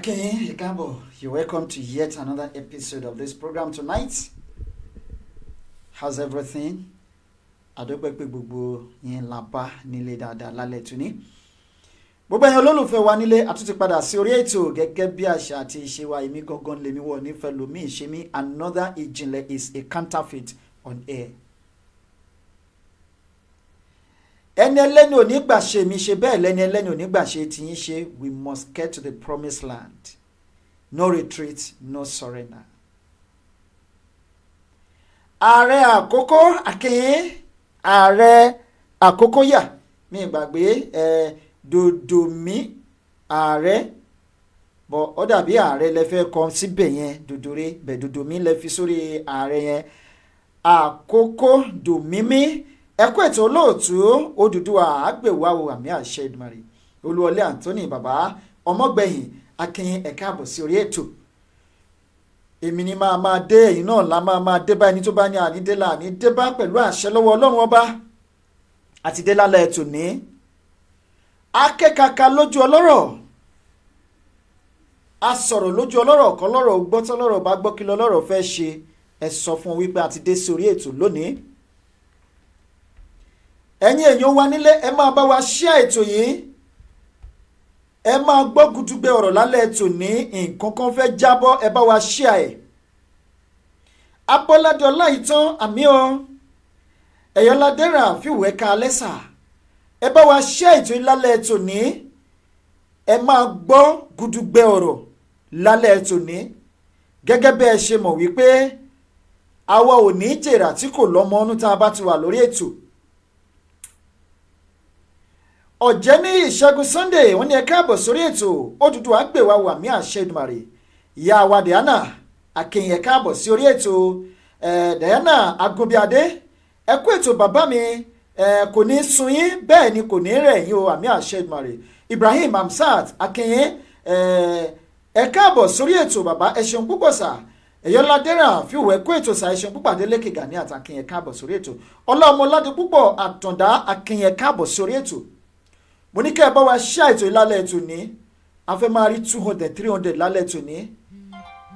Akin Ikabo, you're welcome to yet another episode of this program tonight. How's everything? Àdúpẹ́ pé gbogbo yín la bá nílé dáadáa lálẹ́ tòní. Gbogbo ẹ̀yin olólùfẹ́ wa nílé àtúntì padà sí orí ètò gẹ́gẹ́ bí àṣà àti ìṣe wa èmi gangan lèmi wọ̀ nífẹ̀ẹ́ lomi ìṣe mi another ìjìnlẹ̀ is a counterfeit on air ẹni ẹlẹ́ni ò mi ṣe bẹ́ẹ̀ lẹ́ni ẹlẹ́ni ò ní gbà ṣe we must get to the promised land no retreat no surrender. ààrẹ àkókò akin ààrẹ àkókò yà mi gbàgbé ẹ Dòdòmí ààrẹ bọ ọ dàbí ààrẹ lẹ fẹ́ kọ síbẹ̀ yẹn dòdòrè bẹ Dòdòmí lẹ fi sórí ààrẹ yẹn àkókò dòmímí ẹ kú ètò olóòtú Odùduwà àgbèwò àwò àmì àṣẹ Èdùmàrè Olúwọlé Anthony bàbá ọmọgbẹ̀yìn akin ẹ̀ka àbọ̀ sí orí ètò èmi ni máa máa dé ẹ̀yìn náà la máa máa dé bá ẹni tó bá ní ànídé la ànídé bá pẹ̀lú àṣẹ lọ́wọ́ ọlọ́run ọba àti dé lálẹ́ ètò ní akẹ́kaka lójú ọlọ́rọ̀ a sọ̀rọ̀ lójú ọlọ́rọ̀ kọ́ lọ́rọ̀ gbọ́tọ́ lọ́rọ̀ bá gbọ́ kí lọ́rọ̀ fẹ́ ṣe ẹ sọ fún wípé àti dé sí ètò lónìí ẹ̀yin èèyàn wa nílé ẹ máa bá wa ṣíà ètò yìí ẹ máa gbọ́ gudugbe ọ̀rọ̀ lálẹ́ ètò ní nǹkan kan fẹ́ jábọ́ ẹ bá wa ṣíà ẹ̀ abọ́ládé ọláìtàn àmì o ẹ̀yọ́ládé ràfíù ẹ̀ka alẹ́sà ẹ bá wa ṣíà ètò yìí lálẹ́ ètò ní ẹ máa gbọ́ gudugbe ọ̀rọ̀ lálẹ́ ètò ní gẹ́gẹ́ bẹ́ ẹ ṣe mọ̀ wípé àwa ò ní jèrà tí lọ́mọ ọdún tá a bá ti wà lórí ètò. ní ìṣẹ́gun sunday wọ́n ní ẹ káàbọ̀ sórí ètò Odùduwà gbè wà wàmí àṣẹ Èdùmàrè ìyá wa Diana akínyìn ẹ káàbọ̀ sí orí ètò Diana agunbíadé ẹ ètò bàbá mi kò ní sun yín ni kò ní rẹ̀ yín o àmì àṣẹ Ibrahim sórí ètò bàbá púpọ̀ sà èyọ́lá ẹ̀kọ́ ètò púpọ̀ adélékè gani sórí ètò ọlọ́mọ mo ní kẹ́ ẹ bá wa ṣá ètò ìlálẹ̀ ètò ní a fẹ́ máa rí two hundred three hundred lálẹ́ ètò ní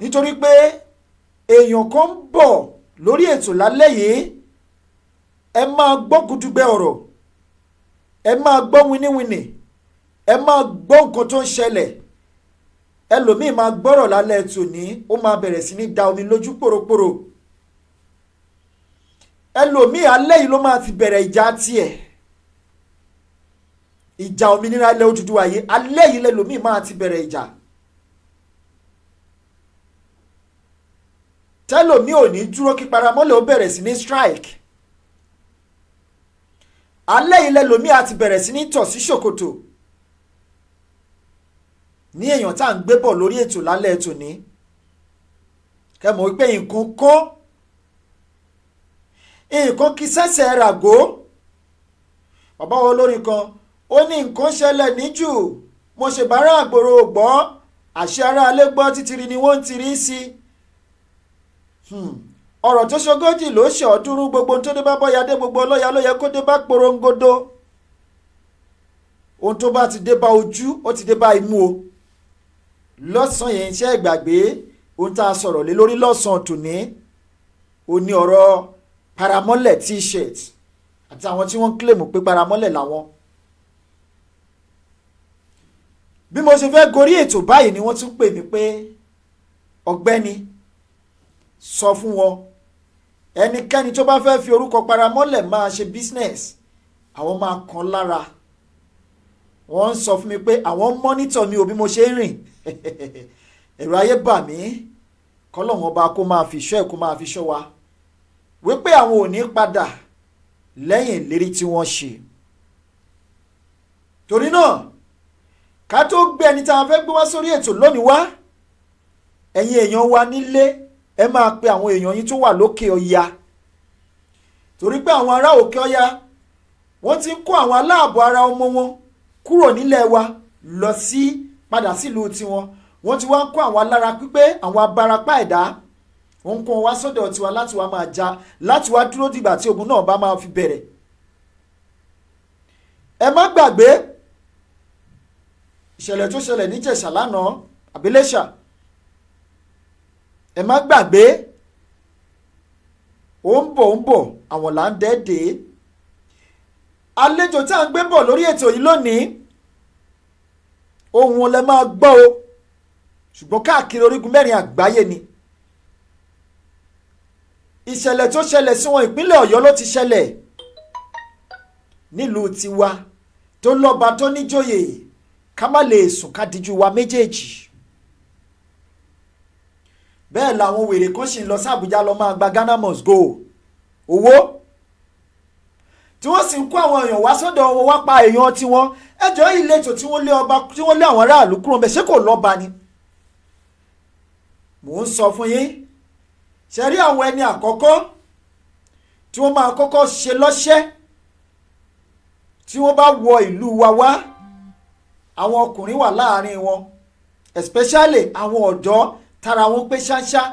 nítorí pé èèyàn kan ń bọ̀ lórí ètò lálẹ́ yìí ẹ máa gbọ́ gudugbẹ ọ̀rọ̀ ẹ máa gbọ́ winiwini ẹ máa gbọ́ nǹkan tó ń ṣẹlẹ̀ ẹlòmíì máa gbọ́rọ̀ lálẹ́ ètò ní ó máa bẹ̀rẹ̀ sí ní da omi lójú pòròpòrò ẹlòmíì alẹ́ yìí ló máa ti bẹ̀rẹ̀ ìjà tiẹ̀. E ìjà òmìnira ilẹ̀ Odùduwà yìí alẹ́ yìí lẹ́lòmíì máa ti bẹ̀rẹ̀ ìjà tẹ́lòmíì ò ní dúró kí paramọ́lẹ̀ ó bẹ̀rẹ̀ sí ní strike alẹ́ yìí lẹ́lòmíì á ti bẹ̀rẹ̀ sí ní tọ̀ sí ṣòkòtò ní èèyàn tá à ń gbé bọ̀ lórí ètò lálẹ́ tòní kẹ́mọ̀ wípé nǹkan kó nǹkan kí sẹ́sẹ̀ ràgó bàbá olórin kan ó ní nǹkan ṣẹlẹ̀ níjù mo ṣèbára àgbòrò gbọ́ àṣẹ aráalé gbọ́ títìrì ni wọ́n ń tiri sí i hmm. ọ̀rọ̀ tó ṣogójì ló ṣe ọ̀ọ́dúnrún gbogbo tó dé bá bọ́ya dé gbogbo ọlọ́ya ló yẹ kó dé bá porongodo ohun tó bá ti dé bá ojú ó ti dé bá imú o lọ́sàn-án yẹn iṣẹ́ ìgbàgbé ohun tá a sọ̀rọ̀ lé lórí lọ́sàn-án tòní ó ní ọ̀rọ̀ paramọ́lẹ̀ t-shirt àti àwọn tí wọ́n ń kílèmù pé paramọ́lẹ̀ làwọn bí mo ṣe fẹ́ gorí ètò báyìí ni wọ́n tún pè mí pé ọ̀gbẹ́ni sọ fún wọn ẹnikẹ́ni tó bá fẹ́ fi orúkọ paramọ́lẹ̀ máa ṣe business àwọn máa kan lára wọ́n ń sọ fún mi pé àwọn mọ́nítọ̀ mi ò bí mo ṣe ń rìn ẹ̀rọ ayé bà mí kọ́lọ́hún ọba kó máa fi ṣọ́ ẹ̀ kó máa fi ṣọ́ wa wípé àwọn ò ní padà lẹ́yìn ìlérí tí wọ́n ṣe torí náà ká tó gbé ẹni tá a fẹ́ gbé wá sórí ètò lónìí wá ẹ̀yin èèyàn wa nílé ẹ máa pe àwọn èèyàn yín tó wà lókè ọya torí pé àwọn ará òkè ọya wọ́n ti ń kó àwọn aláàbọ̀ ara ọmọ wọn kúrò nílẹ̀ wa lọ sí padà sílùú tiwọn wọ́n ti wá ń kó àwọn alára pípé àwọn abarapá ẹ̀dá wọ́n ń kó wọn wá sọ́dọ̀ tiwa láti wá máa ja láti wá dúró dìgbà tí ogun náà bá máa fi bẹ̀rẹ̀ ẹ má gbàgbé ìṣẹ̀lẹ̀ tó ṣẹlẹ̀ níjẹ̀ṣà lánàá àbílẹ̀ṣà ẹ má gbàgbé ó ń bọ̀ ń bọ̀ àwọn là ń dẹ́ẹ̀dẹ́ àlejò tá à ń gbé bọ̀ lórí ètò yìí lónìí ohun lẹ máa gbọ́ o ṣùgbọ́n káàkiri orígun mẹ́rin àgbáyé ni ìṣẹ̀lẹ̀ tó ṣẹlẹ̀ sí ìpínlẹ̀ ọ̀yọ́ ló ti ṣẹlẹ̀ nílùú tiwa tó lọ́ba tó níjòyè yìí ká má lè sùn ká díjú wa méjèèjì bẹ́ẹ̀ làwọn wèrè kan sì ń lọ sí Àbújá lọ máa gba Ghana must go owó tí wọ́n sì ń kó àwọn èèyàn wá sọ́dọ̀ wọn wá pa èèyàn tiwọn ẹjọ́ ìletò tí wọ́n lé ọba tí wọ́n lé àwọn aráàlú kúrò ńbẹ̀ ṣé kò lọ́ba ni mò ń sọ fún yín ṣe rí àwọn ẹni àkọ́kọ́ tí wọ́n máa kọ́kọ́ ṣe lọ́ṣẹ́ tí wọ́n bá wọ ìlú wa wá àwọn ọkùnrin wà láàrin wọn especially àwọn ọ̀dọ́ tara wọn pé ṣáṣá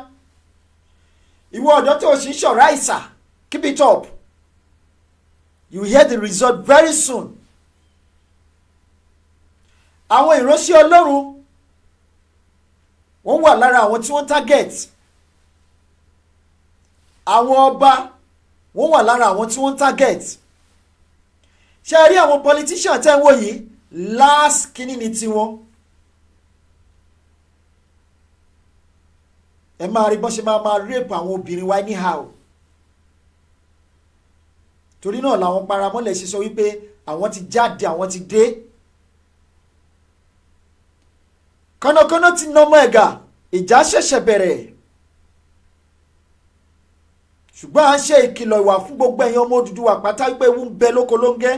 ìwọ ọ̀dọ́ tí o sì ń ṣọ̀rá ìsà keep it up you hear the result very soon àwọn ìránṣẹ́ ọlọ́run wọ́n wà lára àwọn tí wọ́n target àwọn ọba wọ́n wà lára àwọn tí wọ́n target ṣe rí àwọn politician tẹ́ ń wò yìí last kini ni tiwọn ẹ máa rí bọ́n ṣe máa máa rape àwọn obìnrin wa anyhow torí náà làwọn paramọ́lẹ̀ ṣe sọ wípé àwọn ti jáde àwọn ti dé kọ́nàkọ́nà ti nọmọ ẹ̀gà ìjà ṣẹ̀ṣẹ̀ bẹ̀rẹ̀ ṣùgbọ́n à ń ṣe ìkìlọ̀ ìwà fún gbogbo ẹ̀yin ọmọ Odùduwà pátá wípé ewu ń bẹ lóko lóńgẹ́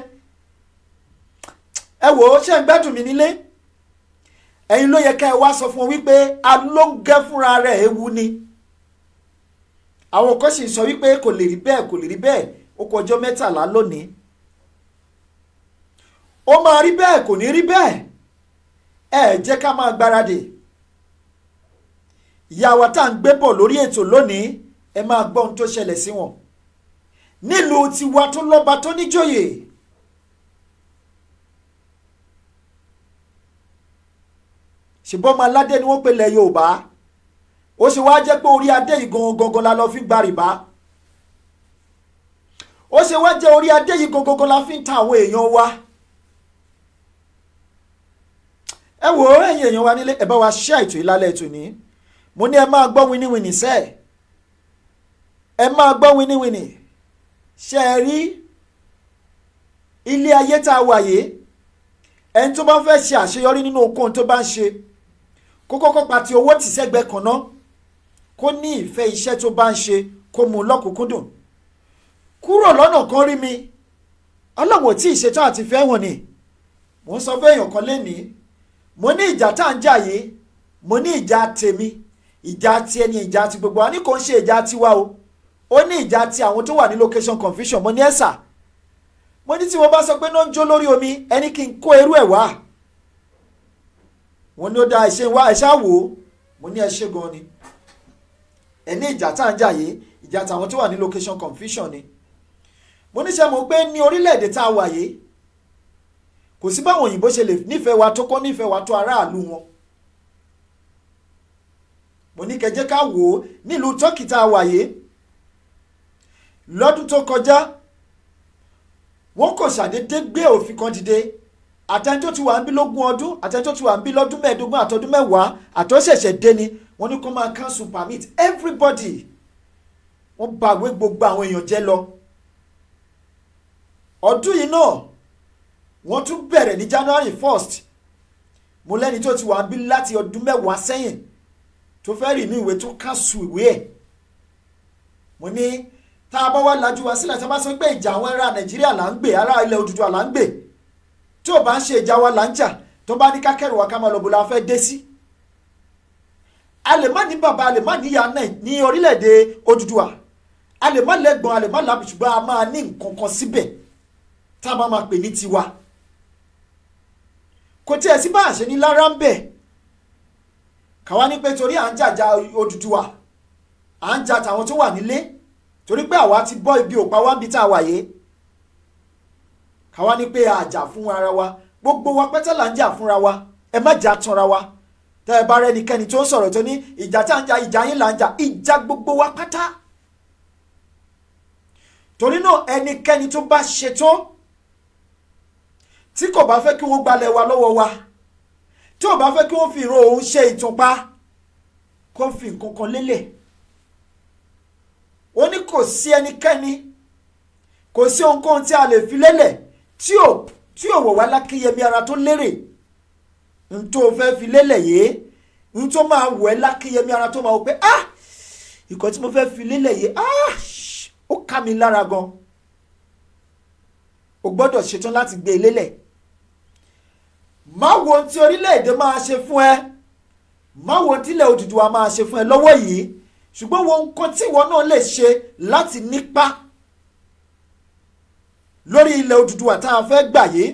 ẹ wò ó ṣe ń gbádùn mi nílé ẹ̀yin ló yẹ ká ẹ wá sọ fún wọn wípé alóńgẹ fúnra rẹ̀ ewu ni àwọn kan sì sọ wípé kò lè rí bẹ́ẹ̀ kò lè rí bẹ́ẹ̀ ó kọ ọjọ́ mẹ́tàlá lónìí ó máa rí bẹ́ẹ̀ kò ní rí bẹ́ẹ̀ ẹ jẹ́ ká máa gbáradì ìyàwó tá à ń gbé bọ̀ lórí ètò lónìí ẹ máa gbọ́ ohun tó ṣẹlẹ̀ sí wọn nílùú tiwa tó lọ́ba tó níjòyè ṣùgbọ́n ọmọ aládé ni wọ́n pè lẹ̀ yorùbá ó sì wá jẹ́ pé orí adé yìí gangan gangan la lọ fi gba rìbá ó ṣe wá jẹ́ orí adé yìí gangan gangan la fi ń ta àwọn èèyàn wa ẹ wò ó ẹ̀yin èèyàn wa nílé ẹ bá wa ṣe àìtò ìlàlẹ̀ ètò ní mo ní ẹ máa gbọ́ winiwini sẹ́ ẹ máa gbọ́ winiwini ṣe ẹ rí ilé ayé tá a wà yìí ẹni tó bá fẹ́ ṣe àṣeyọrí nínú okun tó bá ń ṣe kó kọ́kọ́ pa ti owó tì sẹ́gbẹ́ kan ná kó ní ìfẹ́ iṣẹ́ tó bá ń ṣe kó mú un lọ́kùnkúndùn kúrò lọ́nà kan rí mi ọlọ́wọ́ tí ìṣetán àti fẹ́ wọ̀n ni mò ń sọ fún èèyàn kan lénìí mo ní ìjà tá à ń jà yìí mo ní ìjà tèmi ìjà ti ẹni ìjà ti gbogbo wa ní ṣe ìjà tiwa o ó ní ìjà ti àwọn tó wà ní location confusion mo ní ẹ̀sà mo ní tí mo bá sọ pé náà ń jó lórí omi ẹni kí n kó irú ẹ̀ wá wọ́n ní ó dá ẹṣẹ́ wá ẹṣẹ́ àwò mo ní ẹṣẹ́ gan ni ẹ ní ìjà tá à ń jà yé ìjà tàwọn tó wà ní location confusion ni mo níṣẹ́ mo pé ní orílẹ̀-èdè tá a wà yé kò sí báwọn òyìnbó ṣe lè nífẹ̀ẹ́ wa tó kọ́ nífẹ̀ẹ́ wa tó aráàlú wọn mo ní kẹjẹ́ ká wò ó nílùú turkey tá a wà yé lọ́dún tó kọjá wọ́n kò ṣàdédé gbé òfin kan dìde àtẹnjó ti wà ń bí lógún ọdún àtẹnjó ti wà ń bí lọ́dún mẹ́ẹ̀ẹ́dógún àtọdún mẹ́wàá àtọ́ṣẹ̀ṣẹ̀ dé ni wọ́n ní kó máa cancel permit everybody wọ́n ba àwé gbogbo àwọn èèyàn jẹ́ lọ. ọdún yìí náà wọ́n tún bẹ̀rẹ̀ ní January 1st mo lẹ́ni tó ti wà ń bí láti ọdún mẹ́wàá sẹ́yìn tó fẹ́ rì ní ìwé tó cancel ìwé ẹ̀ mo ní tá a bá wá lajú wa sílẹ̀ tá a bá sọ pé ìjà àwọn ará Nàìjíríà là ń gbè ará ilẹ̀ Odùduwà là tí ò bá ń ṣe ìjà wa là ń jà tó bá ní kákẹ́rù wa ká máa lọ bó la fẹ́ dé sí. a lè má ní bàbá a lè má níyà náà ní orílẹ̀-èdè Odùduwà a lè má lẹ́gbọ̀n a lè má lábì ṣùgbọ́n a máa ní nǹkan kan síbẹ̀ tá a bá máa pè ní tiwa. kò tiẹ̀ sí bá a ṣe ní lára ń bẹ̀ káwa ní pé torí à ń jàjà Odùduwà à ń jà tàwọn tó wà nílé torí pé àwa ti bọ́ ibi òpá wá bí tá a wà yé káwa ní pé àjà fún ara wa gbogbo wa pẹ́tẹ́ là ń jà fúnra wa ẹ má jà tanra wa tẹ́ ẹ bá rẹ nìkẹ́ni tó ń sọ̀rọ̀ tó ní ìjà tá ń jà ìjà yín là ń jà ìjà gbogbo wa pátá torí náà ẹnikẹ́ni tó bá ṣetán tí kò bá fẹ́ kí wọ́n gbalẹ̀ wa lọ́wọ́ wa tí ò bá fẹ́ kí wọ́n fi ìran òun ṣe ìtúnpa kó fi nǹkan kan lélẹ̀ ó ní kò sí ẹnikẹ́ni kò sí ohunkóhun tí a lè fi lélẹ̀ tí ò tí ò wò wá lákéyẹmí ara tó lérè n tó fẹ́ fi lélẹ̀ yìí n tó máa wọ̀ ẹ́ lákéyẹmí ara tó máa wọ pé ah ìkọ́ tí mo fẹ́ fi lélẹ̀ yìí ah ó ká mi lára gan o gbọ́dọ̀ ṣetán láti gbé e lélẹ̀ má wo ohun tí orílẹ̀-èdè máa ṣe fún ẹ má wo ohun tí ilẹ̀ máa ṣe fún ẹ lọ́wọ́ yìí ṣùgbọ́n wo nǹkan tí ìwọ náà lè ṣe láti nípa lórí ilẹ̀ Odùduwà tá a fẹ́ gbà yé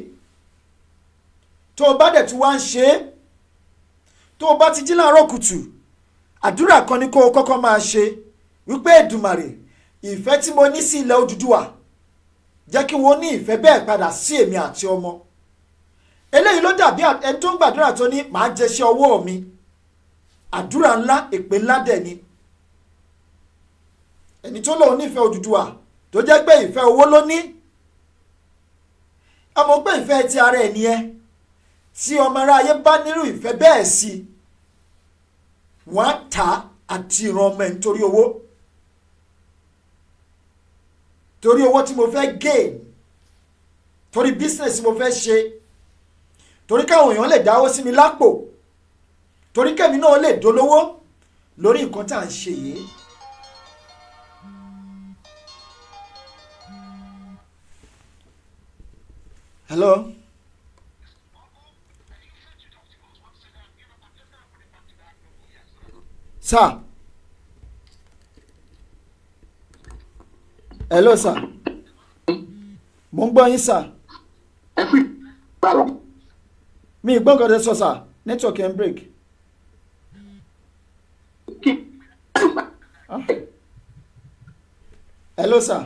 tó o bá dẹ̀ tí wá ń ṣe é tó o bá ti jí láàárọ̀ kùtù àdúrà kan ni kó o kọ́kọ́ máa ṣe wípé Èdùmàrè ìfẹ́ tí mo ní sí ilẹ̀ Odùduwà jẹ́ kí wọ́n ní ìfẹ́ bẹ́ẹ̀ padà sí èmi àti ọmọ eléyìí ló dàbí ẹni tó ń gbàdúrà tó ní màá jẹṣẹ́ ọwọ́ mi àdúrà ńlá èpè ńlá dẹ̀ ni ẹni tó lòun nífẹ̀ẹ́ Odùduwà tó jẹ́ pé ìfẹ́ owó ló ní àmọ́ pé ìfẹ́ ti ara ẹ̀ nìyẹn tí ọmọ aráyé bá nírú ìfẹ́ bẹ́ẹ̀ sí wọ́n á tà á àti ìran ọmọ ẹ̀ nítorí owó torí owó tí mo fẹ́ gain torí business mo fẹ́ ṣe torí káwọn èèyàn lè dáwó sí mi lápò torí kẹ́mi náà lè dolówó lórí nǹkan tá à ń ṣe yìí. Hello? Sir? Hello, sir? Mo ń gbọ́ yín, sir. Ẹ fi gbà lọ. Mi ì gbọ́ nǹkan tẹ́ sọ, sir. Network ẹ̀ ń break. Hello, sir?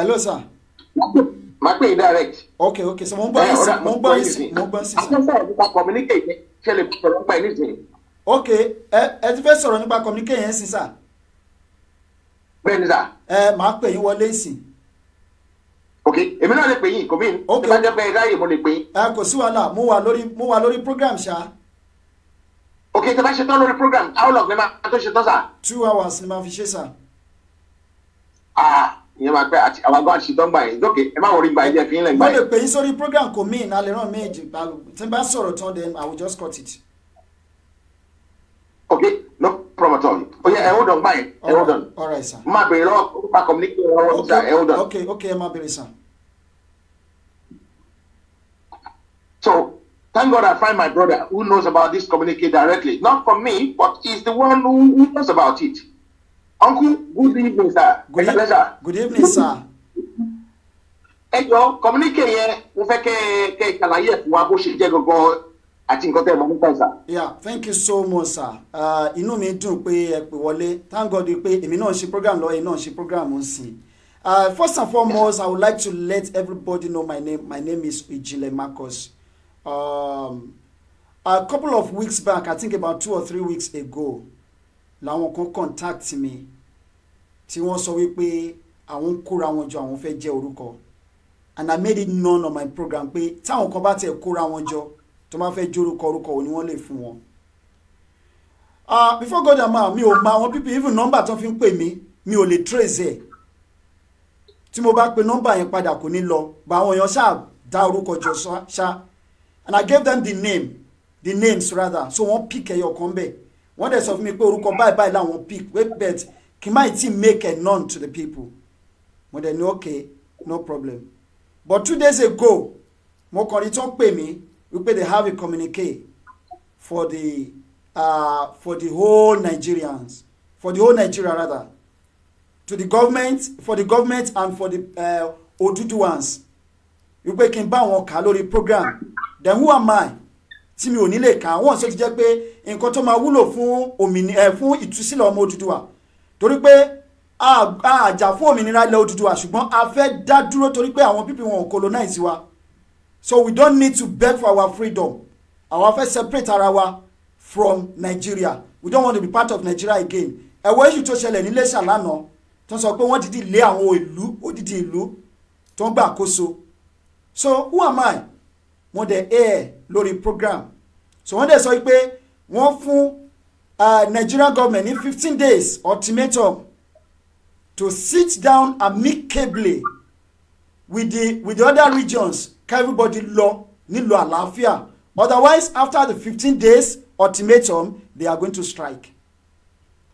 hello sir. máa pè é direct. ok ok so eh, mo ń gbọ́ yín sí mo ń gbọ́ yín sí mo ń gbọ́ yín sí. akẹ́kọ̀ọ́ nípa communicate ṣe lè sọ̀rọ̀ nípa anything. ok ẹ ẹ ti fẹ́ sọ̀rọ̀ nípa communicate yẹn sí sà. bẹ́ẹ̀ni sà. ẹ máa pè yín wọlé sí. ok èmi náà lè pè yín kòmí ní bá jẹ́ pé ẹ ráyè mo lè pè yín. ẹ kò sí wàhálà mo wà lórí mo wà lórí program ṣá. ok tí a bá ṣe tán lórí program how long ni máa tó ṣe tán sà. two hours ni máa fi ṣe sà. ah ìyẹn máa pẹ́ àti àwọn agbọ́n yẹn lókè ẹ má wọrí gba ilé ẹ̀fín lẹ̀ gbà yẹn. mo lè pè yín sórí program kò mí ìná lè ràn méjì tí n bá sọ̀rọ̀ tán then I will just cut it. ok no problem at all oye oh, ẹ hold on gbà yẹn ẹ hold on máa bèrè lọ́wọ́ pa communicate lọ́wọ́ sísá ẹ hold on. ok ok ẹ máa bèrè sàn. so thank God I find my brother who knows about this communicate directly not from me but is the one who knows about it. Uncle, good evening, sir. Good, evening, pleasure. good evening, sir. Ẹ jọ kọmíníkè yẹn mo fẹ́ kẹ́ kẹ́ ìkàlàyé ẹ̀ wa bó ṣe jẹ́ gangan àti nǹkan tẹ́ ẹ mọ̀ nípa Yeah, thank you so much, sir. Uh, inú mi dùn pé ẹ pè wọlé. Thank God pé èmi náà ṣe program lọ́wọ́ èmi náà ṣe program ń sìn. Uh, first and foremost, I would like to let everybody know my name. My name is Ijile Marcus. Um, a couple of weeks back, I think about two or three weeks ago, làwọn kan contact mi tí wọ́n sọ wípé àwọn kóra wọn jọ àwọn fẹ́ jẹ́ orúkọ and I made it known on my program pé táwọn kan bá tiẹ̀ kóra wọn jọ tó máa fẹ́ jórúkọ orúkọ òní wọ́n lè fún wọn. Uh, before God ama mi ò mọ àwọn pípì even number tó fi ń pè mí mi ò lè trace ẹ̀ tí mo bá pe nọ́mbà yẹn padà kò ní lọ bá àwọn èèyàn ṣáà dá orúkọ jọ ṣá and I gave them the name the names rather so wọ́n pick ẹyọ kan bẹ́ẹ̀ wọ́n dẹ̀ sọ fún mi pé orúkọ báyìí báyìí làwọn pick wait bet kì má ti make a known to the people mo dẹ̀ ní ok no problem but two days ago mo kàn rí tó ń pè mí wípé they have a communicate for the uh, for the whole Nigerians for the whole Nigeria rather to the government for the government and for the uh, ones. wípé kí n bá wọn kà lórí program then who am I tí mi ò ní lè kà wọ́n ṣe ti jẹ́ pé nǹkan tó máa wúlò fún eh, ìtúsílẹ̀ ọmọ Odùduwà torí pé àjà fún òmìnira ilẹ̀ Odùduwà ṣùgbọ́n a fẹ́ dá dúró torí pé àwọn pípì wọn ò colonize wa so we don't need to beg for our freedom àwa fẹ́ separate ara wa from Nigeria we don't want to be part of Nigeria again ẹ̀wọ́ èṣù tó ṣẹlẹ̀ ní Iléṣà lánàá tó sọ pé wọ́n dìdí lé àwọn ìlú odidi ìlú tó ń gbà kóso so who am I wọ́n dẹ̀ air lórí program so wọ́n dẹ̀ sọ pé wọ́n fún Nigerian government ní fifteen days ultimatum to sit down amicably with the with the other regions ká everybody lọ nílò àlàáfíà otherwise after the fifteen days ultimatum they are going to strike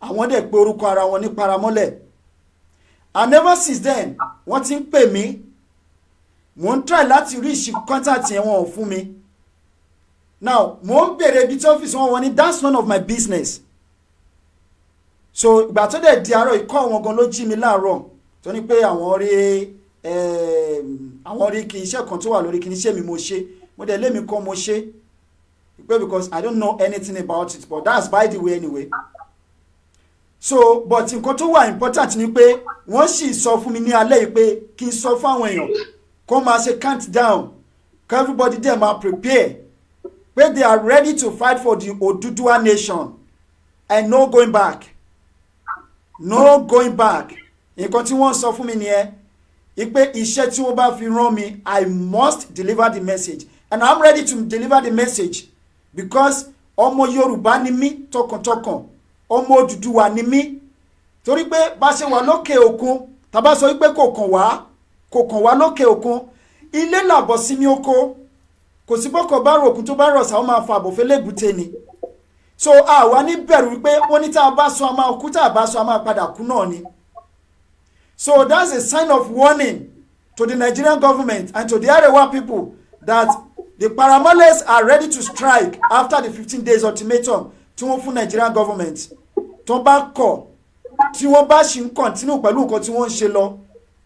àwọn dẹ̀ pé orúkọ ara wọn ní paramọ́lẹ̀ and ever since then wọ́n ti ń pè mí mo ń try láti rí ìṣí contact yẹn wọn ò fún mi now mo ń bèrè ibi tí ọ́fíìsì wọn wọ ní that's none of my business so ìgbà tó dẹ̀ di àárọ̀ ikọ́ wọn gan ló jí mi láàárọ̀ tó ní pé àwọn rí ehm, àwọn rí kí iṣẹ́ kan tó wà lórí kí iṣẹ́ mi mo ṣe mo dẹ̀ lémi kan mo ṣe pé because I don't know anything about it but that's by the way anyway so but nǹkan tó wà important ni pé wọ́n sì sọ fún mi ní alẹ́ yìí pé kí n sọ fún àwọn èèyàn kó máa ṣe countdown kó everybody dẹ̀ máa prepare pé they are ready to fight for the Odudua nation and no going back no going back nǹkan tí wọ́n sọ fún mi nìyẹn ipe iṣẹ́ tí wọ́n bá fi rán mi I must deliver the message and I'm ready to deliver the message because ọmọ Yorùbá ni mí tọkàntọkàn ọmọ Odùduwà ni mí torí pé bá ṣe wà lókè òkun tàbá sọ wípé kò kàn wá kò kàn wá lókè òkun ilé làbọ̀ sinmi oko kò sí bọ́kọ̀ bá ròkun tó bá rọ̀ṣà ó máa fa àbòfé lẹ́gùté ni so àwa ní bẹ̀rù wípé wọ́n ní tá a bá sọ a máa tá a bá sọ a padà kú náà ni so that's a sign of warning to the Nigerian government and to the Arewa people that the paramilitaries are ready to strike after the fifteen days ultimatum tí wọ́n fún Nigerian government tó bá kọ̀ tí wọ́n bá ṣì ń kọ̀ntínú pẹ̀lú nǹkan tí wọ́n ń ṣe lọ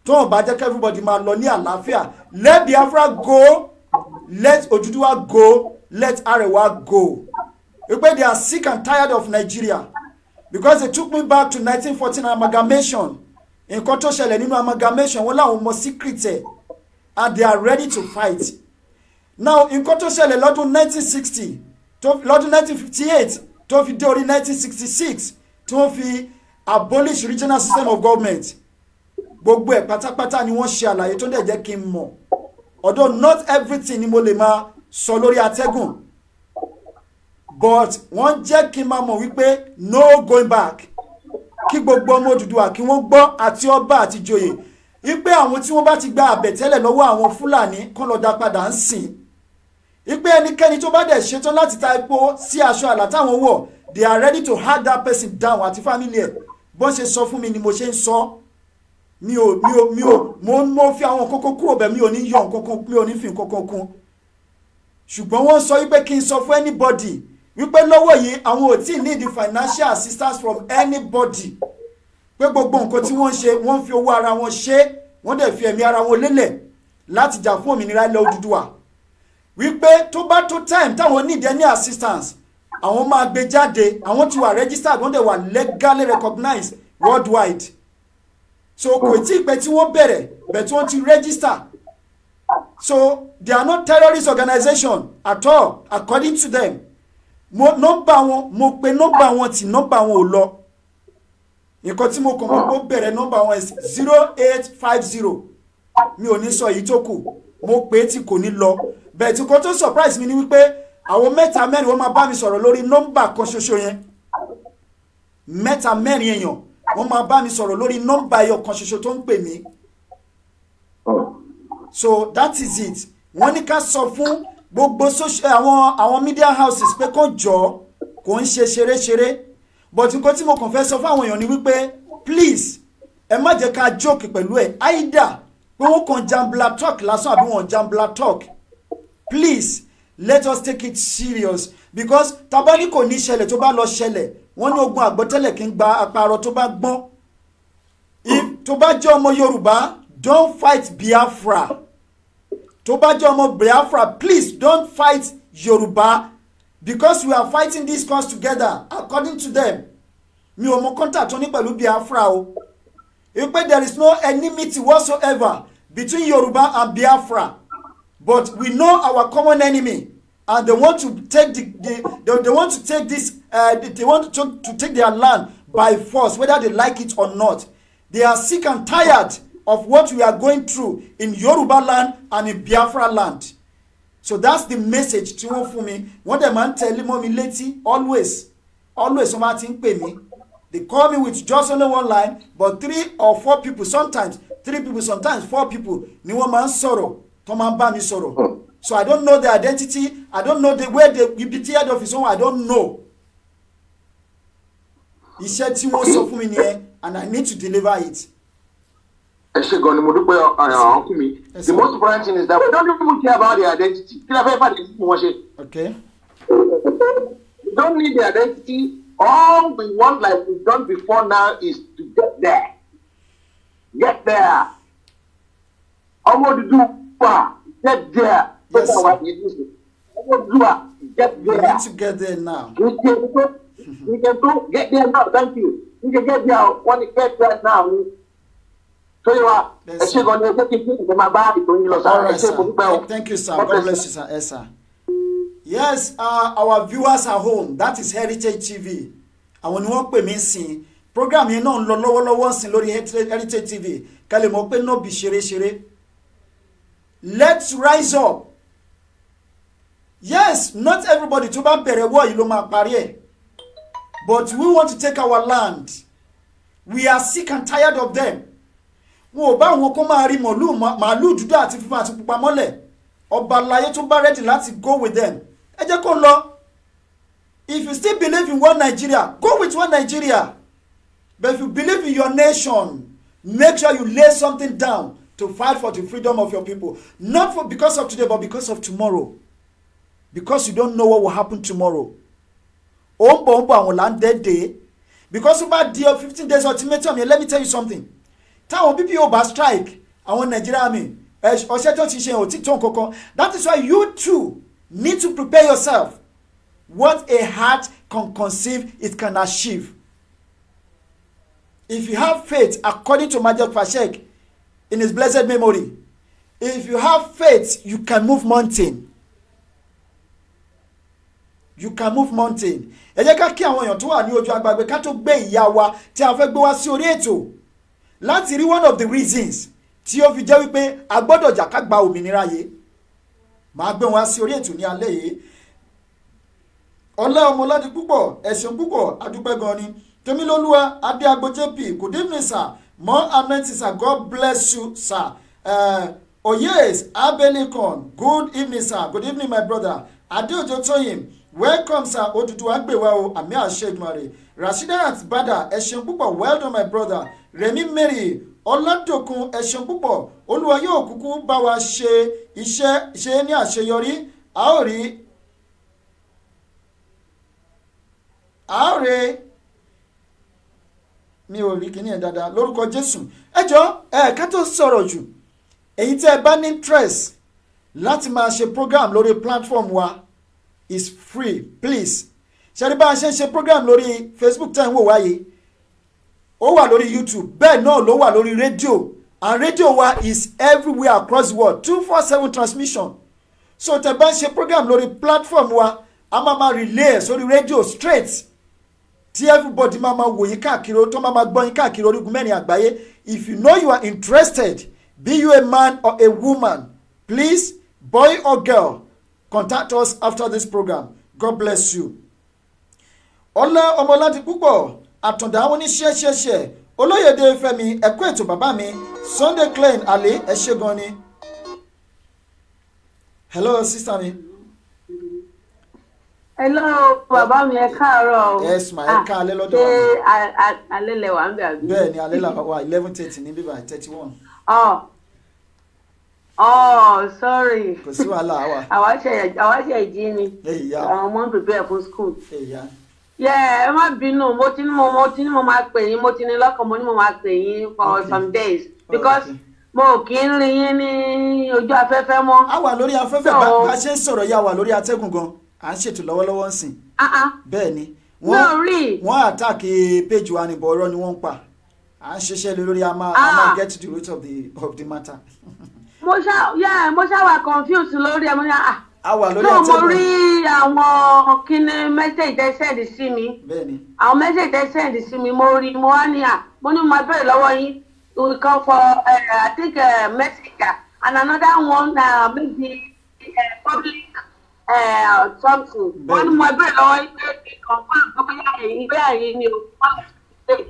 tó wọn bá jẹ́ kí everybody máa lọ ní àlàáfíà let Biafra go let Oduduwa go let Arewa go wípé they are sick and tired of Nigeria because they took me back to 1914 amalgamation nǹkan tó ṣẹlẹ̀ nínú amalgamation wọn làwọn mọ secret ẹ̀ and they are ready to fight now nǹkan tó ṣẹlẹ̀ lọ́dún 1960 lọ́dún 1958 tó fi dé orí 1966 tó fi abolish regional system of government gbogbo ẹ̀ pátápátá ni wọ́n ṣe àlàyé tó dẹ̀ jẹ́ kí n mọ̀ although not everything ni mo lè máa sọ lórí atẹ́gùn but wọ́n jẹ́ kí n máa mọ̀ wípé no going back kí gbogbo ọmọ Odùduwà kí wọ́n gbọ́ àti ọba àti joyè wípé àwọn tí wọ́n bá ti gba àbẹ̀tẹ́lẹ̀ lọ́wọ́ àwọn Fúlàní kán lọ́ọ́ dá padà ń sìn wípé ẹnikẹ́ni tó bá dẹ̀ ṣetán láti ta epo sí aṣọ àlà táwọn wọ̀ they are ready to hard that person down àti family ẹ̀ bọ́n ṣe sọ fún mi ni mo ṣe ń sọ. So mi ò mi ò mi ò mo mo fi àwọn kókó kúrò bẹ́ẹ̀ mi ò ní yọ nǹkankan mi ò ní fi nǹkankan kún ṣùgbọ́n wọ́n sọ wípé kí n sọ fún anybody wípé lọ́wọ́ yìí àwọn ò tí need financial assistance from anybody pé gbogbo nǹkan tí wọ́n ń ṣe wọ́n fi owó ara wọn ṣe wọ́n dẹ̀ fi ẹ̀mí ara wọn lélẹ̀ láti jà fún òmìnira ilẹ̀ Odùduwà wípé tó bá tó time táwọn need any assistance àwọn máa gbé jáde àwọn ti wà registered wọ́n dẹ̀ wà legally recognized worldwide so kò hmm. tí ì pẹ́ tí wọ́n bẹ̀rẹ̀ bẹ̀ tí wọ́n ti register so they are not terrorist organization at all according to them mo nọ́mbà wọn mo pe nọ́mbà wọn tí nọ́mbà wọn ò lọ nǹkan tí mo kàn mọ́ pé ó bẹ̀rẹ̀ nọ́mbà wọn zero eight five zero mi ò ní sọ èyí tó kù mo pè é tí kò ní lọ bẹ́ẹ̀ tí kò tó surprise mi ni wípé àwọn mẹ́ta mẹ́rin wọ́n máa bá mi sọ̀rọ̀ lórí nọ́mbà kan ṣoṣo yẹn mẹ́ta mẹ́rin èèyàn wọ́n máa bá mi sọ̀rọ̀ lórí nọ́mbà ẹyọ kan ṣoṣo tó ń pè mí oh. so that is it wọ́n ní ká sọ fún gbogbo àwọn àwọn media houses pé kó jọ kó ń ṣe ṣeréṣeré but nǹkan tí mo kàn fẹ́ sọ fún àwọn èèyàn ni wípé please ẹ má jẹ́ ká joke pẹ̀lú ẹ̀ either pé wọ́n kàn jambla talk lásán àbí wọ́n jambla talk please let us take it serious because tabani kò ní ṣẹlẹ̀ tó bá lọ ṣẹlẹ̀ wọ́n ní ogun àgbọ́tẹ́lẹ̀ kí n gba àparọ̀ tó bá gbọ́n if tó bá jẹ́ ọmọ Yorùbá don't fight Biafra tó bá jẹ́ ọmọ Biafra please don't fight Yorùbá because we are fighting this cause together according to them mi ò mọ kọ́ńtà tó ní pẹ̀lú Biafra o wípé there is no enmity whatsoever between Yorùbá and Biafra but we know our common enemy and they want to take the they, they, they want to take this uh, they, want to, to take their land by force whether they like it or not they are sick and tired of what we are going through in Yoruba land and in Biafra land so that's the message tí wọ́n fún mi wọ́n dẹ̀ máa ń tẹ̀lé mọ́ mi létí always always wọ́n máa ti ń pè mí they call me with just only one line but three or four people sometimes three people sometimes four people ni wọ́n máa ń sọ̀rọ̀ tó máa ń bá mi sọ̀rọ̀ so i don't know their identity i don't know the where they ibi tí head office wọn i don't know iṣẹ́ tí wọ́n sọ fún mi nìyẹn and i need to deliver it. ẹ ṣe gan ni mo dúpẹ́ eh, ọkùnrin mi the most important thing is that we don't even care about their identity kí la fẹ́ fà dé fún wọn ṣe. we don't need their identity all we want like we done before now is to get there get there ọmọ dúdú wà get there yes sir we need to get there now. we can go we can go get there now thank you we can get there when it get there now so you are ẹ ṣe thank you sir god bless you sir yes sir. yes uh, our viewers at home that is heritage tv àwọn ni wọ́n pè mí sìn program yẹn náà ń lọ lọ́wọ́lọ́wọ́ sí lórí heritage tv kálí mọ̀ pé náà bí ṣeré ṣeré let's rise up yes not everybody tó bá bẹ̀rẹ̀ wọ̀ yìí ló máa parí ẹ̀ but we want to take our land we are sick and tired of them wọn ò bá wọn kó máa rí màálùú màálùú dúdú àti fífún àti pupa mọ́lẹ̀ ọba aláyé tó bá ready láti go with them ẹ jẹ́ kó lọ if you still believe in one Nigeria go with one Nigeria but if you believe in your nation make sure you lay something down to fight for the freedom of your people not for because of today but because of tomorrow because you don't know what will happen tomorrow o ń bọ̀ ń bọ̀ àwọn láńdẹ́ because about bá di fifteen days ultimatum let me tell you something Time táwọn bpo bá strike I want Nigeria. I mean, ti ṣe ò tí that is why you too need to prepare yourself what a heart can conceive it can achieve if you have faith according to Major Fashek in his blessed memory if you have faith you can move mountain you can move mountain ẹ jẹ́ ká kí àwọn èèyàn tó wà ní ojú agbágbé ká tó gbé ìyá wa tí a fẹ́ gbé wá sí orí ètò láti rí one of the reasons tí ó fi jẹ́ wípé a gbọ́dọ̀ jà ká gba òmìnira yìí màá gbé wọn sí orí ètò ní alẹ́ yìí ọlá ọmọ ọlọ́dún púpọ̀ ẹ̀sìn púpọ̀ adúpẹ́ gan ni tèmílólúwa adéagbo jp good evening sir more amenities sir god bless you sir uh, oyes abelikon good evening sir good evening my brother adeojo toyin welcome sir Odùduwà gbè wá o àmì àṣẹ Èdùmàrè Rasheedat Bada ẹ ṣeun púpọ̀ well done my brother Remi Mary ọlọ́dọ̀kun ẹ ṣeun púpọ̀ olúwa yóò kúkú bá wa ṣe iṣẹ́ ṣe ní àṣeyọrí a ó rí a ó rí mi ò rí kíní ẹ̀ dáadáa lórúkọ jésù ẹ jọ ẹ ká tó sọ̀rọ̀ jù èyí tí ẹ bá ní interest láti máa ṣe program lórí platform wa is free please ṣẹ́ni bá a ṣe ń ṣe program lórí facebook tẹ̀ ń wò wáyé ó wà lórí youtube bẹ́ẹ̀ náà ló wà lórí rédíò and radio, wa is everywhere across the world two four seven transmission so tẹ̀ bá ń ṣe program lórí platform wa a máa ma relay sórí radio. straight tí everybody máa ma wò káàkiri tó máa ma gbọ́ yín káàkiri orígun mẹ́rin àgbáyé if you know you are interested be you a man or a woman please boy or girl Contact us after this program. God bless you. Ọlá ọmọláti púpọ̀ àtọ̀dá wọn ní ṣẹ́ṣẹ́ṣẹ́ olóyèdè Fẹ́mi ẹ̀kọ́ ètò bàbá mi Sunday Clean alẹ́ ẹ ṣé gan ni. Hello sister mi. Hello bàbá mi ẹ káàárọ̀. Yes ma ẹ ah, ká alẹ́ lọ́dọ̀ wa. Ṣé alẹ́ lẹ wà ń bẹ̀ àgbẹ̀? Bẹ́ẹ̀ ni alẹ́ làwọn wa eleven thirty ní bíbá thirty one. Ọ̀ oh, ọ̀. Oh, Oh, sorry. kò sí wàhálà àwa. àwa ṣe ìjí ni. àwọn ọmọ ń prepare for school. yẹ ẹ má bínú mo ti ní mo mo ti ní mo máa pè yín mo ti ní lọ́kàn mo ní mo máa pè yín for some days because mo kì í rin yín ní ojú afẹ́fẹ́ mọ́. a wà lórí afẹ́fẹ́ bá a ṣe ń sọ̀rọ̀ yà wà lórí atẹ́gùn gan à ń ṣètò lọ́wọ́lọ́wọ́ ń sìn. Ah, ah. bẹ́ẹ̀ ni wọ́n àtàkì eh, péjì wa nìbọn ọ̀rọ̀ ni wọ́n ń pa à ń ṣiṣẹ́ lórí a ah. máa get to the root of the of the matter. mo ṣá yẹ mo ṣá wà confused lórí ẹ mo ṣá à. Ah. a wà lórí àtẹ̀wò náà mo rí àwọn kíní message tẹ send sí mi àwọn message tẹ send sí mi mo rí mo wá ní à ah, mo ní mo bẹ̀rẹ̀ lọ́wọ́ yín we come for uh, I eh, and another one na eh, maybe public something wọ́n ní mo bẹ̀rẹ̀ lọ́wọ́ yín pé confam bóyá ìwé ni o wọ́n ti ṣe.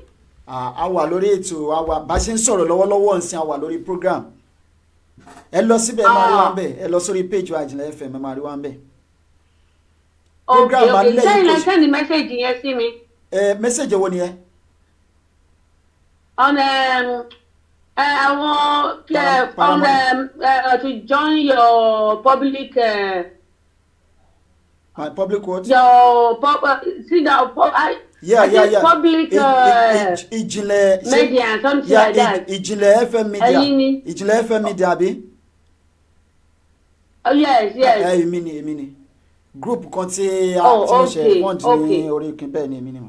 Ah, a wà lórí ètò a wà bá ṣe ń sọ̀rọ̀ lọ́wọ́lọ́wọ́ ǹsìn a wà lórí program. ẹ lọ síbẹ̀ ẹ máa rí wa ń ah. bẹ̀ ẹ lọ sórí page wa Àjìnlẹ̀ FM ẹ máa rí wa ń bẹ̀. òkè òkè sẹ́yìn náà sẹ́ni mẹ́sẹ̀gì yẹn sí mi. ẹ mẹ́sẹ̀gì wo ni ẹ. ọ̀nà um, àwọn ọ̀nà um, to join your public. Uh, My public what? Your public uh, see that pub, I, yeah, yeah, yeah. public uh, ìjìnlẹ̀ media and something yeah, like that. ìjìnlẹ̀ fm media ẹyin fm media àbí. Oh, yes eh, yes. ẹ eh, èmi ni èmi ni group kan tí a oh, ti ń ṣe fund ní orí ikin bẹ́ẹ̀ ni èmi ni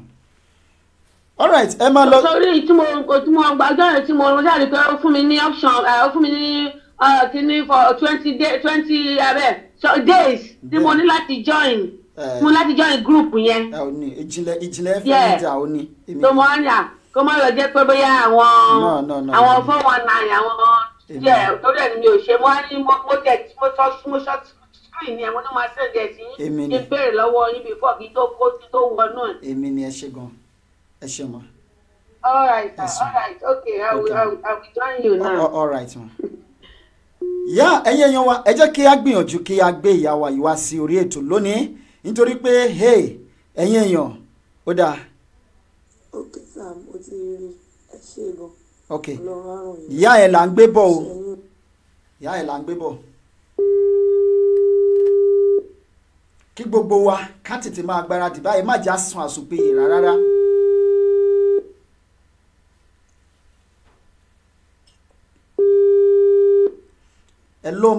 all right ẹ máa lọ. sori tí mo tí mo gbàgbọ́ rẹ̀ tí mo ṣáà rí pé ó fún mi ní option uh, ó fún mi ní uh, kíní for twenty days twenty days tí mo ní láti join. Eh, mo láti join group yẹn. ìjìnlẹ̀ ìjìnlẹ̀ fẹ́ níjà ó ní. tó mọ ọ̀nà kó má lọ jẹ́ pé bóyá àwọn àwọn four one nine àwọn díẹ̀ torí ẹ̀ mi ò ṣe mo á ní mo tẹ̀ mo sọ mo sọ screen ni ẹ̀ mo ní máa ṣe ẹ̀ sí kí n béèrè lọ́wọ́ yín bí fọ́ kí tó kó kí tó wọ náà. èmi ni ẹ ṣe gan ẹ ṣe mọ. all right yes, all right okay i will i will i will join you now. all right ma yá ẹyẹ yan wa ẹ jẹ́ kí a gbìyànjú kí a gbé ìyá wa yìí wá sí orí ètò lónìí nítorí pé hey ẹ̀yin èèyàn ó dáa. ok sam o ti rí ẹ ok ìyá ẹ̀ là o ìyá ẹ̀ là ń gbogbo wa ká tètè máa gbáradì báyìí má rárá.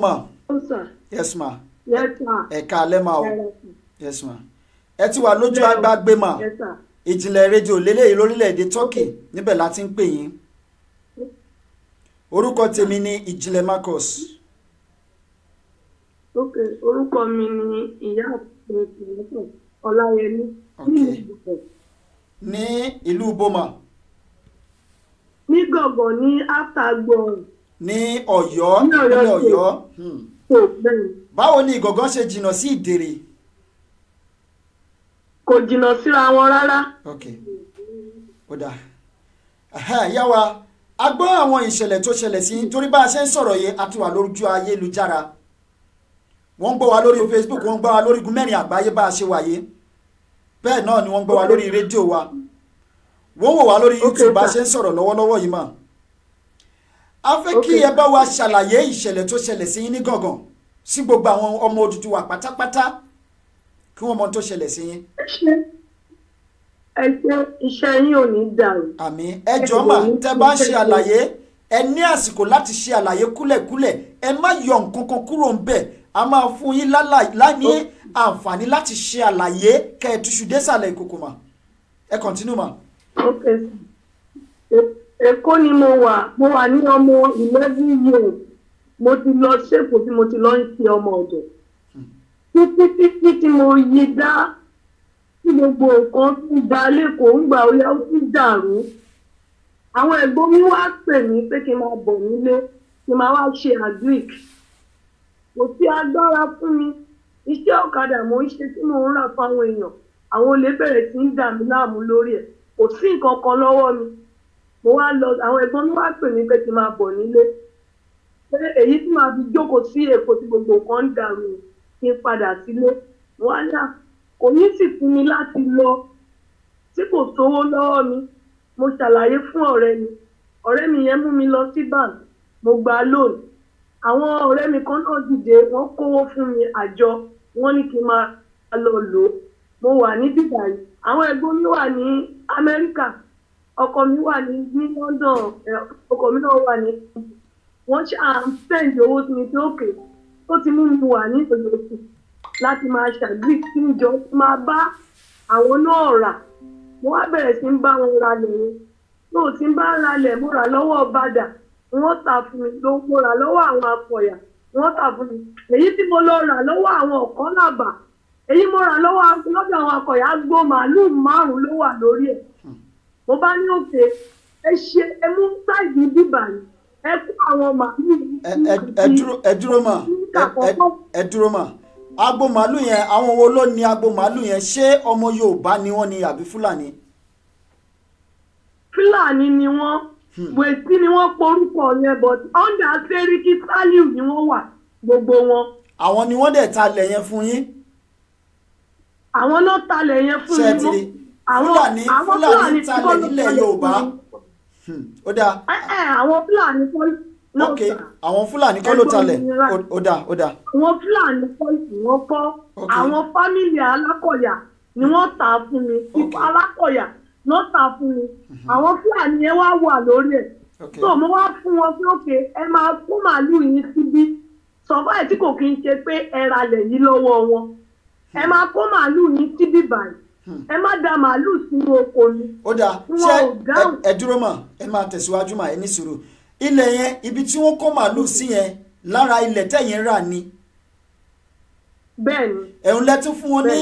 ma. yes ma. ma. o. Yes, yes ma ẹ ti wà lójú agbágbé mà ìjìnlẹ̀ rédíò lélẹ́yìí lórílẹ̀‐èdè turkey níbẹ̀ la ti ń pè yín orúkọ tèmi ni ìjìnlẹ̀ marcus. ok orúkọ mi ni ìyá àti ọláyẹmí ní ìlú boma. ní ìlú boma. ní gọ̀gọ̀ ní aftagbọ̀n. ní ọ̀yọ́ ní ọ̀yọ́ hmm. báwo ni ìgọ̀gán ṣe jìnnà sí ìdèrè. Si kò jìnnà síra wọn rárá. ok ó dáa yá wa a gbọ́ àwọn ìṣẹ̀lẹ̀ tó ṣẹlẹ̀ sí torí bá a ṣe ń sọ̀rọ̀ yìí a ti wà lójú ayélujára wọ́n ń gbọ́ wa lórí facebook wọ́n ń gbọ́ wa lórí igun mẹ́rin àgbáyé bá a ṣe wà yìí bẹ́ẹ̀ náà ni wọ́n ń gbọ́ wa lórí rédíò wa wọ́n wò wá lórí youtube bá a ṣe ń sọ̀rọ̀ lọ́wọ́lọ́wọ́ yìí mọ́ a fẹ́ kí ẹ bá wa ṣàlàyé ìṣẹ̀lẹ̀ tó ṣẹlẹ̀ sí yín ní gàngàn sí gbogbo àwọn ọmọ Odùduwà pátápátá kí wọ́n mọ tó ṣẹlẹ̀ sí yín ṣe ẹ ṣe iṣẹ́ yín ò ní dàrú. àmín ẹ jọ̀ọ́ mà tẹ́ bá ń ṣe àlàyé ẹ ní àsìkò láti ṣe àlàyé kúlẹ̀kúlẹ̀ ẹ má yọ nǹkan kan kúrò ń bẹ̀ a máa fún yín láàní àǹfààní láti ṣe àlàyé kẹ́ ẹ túṣu désàlẹ̀ ìkòkò mà ẹ kọ̀ntínú mà. ok e, èkó ni mo wà mo wà ní ọmọ eleven years mo ti lọ ṣèkó tí mo ti lọ ń ṣe ọmọ ọ̀dọ̀ hmm. títí títí tí mo yí dá tí gbogbo nǹkan tún da lẹ́kọ̀ọ́ ń gbà ọyá ó tún dàrú àwọn ẹ̀gbọ́n mi wá pè mí pé kí n máa bọ̀ nílé kí n máa wá ṣe agric kò sí agbára fún mi iṣẹ́ ọ̀kadà mò ń ṣe tí mò ń rà fáwọn èèyàn àwọn olè bẹ̀rẹ̀ sí ń dà mí láàmú lórí ẹ̀ kò sí nǹkan kan lọ́wọ́ mi mo wá lọ àwọn ẹ̀gbọ́n mi wá pè mí pé kí n máa bọ̀ nílé pé èyí tí màá fi jókòó sí èkó tí gbogbo nǹkan ń dàrú kí n padà sílé mo wá ní àpò ah, kò ní sì fún mi láti lọ tí kò sówó lọ́wọ́ mi mo ṣàlàyé fún ọ̀rẹ́ mi ọ̀rẹ́ mi yẹn mú mi lọ sí bank mo gba loan àwọn ọ̀rẹ́ mi kan náà dìde wọ́n kówó fún mi àjọ wọ́n ní kí n máa lọ lò ó mo wà ní dubai àwọn ẹ̀gbọ́n mi wà ní amẹ́ríkà ọkọ mi wà ní ní london ọkọ mi náà wà ní wọ́n ṣáà ń send owó sí mi pé òkè ó ti mú mi wà ní ìṣòro tuntun láti máa ṣàgbé kí n máa bá àwọn náà rà mo wá bẹ̀rẹ̀ sí ń bá wọn ra lẹ́yìn tó o ń bá ra lẹ̀ mo rà lọ́wọ́ ọ̀bàdà wọ́n tà fún mi ló mo rà lọ́wọ́ àwọn akọ̀yà wọ́n tà fún mi èyí tí mo lọ rà lọ́wọ́ àwọn ọ̀kọ́ làbà èyí mo rà lọ́wọ́ lọ́dọ̀ àwọn akọ̀yà gbó màálùú márùn-ún ló wà lórí ẹ̀ hmm. mo bá ní òkè ẹ ṣe ẹ mú sáìdì bíbà yìí ẹ kó àwọn màálùú. ẹ dúró mà ẹ dúró mà. agbo màálù yẹn àwọn wo ló ní agbo màálù yẹn ṣé ọmọ Yorùbá ni wọ́n ni àbí Fúlàní. Fúlàní ni wọ́n hmm. wèsí ni wọ́n porúkọ yẹn but under Sẹ́ríkì Sálíù ni wọ́n wà gbogbo wọn. àwọn ni wọ́n dẹ̀ talẹ̀ yẹn fún yín. àwọn náà talẹ̀ yẹn fún mi mọ́ Fúlàní Fúlàní talẹ̀ nílẹ̀ Yorùbá hmm, ó dáa. Eh, eh, àwọn Fúlàní kọ́ ok àwọn fúlàní kọ́ ló talẹ̀ ó dà ó dà. àwọn fúlàní kọ́ ìwọ́n kọ́ àwọn fámìlì alákọ̀yà ni wọ́n tà á fún mi ipò alákọ̀yà ló tà á fún mi mm-hmm. àwọn fúlàní yẹn wá wà lórí ẹ̀ tó mo wá fún wọn pé òkè ẹ máa kó màálù yín síbí sọ̀bọ́ ẹ̀ tí kò kí n ṣe pé ẹ ralẹ̀ yìí lọ́wọ́ wọn ẹ hmm. máa kó màálù yín síbí báyìí hmm. ẹ má da màálù sínú oko ni. ó dáa ṣé ẹ dúró mọ́ ẹ máa tẹ̀síwájú mà ẹ ní sùúrù ilẹ̀ yẹn ibi tí wọ́n kó màálùú sí yẹn lára ilẹ̀ tẹ̀yìn rà ni. bẹ́ẹ̀ni. ẹ̀hún lẹ́tí fún wọn ní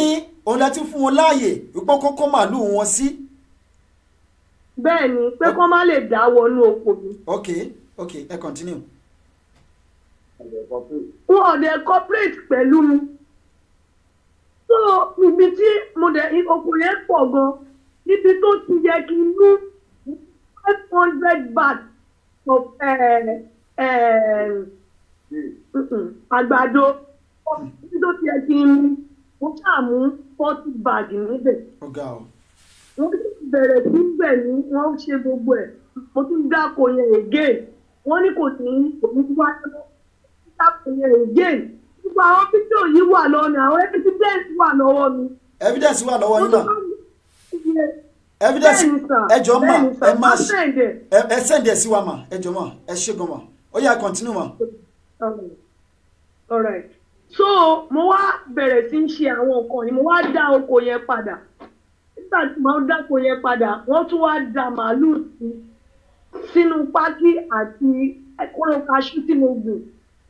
òun lẹ́tí fún wọn láàyè wípé kó kó màálùú wọn sí. bẹ́ẹ̀ni pé kó má lè dá wọnú oko mi. ok ok ẹ continue. wọn ò dé corporate pẹ̀lú mi so ibi tí mo dẹ̀ oko yẹn pọ̀ gan níbi tó ti yẹ kí n lú five hundred baht àgbàdo tó ti ẹ kí n mú wọ́n kà mú forty bag níbẹ̀. wọ́n bẹ̀rẹ̀ sí bẹ̀ ní wọ́n ṣe gbogbo ẹ̀ mo tún dáko yẹn again wọ́n ní kò sí òun wáyé mọ́ dáko yẹn again gbogbo àwọn fídíò yìí wà lọ́wọ́ mi àwọn evidence wà lọ́wọ́ mi. evidence wà lọ́wọ́ yín náà evidence ẹjọ ma ẹ ma ẹ send ẹ sí wa ma ẹjọ ma ẹ ṣe gan ma ó yá continue ma. all right so mo wá bẹ̀rẹ̀ sí ń ṣe àwọn nǹkan ni mo wá dá oko yẹn padà nígbà tí mo dá oko yẹn padà wọ́n tún wá da màálùú sí sínú pákí àti kóró kaṣú tí mo gbìn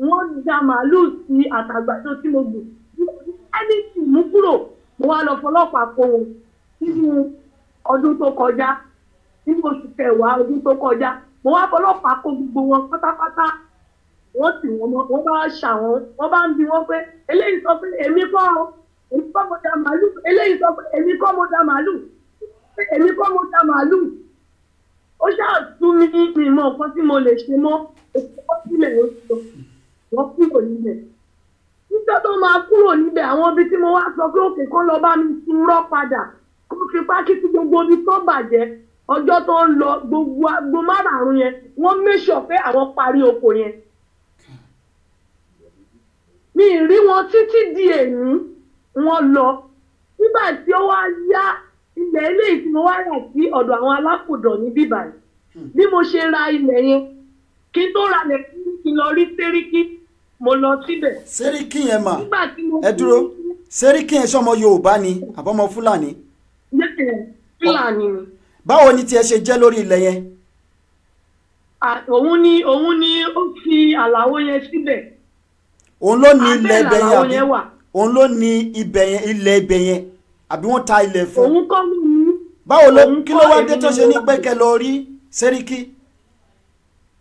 wọ́n da màálùú sí àtàgbàdo tí mo gbìn ẹni tí mú kúrò mo wá lọ fọlọ́pàá kó wọn nínú ọdún tó kọjá nínú oṣù kẹwàá ọdún tó kọjá mo wá fọlọ́pàá kó gbogbo wọn pátápátá wọ́n tì wọ́n mọ́ wọ́n bá ṣàwọn wọ́n bá ń bi wọ́n pé eléyìí sọ pé èmi kọ́ ọ èmi kọ́ mo da màálù eléyìí sọ pé èmi kọ́ mo da màálù èmi kọ́ mo da màálù ó ṣáà tú mi mi mọ nǹkan tí mo lè ṣe mọ́ òkú sílẹ̀ ó sọ wọ́n kúrò níbẹ̀ nígbà tó máa kúrò níbẹ̀ àwọn ibi tí mo wá sọ pé òkè kan lọ bá mi ti rọ́ padà ó fi pákí sí gbogbo omi tó bàjẹ́ ọjọ́ tó ń lọ gbogbo agbo márààrún yẹn wọ́n méṣọ̀ pé àwọn parí oko yẹn mi ì rí wọn títí di èyí wọ́n lọ nígbà tí ó wá yá ilẹ̀ eléyìí tí mo wá rà sí ọ̀dọ̀ àwọn alákòdọ̀ ní bíbáyìí bí mo ṣe ra ilẹ̀ yẹn kí n tó ra ilẹ̀ kí n lọ rí sẹ́ríkì mo lọ síbẹ̀. sẹ́ríkì yẹn mà ẹ dúró sẹ́ríkì yẹn ṣọmọ yorùbá ni àbọ̀mọ fúlàní fúlàní ni. báwo ni tiẹ̀ ṣe jẹ́ lórí ilẹ̀ yẹn. òun ni òun ni ó fi àlàó yẹn síbẹ̀. òun ló ní ilẹ̀ ibẹ̀ yẹn àbí òun ló ní ibẹ̀ yẹn ilẹ̀ ibẹ̀ yẹn àbí wọ́n ta ilẹ̀ fún. òun kọ́ ló ní. báwo ló kí ló wá dé tó ṣe ní gbẹ́kẹ̀ lọ rí sẹ́ríkì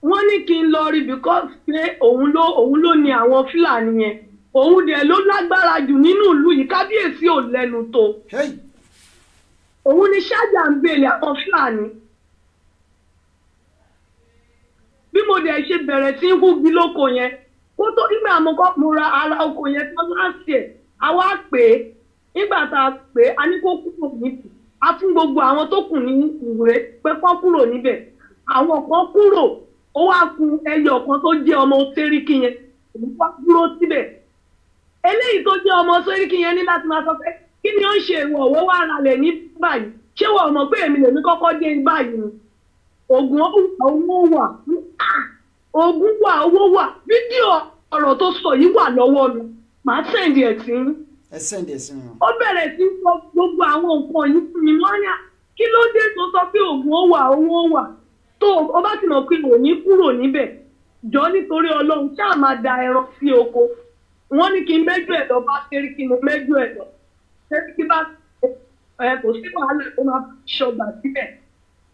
wọ́n ní kí n lọ rí because pé òun ló òun ló ní àwọn fúlàní yẹn òun dẹ̀ ló lágbára jù nínú ìlú yìí kábíyèsí ò lẹ́nu tó òun ni ṣáájà ń béèrè àwọn fúlàní bí mo dẹ̀ ṣe bẹ̀rẹ̀ sí í húgi lóko yẹn kó tó nígbà mo kọ́ mo ra ara oko yẹn tán láti ẹ̀ àwa pè é nígbà tá a pè é a ní kó kúrò níbi a fún gbogbo àwọn tó kù ní ìwé pé kó kúrò níbẹ̀ àwọn kan kúrò ó wá ku ẹyọ kan tó jẹ́ ọmọ sẹ́ríkì yẹn òun wá dúró síbẹ̀ eléyìí tó jẹ́ ọmọ sẹ́ríkì yẹn ní láti máa sọ pé kí ni ó ń ṣe ìwọ̀ owó wà ra lè ní báyìí ṣé wọ́n mọ̀ pé èmi lèmi kọ́kọ́ dé báyìí ni oògùn owó wà oògùn wà owó wà fídíò sọ yìí wà lọ́wọ́ mi màá sẹ́ǹdì ẹ̀ sí. ẹ sọ gbogbo àwọn nǹkan yìí fún mi lọ́yà sọ pé oògùn wà owó wà tó o bá ti mọ̀ pé jọ nítorí ọlọ́run ṣáà máa da ẹran oko wọ́n ní kí n mẹ́jọ bá ṣe rí kí lẹ́yìn tí bá kò sí wàhálà tó máa ṣọgbà síbẹ̀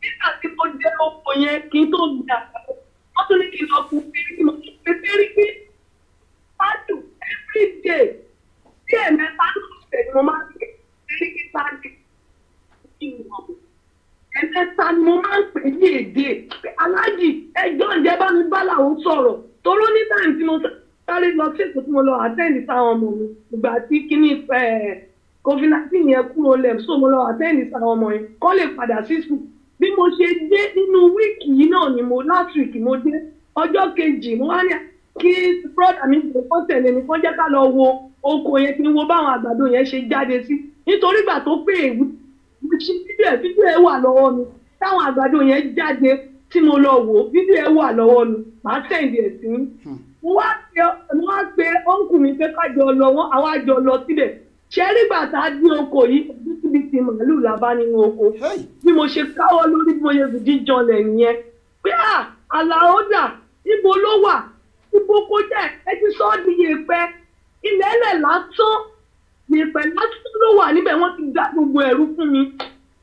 nígbà tí mo dé oko yẹn kí n tó gbé àgbàdo wọ́n tún ní kí n lọ fún fíríkì mo tún fi fíríkì pàdù every day bí ẹ̀mẹ́ta lọ́sẹ̀ ni mo máa ń pè fíríkì pàdù ẹ̀mẹ́ta ni mo máa ń pè ní èdè aláàjì ẹjọ́ ìjẹba mi bá làwọn sọ̀rọ̀ toró ní táyì tí mo sáré lọ sí èkó mo lọ àtẹ́ǹdì sáwọn ọmọ mi ìgbà tí kíní ẹ̀ẹ́ covid nineteen yẹn kúrò lẹ̀ so mo lọ àtẹ́ẹ̀nì sáwọn ọmọ yẹn kọ́ lè padà sí sùn bí mo ṣe dé nínú wíìkì yìí náà ni mo last week mo dé ọjọ́ kejì mo wá ní kí brọ́dà mi ṣe kọ́ tẹ̀lé mi kọ́ jẹ́ ká lọ wo oko yẹn kí n wo báwọn àgbàdo yẹn ṣe jáde sí nítorí ìgbà tó pé èwú mo ṣe fídíò ẹ̀ fídíò ẹ̀ wà lọ́wọ́ mi táwọn àgbàdo yẹn jáde tí mo lọ wò fídíò ẹ̀ wà lọ́wọ́ mi màá tẹ̀lé ẹ̀ hmm. mo wá pe ọ́nkù mi pé ká jọ lọ wọ́n àwa jọ lọ síbẹ̀ ṣé nígbà tá a dín oko yìí níbi tí màálùú la bá nínú oko bí mo ṣe káwọ́ lórí bí mo ṣe fìdí jọlẹ̀ nìyẹn pé à àlàódà ibo ló wà ibo kó jẹ́ ẹ ti sọ ọ́ di yèèpẹ̀ ilẹ̀ẹ́lẹ̀ lásán yèèpẹ̀ lásán ló wà níbẹ̀ wọ́n ti dá gbogbo ẹ̀rú fún mi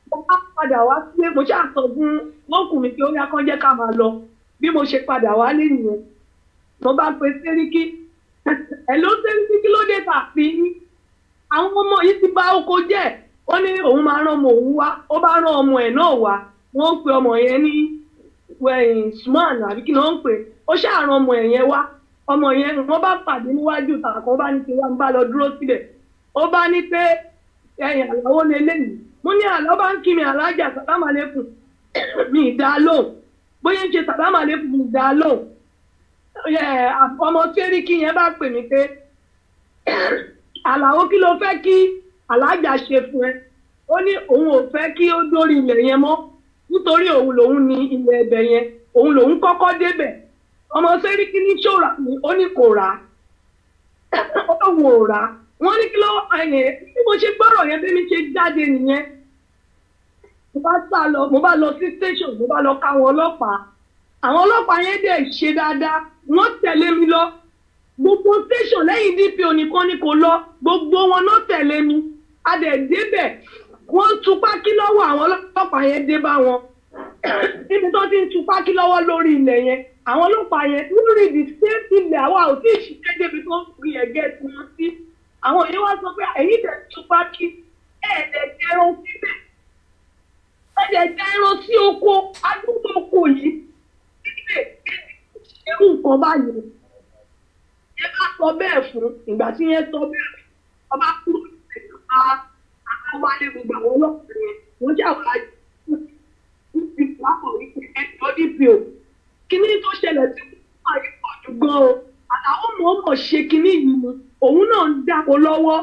mo bá padà wá sílé mo ṣáà sọ fún mọ́kùn mi pé ó yá kán jẹ́ ká máa lọ bí mo ṣe padà wá lé nìyẹn mo bá pe sẹ́ríkì ẹ̀ ló sẹ́ríkì kí ló dé tà fi yín. àwọn ọmọ yìí ti bá oko jẹ ó ní òun máa rán ọmọ òun wá ó bá rán ọmọ ẹ̀ náà wá wọ́n ń pe ọmọ yẹn ní eh, Usman àbí kí pè ọmọ yẹn wá ọmọ yẹn wọn bá pàdé níwájú tàkàn bá ní bá lọ dúró síbẹ̀ ó bá ní pé eh, àlàó lè léyìn mo ní bá ń kí mi lóhùn bóyá àlàó kí ló fẹ́ kí aláàjà ṣe fún ẹ ó ní òun ò fẹ́ kí ó dórí ilẹ̀ yẹn mọ́ nítorí òun lòun ní ilẹ̀ ẹbẹ̀ yẹn òun lòun kọ́kọ́ débẹ̀ ọmọ sẹ́ríkì ní ṣòra ni ó ní kò rà ó wò rà wọ́n ní kí ló bí mo ṣe gbọ́rọ̀ yẹn bí mi ṣe jáde nìyẹn mo mo bá lọ sí mo bá lọ gbogbo tẹsán lẹ́yìn DPO nìkan ni kò lọ gbogbo wọn náà tẹ̀lé mi a dẹ̀ débẹ̀ wọ́n ń tupá kí lọ́wọ́ àwọn ọlọ́pàá yẹn dé bá wọn níbi tó ti ń tupá kí lọ́wọ́ lórí ilẹ̀ yẹn àwọn ọlọ́pàá yẹn lórí the same ilẹ̀ àwa ò tí ì ṣiṣẹ́ débi tó ń fi ẹ̀gẹ́ tí wọ́n sí àwọn èyí wá sọ pé ẹ̀yìn tẹ̀ ń tupá kí ẹ̀ẹ́dẹ̀ẹ́dẹ́ ẹran sí oko adúgbò oko yìí síbẹ̀ ẹ̀ẹ́dẹ̀ẹ́dẹ́ ẹ̀rù nǹkan báyìí ṣé ká sọ bẹ́ẹ̀ fún ìgbà tí yẹn sọ bẹ́ẹ̀ ọba kúrò nípa àwálé gbogbo àwọn ọlọ́pàá yẹn wọ́n jẹ́ àwọn àjọ dp lápò wípé ẹjọ́ dp o kíní tó ṣẹlẹ̀ tí wọ́n máa yí pọ̀ jù gan o àtàwọn mọ̀ọ́mọ̀ ṣe kíní yìí mu òun náà ń dáko lọ́wọ́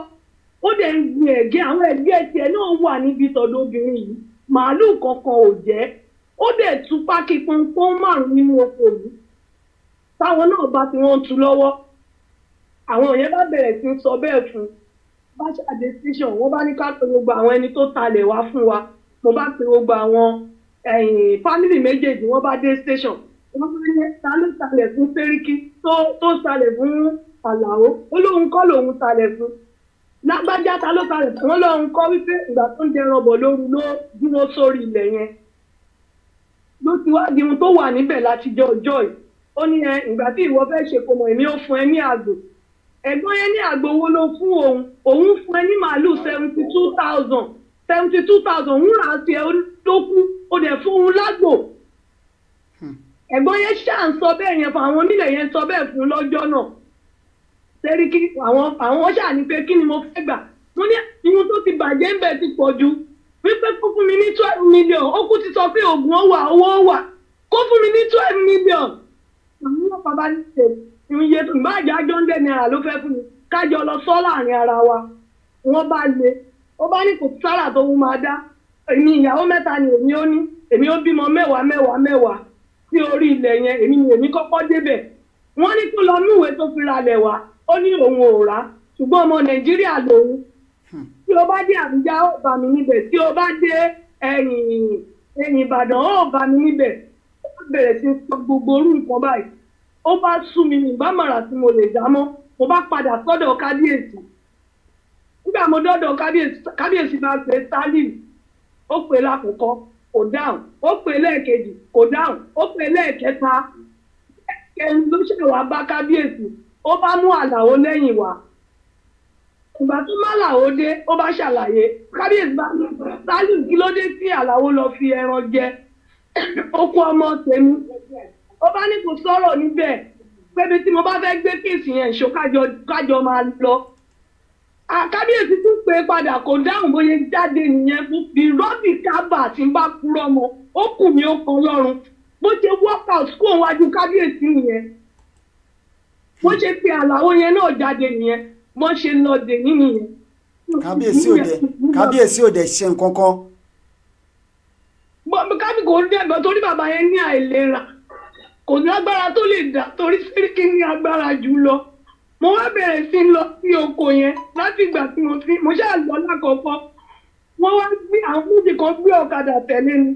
ó dẹ̀ ń gbin ẹ̀gẹ́ àwọn ẹ̀gẹ́ tiẹ̀ náà wà níbi tọ̀dọ̀ obìnrin yìí màálùú kankan ò jẹ́ ó dẹ̀ tú pákí pọ́npọ́n márùn-ún nínú oko yìí táwọn náà bá ti wọ́n tu lọ́wọ́ àwọn yẹn bá bẹ̀rẹ̀ sí sọ bẹ́ẹ̀ fún bá ṣàdé station wọ́n bá ní ká pe gbogbo àwọn ẹni tó talẹ̀ wá fún wa mo bá pe gbogbo àwọn family méjèèjì wọ́n bá dé station wọ́n bá ní ta ló talẹ̀ fún sẹ́ríkì tó talẹ̀ fún àlàó ó lóun kọ́ lòun talẹ̀ fún lágbájá ta ló talẹ̀ fún wọn lóun kọ́ wípé ìgbà tó ń dẹran bọ̀ lóru ló dúró sórí ilẹ̀ yẹn ló ti wá di ohun tó wà níbẹ̀ látijọ́ ọjọ́ yìí ó ní ẹ ìgbà tí ìwọ fẹ́ ṣe kọmọ èmi ó fún ẹ ní àgbò ẹ̀gbọ́n yẹn ní àgbòwò ló fún òun òun fún ẹ ní màálùú seventy two thousand seventy two thousand òun rà á sí ẹ ló kú ó dẹ̀ fún òun lágbo hmm. ẹ̀gbọ́n yẹn ṣáà ń sọ bẹ́ẹ̀ yẹn fún àwọn onílẹ̀ yẹn sọ bẹ́ẹ̀ fún lọ́jọ́ náà sẹ́ríkì àwọn àwọn ṣáà ní pé kí ni mo fẹ́ gbà mo ní ìwọ̀n tó ti bàjẹ́ ń bẹ̀ ti pọ̀ ju wípé kó fún mi ní twelve million ó kú ti sọ pé oògùn ó wà owó ó wà kó fún mi ní twelve million àwọn ọ̀pá bá ní ṣe. iye ìbáàjẹ́ àjọ ń dẹ̀ni àrà ló fẹ́ fún mi kájọ lọ sọ́ láàrin ara wa wọ́n bá le ó bá ní kò sára tó wù máa dá èmi ìyàwó mẹ́ta ni èmi ó ní èmi ó bímọ mẹ́wàá mẹ́wàá mẹ́wàá sí orí ilẹ̀ yẹn èmi ni èmi kọ́kọ́ débẹ̀ wọ́n ní kó lọ tó fi ralẹ̀ wá ó ní òun ò rà ṣùgbọ́n ọmọ nàìjíríà lòun hmm. tí o bá dé àbújá ó bá mi níbẹ̀ tí o gbogbo orú nǹkan báyìí ó bá sú mi nígbà mọ̀ràn tí mo lè dá mọ́ mo bá padà sọ́dọ̀ kábíyèsí nígbà mo dọ́dọ̀ kábíyèsí máa ṣe sálìm ó pè lákòókò kò dáhùn ó pè lẹ́ẹ̀kejì kò dáhùn ó pè lẹ́ẹ̀kẹta kẹ́hìn ló ṣèwà bá kábíyèsí ó bá mú àlàó lẹ́yìn wá ìgbà tó má làó dé ó bá ṣàlàyé kábíyèsí bá ní sálìm kí ló dé tí àlàó lọ fi ẹran jẹ ó kú ọmọ tèmi ó bá ní kò sọ̀rọ̀ níbẹ̀ pébi tí mo bá fẹ́ gbé kéèsì yẹn ìṣó kájọ máa lọ àkábíyèsí tún pé padà kò dáhùn bóyá jáde nìyẹn fún bí rọ́bì kábà tí ń bá kúrọ́ mọ́ ó kù mí ó kan lọ́rùn bó ṣe work out kó òun wájú kábíyèsí nìyẹn bó ṣe pe àlàó yẹn náà jáde nìyẹn bó ṣe lọ dè nìyẹn. kábíyèsí ò dé kábíyèsí ò dé ṣe nǹkan kan. kábíyèsí kò ń dẹ̀ torí bàbá yẹn ní àìlera kò ní agbára tó lè dà torí Séríkì ní agbára jù lọ mo wá bẹ̀rẹ̀ sí ń lọ sí oko yẹn láti ìgbà tí mo ti mo ṣáà lọ lákọ̀ọ́kọ́ wọ́n wá gbé àwọn méjì kan gbé ọ̀kadà tẹ̀lé ni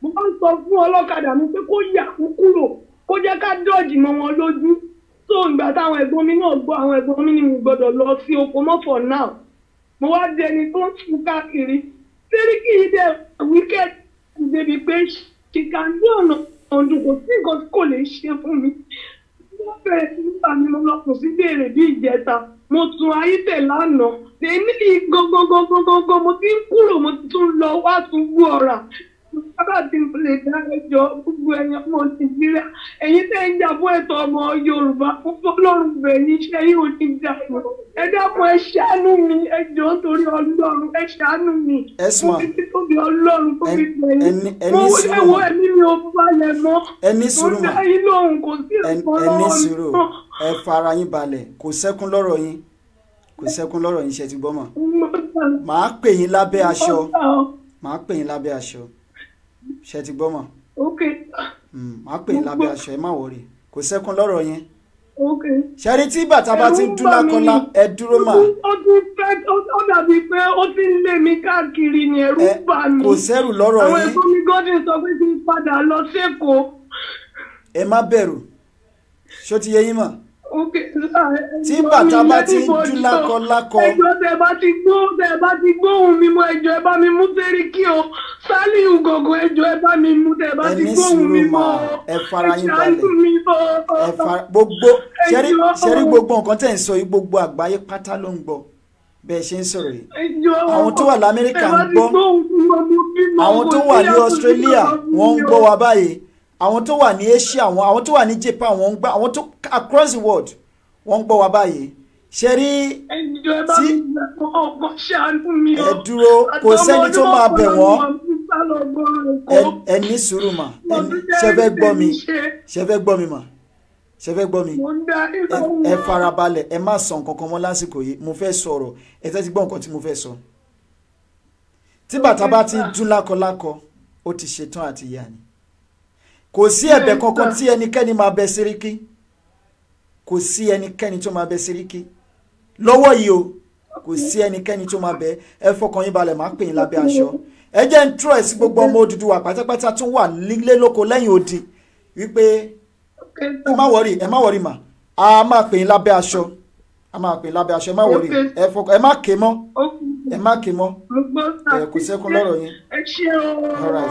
mo bá ń sọ fún ọlọ́kadà mi pé kó yà kú kúrò kó jẹ́ ká dọ́ọ̀jì mọ́ wọn lójú tó ìgbà táwọn ẹ̀gbọ́n mi náà gbọ́ àwọn ẹ̀gbọ́n mi ni mo gbọ́dọ̀ lọ sí oko mọ́ for now mo wá di ẹni tó ń fún káàkiri Séríkì yìí dẹ̀ wíkẹ́ẹ̀tì débi pé she can do ọ̀nà ọdún kò sí nǹkan tí kò lè ṣe fún mi wọ́n bẹ̀rẹ̀ sí nípa mi mo lọ kò sí béèrè bí ìjẹta mo tún ayé tẹ̀ lánàá èmi gangan gangan gangan mo ti ń kúrò mo ti tún lọ wá tún wú ọ̀rà akáàdínfilè dájọ gbogbo ẹ̀yin ọmọ nàìjíríà ẹ̀yin tẹ́ ń jàbọ̀ ẹ̀tọ́ ọmọ yorùbá púpọ̀ lọ́rùn bẹ̀yìn iṣẹ́ yìí ò ní dà ẹ dákun ẹ ṣàánú mi ẹ torí ọlọ́run ẹ ṣàánú mi mo fi títóbi ọlọ́run tó fi bẹ̀yìn mo ẹwọ ẹ̀mí mi ò balẹ̀ mọ́ mo dá yín lóhùn kò sí ìfọlọ́run náà. ẹ fara yín balẹ̀ kò sẹ́kún lọ́rọ̀ yín kò sẹ́kún lọ́rọ̀ yín ṣe ti gbọ́ mọ̀ màá pè yín lábẹ́ aṣọ màá pè yín lábẹ́ aṣọ ṣe ti gbọ́ mọ̀. ok. má hmm, pè é lábẹ́ aṣọ ẹ má wọrí kò sẹ́kún lọ́rọ̀ yẹn. ok. ṣẹ́rí tí bàtà bá ti dún lákọ́lá ẹ dúró mà. ó ti fẹ́ ó dàbí pé ó ti ń lé mi káàkiri ni ẹ̀rù bà mí. kò sẹ́rù lọ́rọ̀ yẹn. àwọn ẹ̀gbọ́n mi gọ́dìn sọ pé kí n padà lọ sẹ́kọ̀ọ́. ẹ má bẹ̀rù ṣó ti yẹ yín mọ̀ tí bàtà bá ti ń jú lákọlákọ. ẹjọ́ tẹ bá ti gbọ́ tẹ bá ti gbóhùn mi mọ́ ẹjọ́ ẹ bá mi mú Sẹ́ríkì o Sálíù gògó ẹjọ́ ẹ bá mi mú tẹ bá ti gbóhùn mi mọ́ ẹ fara mi balẹ̀ ẹ fara gbogbo ṣẹ́rí gbogbo nǹkan tẹ̀ ń sọ yìí gbogbo àgbáyé pátá ló ń gbọ́ bẹ́ẹ̀ ṣe ń sọ̀rọ̀ yìí àwọn tó wà l'Amẹ́ríkà ń gbọ́ àwọn tó wà ní Australia wọ́n ń gbọ́ wa báyìí àwọn tó wà ní Asia àwọn àwọn tó wà ní Japan wọ́n ń gbà àwọn tó across the world wọ́n ń gbọ́ wa báyìí ṣe rí tí ẹ dúró kò sẹ́ni tó máa bẹ̀ wọ́n ẹ ní sùúrù mà ṣe fẹ́ gbọ́ mi ṣe fẹ́ gbọ́ mi mà ṣe fẹ́ gbọ́ mi ẹ farabalẹ̀ ẹ má sọ nǹkan kan mọ́ lásìkò yìí mo fẹ́ sọ̀rọ̀ ẹ tẹ́tí gbọ́ nǹkan tí mo fẹ́ sọ. tí bàtà bá ti dún lákọlákọ ó ti ṣetán àti yà ni kò sí ẹ̀bẹ̀ kankan tí ẹnikẹ́ni máa bẹ Sẹ́ríkì kò sí ẹnikẹ́ni tó máa bẹ Sẹ́ríkì lọ́wọ́ yìí o kò sí ẹnikẹ́ni tó máa bẹ ẹ fọkàn yín balẹ̀ máa pè yín lábẹ́ aṣọ ẹ jẹ́ ń trọ́ ẹ̀ sí gbogbo ọmọ Odùduwà pátápátá tún wà nílé lóko lẹ́yìn odi wípé ẹ má wọrí ẹ má wọrí mà á máa pè yín lábẹ́ aṣọ á máa pè yín lábẹ́ aṣọ ẹ má wọrí ẹ má ké mọ́ ẹ má kí mọ́ ẹ kò sẹ́kún lọ́rọ̀ yín. ẹ ṣe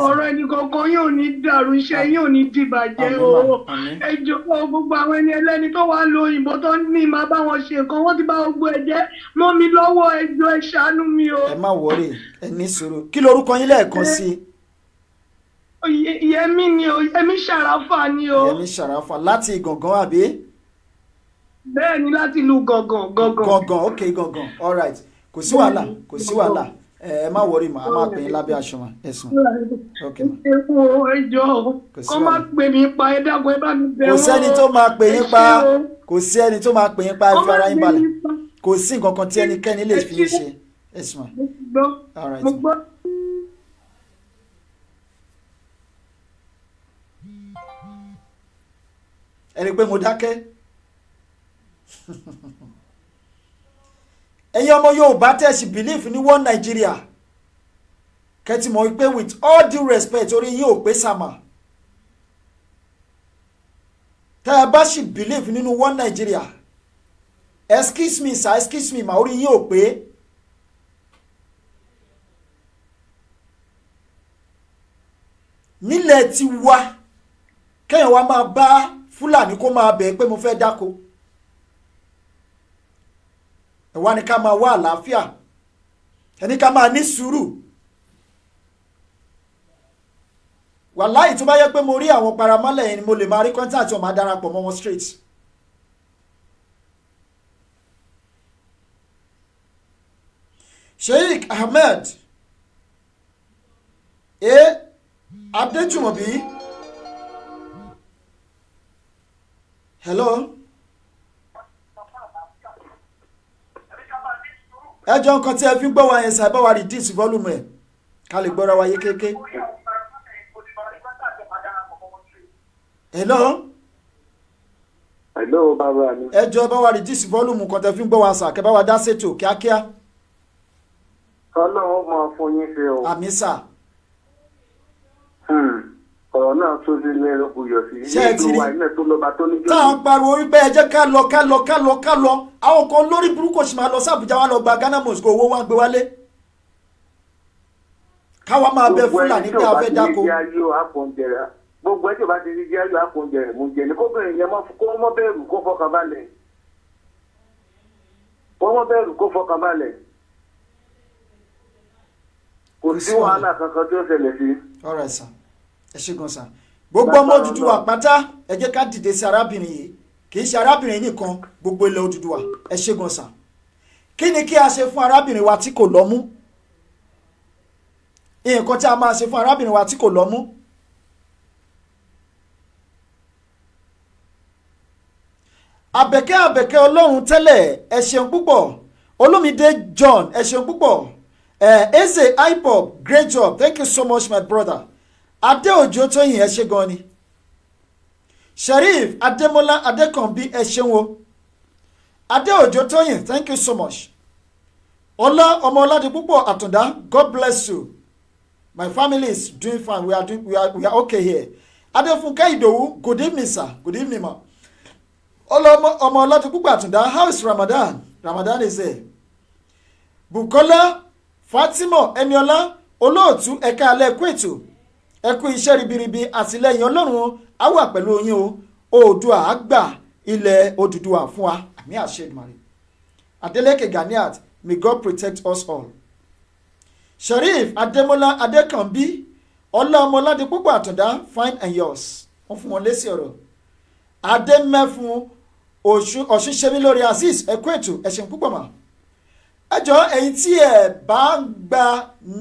ọ̀rọ̀ ẹni kankan yóò ní dàrú iṣẹ́ yóò ní dìbàjẹ́ o ẹ jọ̀wọ́ gbogbo àwọn ẹni ẹlẹ́ni tó wàá lo òyìnbó tó ní máa bá wọn ṣe nǹkan wọ́n ti bá gbogbo ẹ jẹ́ mọ́ mi lọ́wọ́ ẹjọ́ ẹ ṣàánú mi o. ẹ má wọrí ẹ ní sọ̀rọ̀ kí lorúkọ yín lẹ́ẹ̀kan sí i. yẹmi ni o yẹmi ṣàràfà ni o. yẹmi ṣàràfà láti ìgàngán àbí. bẹ́ẹ̀ni láti ìlú gàngàn gàngàn. gàngàn ok gàngàn all right kò sí wàhálà kò sí wàhálà ẹ má wọrí ma a máa pè é lábẹ́ aṣọ ma ẹ sùn. epo ẹjọ kọ́ máa pè mí pa ẹ dàgbọ́ ẹ bá mi bẹ̀ wọ́n. kò sẹ́ni tó máa pè yín pa kò sí ẹni tó máa pè yín pa ẹ fi ara yín balẹ̀ kò sí nǹkan kan tí ẹnikẹ́ni lè fi yín ṣe ẹ sùn ma. mo gbọ́. ẹni pé mo dákẹ́. ẹ̀yin ọmọ Yorùbá tẹ̀sí belief ní one Nigeria kẹ́tì mọ̀ wípé with all due respect orí yìí ò pé sàmà tẹ́ ẹ bá sì belief nínú one Nigeria excuse me sir excuse me Ma, orí yìí ò pé. nílẹ̀ tiwa kẹ́yìn wa máa bá Fúlàní kó máa bẹ̀ pé mo fẹ́ dáko ẹ wá ní ká máa wá àlàáfíà ẹ ní ká máa ní sùúrù wàláì tó bá yẹ pé mo rí àwọn paramọ́lẹ̀ yẹn ni mo lè máa rí kọ́ńtà tí wọ́n darapọ̀ mọ́ wọn straight. Sheikh Ahmed e Adéjùmọ̀bí hello. ẹjọ́ nǹkan tí ẹ fi ń gbọ́ wa yẹn ṣàbẹ̀ wa reduce volume ẹ̀ ká lè gbọ́ra wa yé kéèké. hello. hello bàbá mi. ẹjọ́ bá wa reduce volume kan tẹ́ fi ń gbọ́ wa sà kẹ́ bá wa dá ṣètò kíákíá. ọlọ́run máa fún yín ṣe o. àmì sà. Hmm ọ̀rọ̀ náà tó ti lẹ oyọ̀ sí ilé ìlú wa tá à ń pariwo wípé ẹ jẹ́ ká lọ ká lọ ká lọ ká lọ àwọn kan lórí burúkú sì máa lọ sí Àbújá wa lọ gba Ghana mosque owó wa gbé wálé. káwa máa bẹ Fúlàní pé a fẹ́ dáko. gbogbo ẹjọ́ bá ti di jẹ́ ayọ̀ àpòǹjẹ rẹ̀ mú jẹ ní kóbìnrin yẹn kó mọ́ bẹ̀rù kó fọkàn balẹ̀ kó mọ́ bẹ̀rù kó fọkàn balẹ̀ kò sí wàhálà kankan tó ṣẹlẹ̀ sí. ọ̀rẹ́ sàn ẹ ṣe gan san gbogbo ọmọ Odùduwà pátá ẹ jẹ́ ká dìde sí arábìnrin yìí kì í ṣe arábìnrin nìkan gbogbo ilẹ̀ Odùduwà ẹ ṣe gan san kí ni kí a ṣe fún arábìnrin wa tí kò lọ́mú nǹkan tí a máa ṣe fún arábìnrin wa tí kò lọ́mú àbẹ̀kẹ́ àbẹ̀kẹ́ ọlọ́run tẹ́lẹ̀ ẹ ṣeun púpọ̀ olómìdé John ẹ ṣeun púpọ̀ ẹ̀ eh, eze ipob great job thank you so much my brother adéòjò tóyìn ẹ ṣe gan ni sheriff adémọ́lá adékànbí ẹ ṣeun o adéòjò tóyìn thank you so much ọlá ọmọ ọládì púpọ̀ àtúndá god bless you my family is doing fine we are doing we are we are okay here adéfúnkẹ́ ìdòwú good evening sir good evening ma ọlọmọ ọmọ ọládì púpọ̀ àtúndá how is ramadan ramadan is here bukola fatima Emiola olóòtú ẹ̀ka alẹ́ kú ẹ kú iṣẹ́ ribiribi àtìlẹ́yìn ọlọ́run á wà pẹ̀lú yín o oòdùà á gbà ilẹ̀ Odùduwà fún wa àmì àṣẹdùmarè Adeleke Ganiat may God protect us all Sheriff Adémọ́lá Adékànbí ọlọ́mọládé púpọ̀ àtọ̀dá fine and yours wọ́n fún wọn lésì ọ̀rọ̀ adémẹ́fun ọ̀ṣun ṣẹ́mi lórí azeez ẹ̀kú ètò ẹ̀ṣẹ̀ púpọ̀ mà ẹjọ́ ẹ̀yin tí ẹ̀ bá ń gba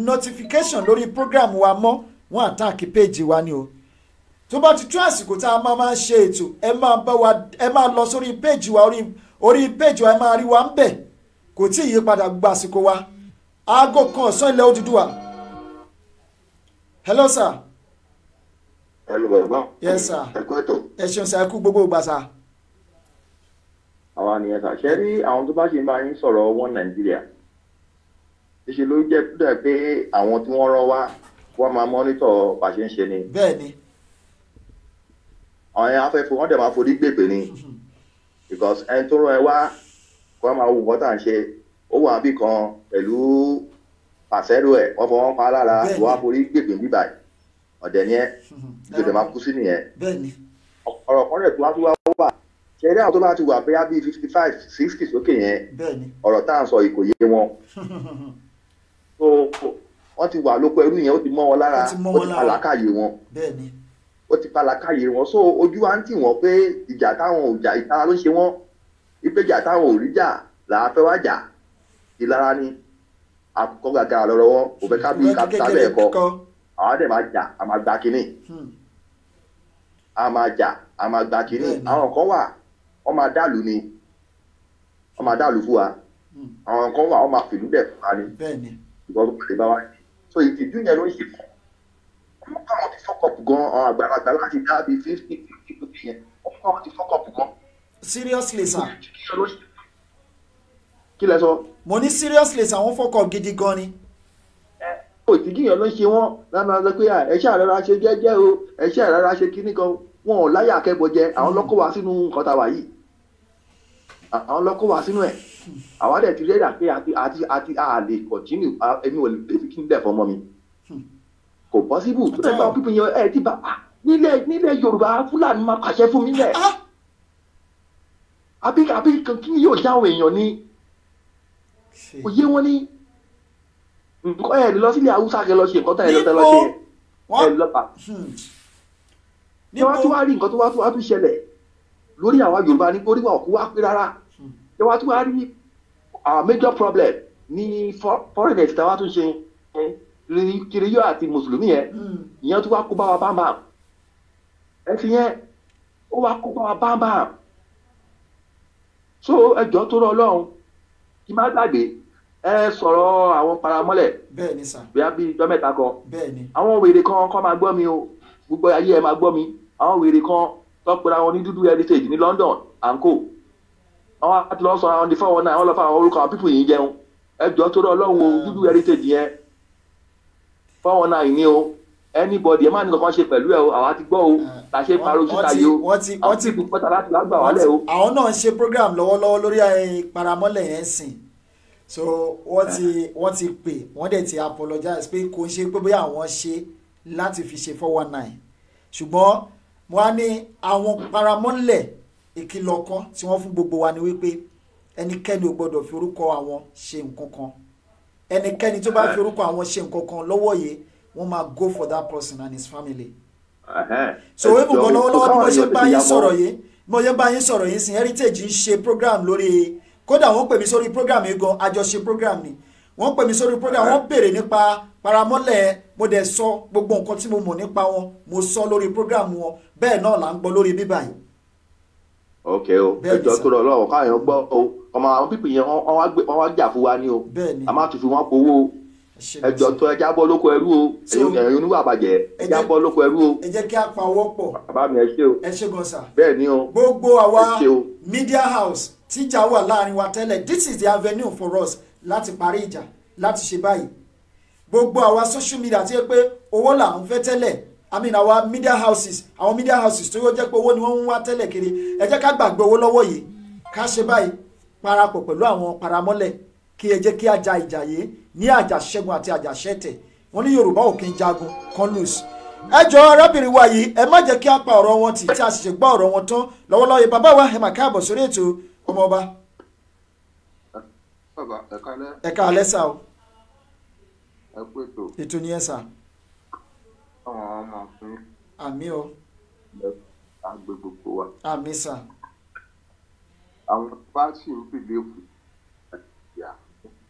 notification lórí program wa mọ́ wọ́n àtàkì péèjì wa ni o tó bá ti tún àsìkò tá a máa máa ṣe ètò ẹ máa bá wa ẹ máa lọ sórí péèjì wa orí péèjì wa ẹ máa rí wa ń bẹ̀ kò tí ì yí padà gba àsìkò wa aago kan ọ̀sán ilẹ̀ Odùduwà hello sir. hello bàbá. yes sir. ẹ kú ètò. ẹ ṣeun sir ẹ kú gbogbo ìgbà sir. àwa nìyẹn sà ṣe rí àwọn tó bá ṣe máa ń sọ̀rọ̀ wọn Nàìjíríà ṣíṣe ló jẹ́ kúdà pé àwọn tí wọ́n rán wá wọ́n máa mọ́nítọ̀ bàṣẹ ń ṣe ni. bẹ́ẹ̀ni. ọ̀yìn afẹ́fọ́ wọ́n dẹ̀ máa forí gbèpè ni because ẹni tó rán ẹ wá kó máa wù wọ́n ń ṣe ó wà bí kan pẹ̀lú pàṣẹ́rò ẹ̀ wọ́n fọwọ́ pa lára wọ́n á forí gbèpè níbà ọ̀dẹ̀ ni ẹ gbèdè mhm. máa kú sí nìyẹn. ọ̀rọ̀ kan rẹ̀ tó wá tó wá wà ṣẹ̀rí àwọn tó bá ti wà bóyá bíi fifty five sixty sókè yẹn ọ̀rọ̀ tá à ń sọ yìí wọn. wọ́n ti wà lóko ẹrú yẹn ó ti mọ́ wọn lára ó ti palàkàyè wọn ó ti palàkàyè wọn so ojú wa ń tì wọ́n pé ìjà táwọn ò jà ìtara ló ń ṣe wọ́n ìpèjà táwọn ò rí jà làá fẹ́ wá jà ìlara ni àkọ́kọ́ gàgà lọ́rọ́ wọn kò fẹ́ kábí kábíyà bẹ́ẹ̀ kọ́ àwọn àdè máa jà a máa kínní hmm. a máa jà a kínní àwọn kan wà wọ́n máa dàlù ni wọ́n máa dàlù fún wa hmm. àwọn kan wà wọ́n máa fìlú dẹ̀ fún wa ni ìgbọ́n tó bá wà so ìtìjú yẹn ló ń ṣe fún káwọn ti fọkọpù gan àgbàlagbà láti dá bíi fifty fifty fifty yẹn fún káwọn ti fọkọpù gan. seriously sir. kí lẹ sọ. mo ní seriously sir wọ́n fọkọ gidi gan ni. ìtìjú yẹn ló ń ṣe wọ́n lánàá sọ pé ẹṣẹ́ àrẹ́ra ṣe jẹ́jẹ́ o ẹṣẹ́ àrẹ́ra ṣe kíní kan wọn ò láyà akẹ́bọ̀jẹ àwọn lọ́kọ̀ wá sínú nǹkan tá a wà yìí àwọn lọ́kọ̀ wá sínú ẹ̀ àwọn àdẹ̀ ti rí ẹ̀dà pé àti àti àlè kọ̀tínú ẹni ò lè fi kí fọmọ mi kò pọ́síbù tó dẹ̀ bá pípín yẹn ẹ̀ ti bá nílẹ̀ nílẹ̀ Yorùbá Fúlàní máa pàṣẹ fún mi lẹ̀ àbí àbí kí ni yóò dáhùn èèyàn ni òye wọn ni nǹkan ẹ̀ lọ sílé Haúsá kẹ lọ ṣe nǹkan tẹ̀ ẹ̀ lọ tẹ̀ lọ ṣe ẹ̀ lọ́ta ní wọ́n hmm. tún wá rí nǹkan tó wá tún ṣẹlẹ̀ lórí àwa Yorùbá ní orí wa òkú wá pé rárá ẹ wá tún wá rí major problem ní foreign aid táwa tún ṣe kiriyó àti mùsùlùmí yẹn hmm. ìyẹn tún wá kó bá wa bámbàm ẹsìn yẹn ó wá kó bá wa bámbàm so ẹjọ́ tó rọ ọlọ́run kí má gbàgbé ẹ sọ̀rọ̀ àwọn paramọ́lẹ̀ bẹ́ẹ̀ni sà bíi abí ìjọ mẹ́ta kan bẹ́ẹ̀ni àwọn wèrè kan kọ́ máa gbọ́ mi o gbogbo ayé ẹ máa gbọ́ mi àwọn wèrè kan tó pera wọn ní dúdú heritage ní London and àwọn àti lọ sọ àwọn ìfọwọ́ náà àwọn àwọn orúkọ àwọn pípù yìí jẹun ẹjọ́ torí ọlọ́run dúdú heritage yẹn fọwọ́ náà ìní o anybody ẹ má ní kankan ṣe pẹ̀lú ẹ o àwa ti gbọ́ o la ṣe pariwo síta yìí o àwọn ti kún pátá láti lágbà wálẹ̀ o. àwọn náà ń ṣe program lọ́wọ́lọ́wọ́ lórí paramọ́lẹ̀ yẹn sìn so wọ́n ti wọ́n ti pè wọ́n dẹ̀ ti apologize pé kò ṣe pé bóyá àwọn ṣe láti fi ṣe four one nine ṣùgbọ́n wọ́n á ní àwọn paramọ́lẹ̀ ìkìlọ̀ kan tí wọ́n fún gbogbo wa ni wípé ẹnikẹ́ni ò gbọ́dọ̀ fi orúkọ àwọn ṣe nǹkan kan ẹnikẹ́ni tó bá fi orúkọ àwọn ṣe nǹkan kan lọ́wọ́ yìí wọ́n máa go for that person and his family. so wípé bọ̀ lọ́wọ́lọ́wọ́ bí mo ṣe bá yín sọ̀rọ̀ yìí mo ṣe bá yín sọ̀rọ̀ yìí sin heritage ń ṣe program lórí kódà wọ́n pè mí sórí program yìí gan àjọṣe program ni wọ́n pè mí sórí program wọ́n béèrè nípa paramọ́lẹ̀ mo dẹ̀ sọ gbogbo nǹkan tí mo mọ̀ nípa wọn mo sọ lórí program wọn bẹ́ẹ̀ náà là ń gbọ́ lórí bíbá yìí ok o ẹjọ tó rọ Ọlọ́run káyọ gbọ́ o ọmọ àwọn pípì yẹn wọn wá jà fún wa ní o a máa tún fi wọn powó o ẹjọ tó ẹjá bọ́ lóko ẹrú o ẹ̀yin oníwà bàjẹ́ ẹjá bọ́ lóko ẹrú o. ẹ jẹ́ kí a pa ọwọ́ pọ̀ bàbá mi ẹ ṣe o ẹ ṣe gan sa bẹ́ẹ̀ ni o gbogbo àwa media house tíjà wà láàrin wa tẹ́lẹ̀ this is the avenue for us láti parí ìjà láti ṣe báyìí gbogbo àwa social media ti yẹ pé owó là ń fẹ́ tẹ́lẹ̀ i mean our media houses our media houses tó yóò jẹ́ pé owó ni wọ́n ń wá tẹ́lẹ̀ kiri ẹ jẹ́ ká gbàgbé owó lọ́wọ́ yìí ká ṣe báyìí parapọ̀ pẹ̀lú àwọn paramọ́lẹ̀ kí ẹ jẹ́ kí ajá ìjàyè ní àjàṣẹ́gun àti àjàṣẹ́tẹ̀ wọ́n ní yorùbá ò kí ń jagun conlus ẹ jọ arábìnrin wa yìí ẹ má jẹ́ kí a pa ọ̀rọ̀ wọn tì tí a sì ṣe gbọ́ ọ̀rọ̀ wọn tán lọ́wọ́lọ́wọ́ bàbá wa ẹ mà káàbọ̀ sórí ètò ọmọọba. ẹ ká alẹ́ sá o. ẹ ètò. ètò ni ẹ sá àwọn ọmọ fún. àmì o. àgbè gbogbo wa. àmì sà. àwọn bá sì ń pèlè fún ìyá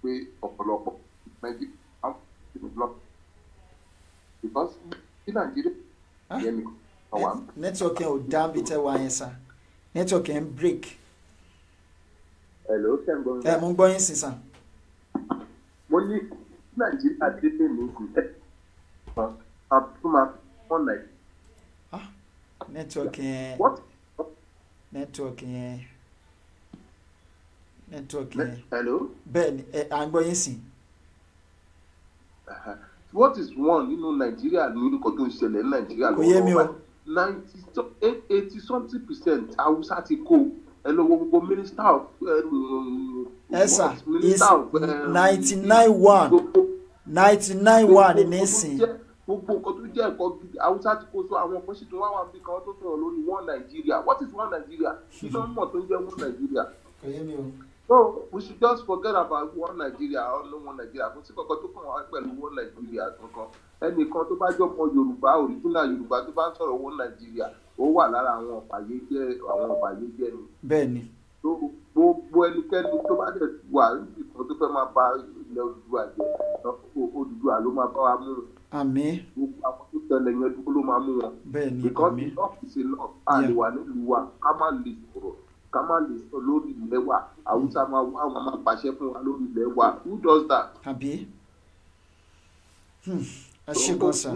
pé ọ̀pọ̀lọpọ̀ mẹ́jì because ní nàìjíríà ah. yẹn mi kọ wà. network yẹn ò dá bí tẹ́ wá yẹn sà network yẹn ń break. ẹ ló fẹ́ gbọ́ mi. ẹ mo ń gbọ́ yín sí mo ní nàìjíríà dé lè mú ìgbésẹ̀ kan. Abdulma online. Ah, network yẹn. What? Network yẹn. Network yẹn. Hello. Bẹ́ẹ̀ni, ẹ à ń gbọ́ yín sìn. What is one nínú Nàìjíríà ní orúkọ tó ń ṣẹlẹ̀ ní Nàìjíríà lọ́wọ́? Kò yé mi o. Ninety eighty something percent Hausa ti kó ẹ lọ wo gbogbo minister of. Ẹ um, sà, is um, ninety nine one ninety nine one ní sìn gbogbo nǹkan tó jẹ́ ẹ̀kọ́ gidi haúsá ti kó so àwọn kan sì tún wá wà bí kan tó sọ̀rọ̀ lórí one Nigeria what is one Nigeria kí ló ń mọ̀ tó ń jẹ́ one Nigeria. so we should just forget about one Nigeria ọ̀nà one Nigeria kò sí kankan tó kàn wá pẹ̀lú one Nigeria kankan ẹnìkan tó bá jọmọ Yorùbá original Yorùbá tó bá ń sọ̀rọ̀ one Nigeria ó wà lára àwọn ọ̀bàyéjẹ́ àwọn ọ̀bàyéjẹ́ ni. bẹ́ẹ̀ni. so gbogbo ẹnikẹ́ni tó bá dẹ̀ wà níbi tó fẹ́ máa bà ilẹ̀ Odùduwà jẹ́ Odùduwà ló máa bá wa mú un àmín. gbogbo àwọn tó tẹlẹ yẹn dúró ló máa mú wọn. bẹ́ẹ̀ni àmín because enough is enough àlewà nílùú wa ká má lè sọ̀rọ̀ ká má lè sọ lórí ilẹ̀ wa àwùjọ máa àwọn máa pàṣẹ fún wa lórí ilẹ̀ wa who does that. àbí hmm, ẹ ṣe kan sá.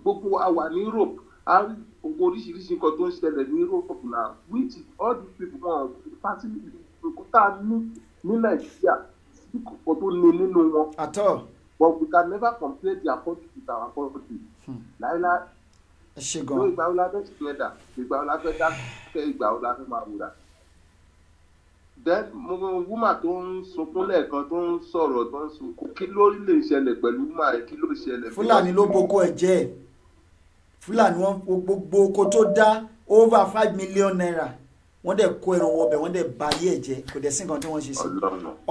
gbogbo wa wà ní Europe a rí gbogbo oríṣiríṣi nǹkan tó ń ṣẹlẹ̀ ní Europe na which is all these people wọn pàṣẹ ìdìbò tá a ní ní Nàìjíríà sí kòkó tó ní nínú wọn. àtọ́ but we can never compare their country with our country hmm. láíláí ló ìgbà wo la fẹ́ together ìgbà wo la fẹ́ dákẹ́ ìgbà wo la fẹ́ máa wúra then mo woman tó ń sunkún lẹ́ẹ̀kan tó ń sọ̀rọ̀ tó ń sunkún kí ló lè ṣẹlẹ̀ pẹ̀lú woman yẹn kí ló ṣẹlẹ̀. fúlàní ló boko ẹ̀ jẹ́ ẹ̀ fúlàní wọn gbogbo oko tó dá over five million naira wọ́n dẹ̀ kó ẹran wọbẹ̀ wọ́n dẹ̀ bà ayé ẹ̀ jẹ́ kò dẹ̀ sí nǹkan tí wọ́n ṣe sí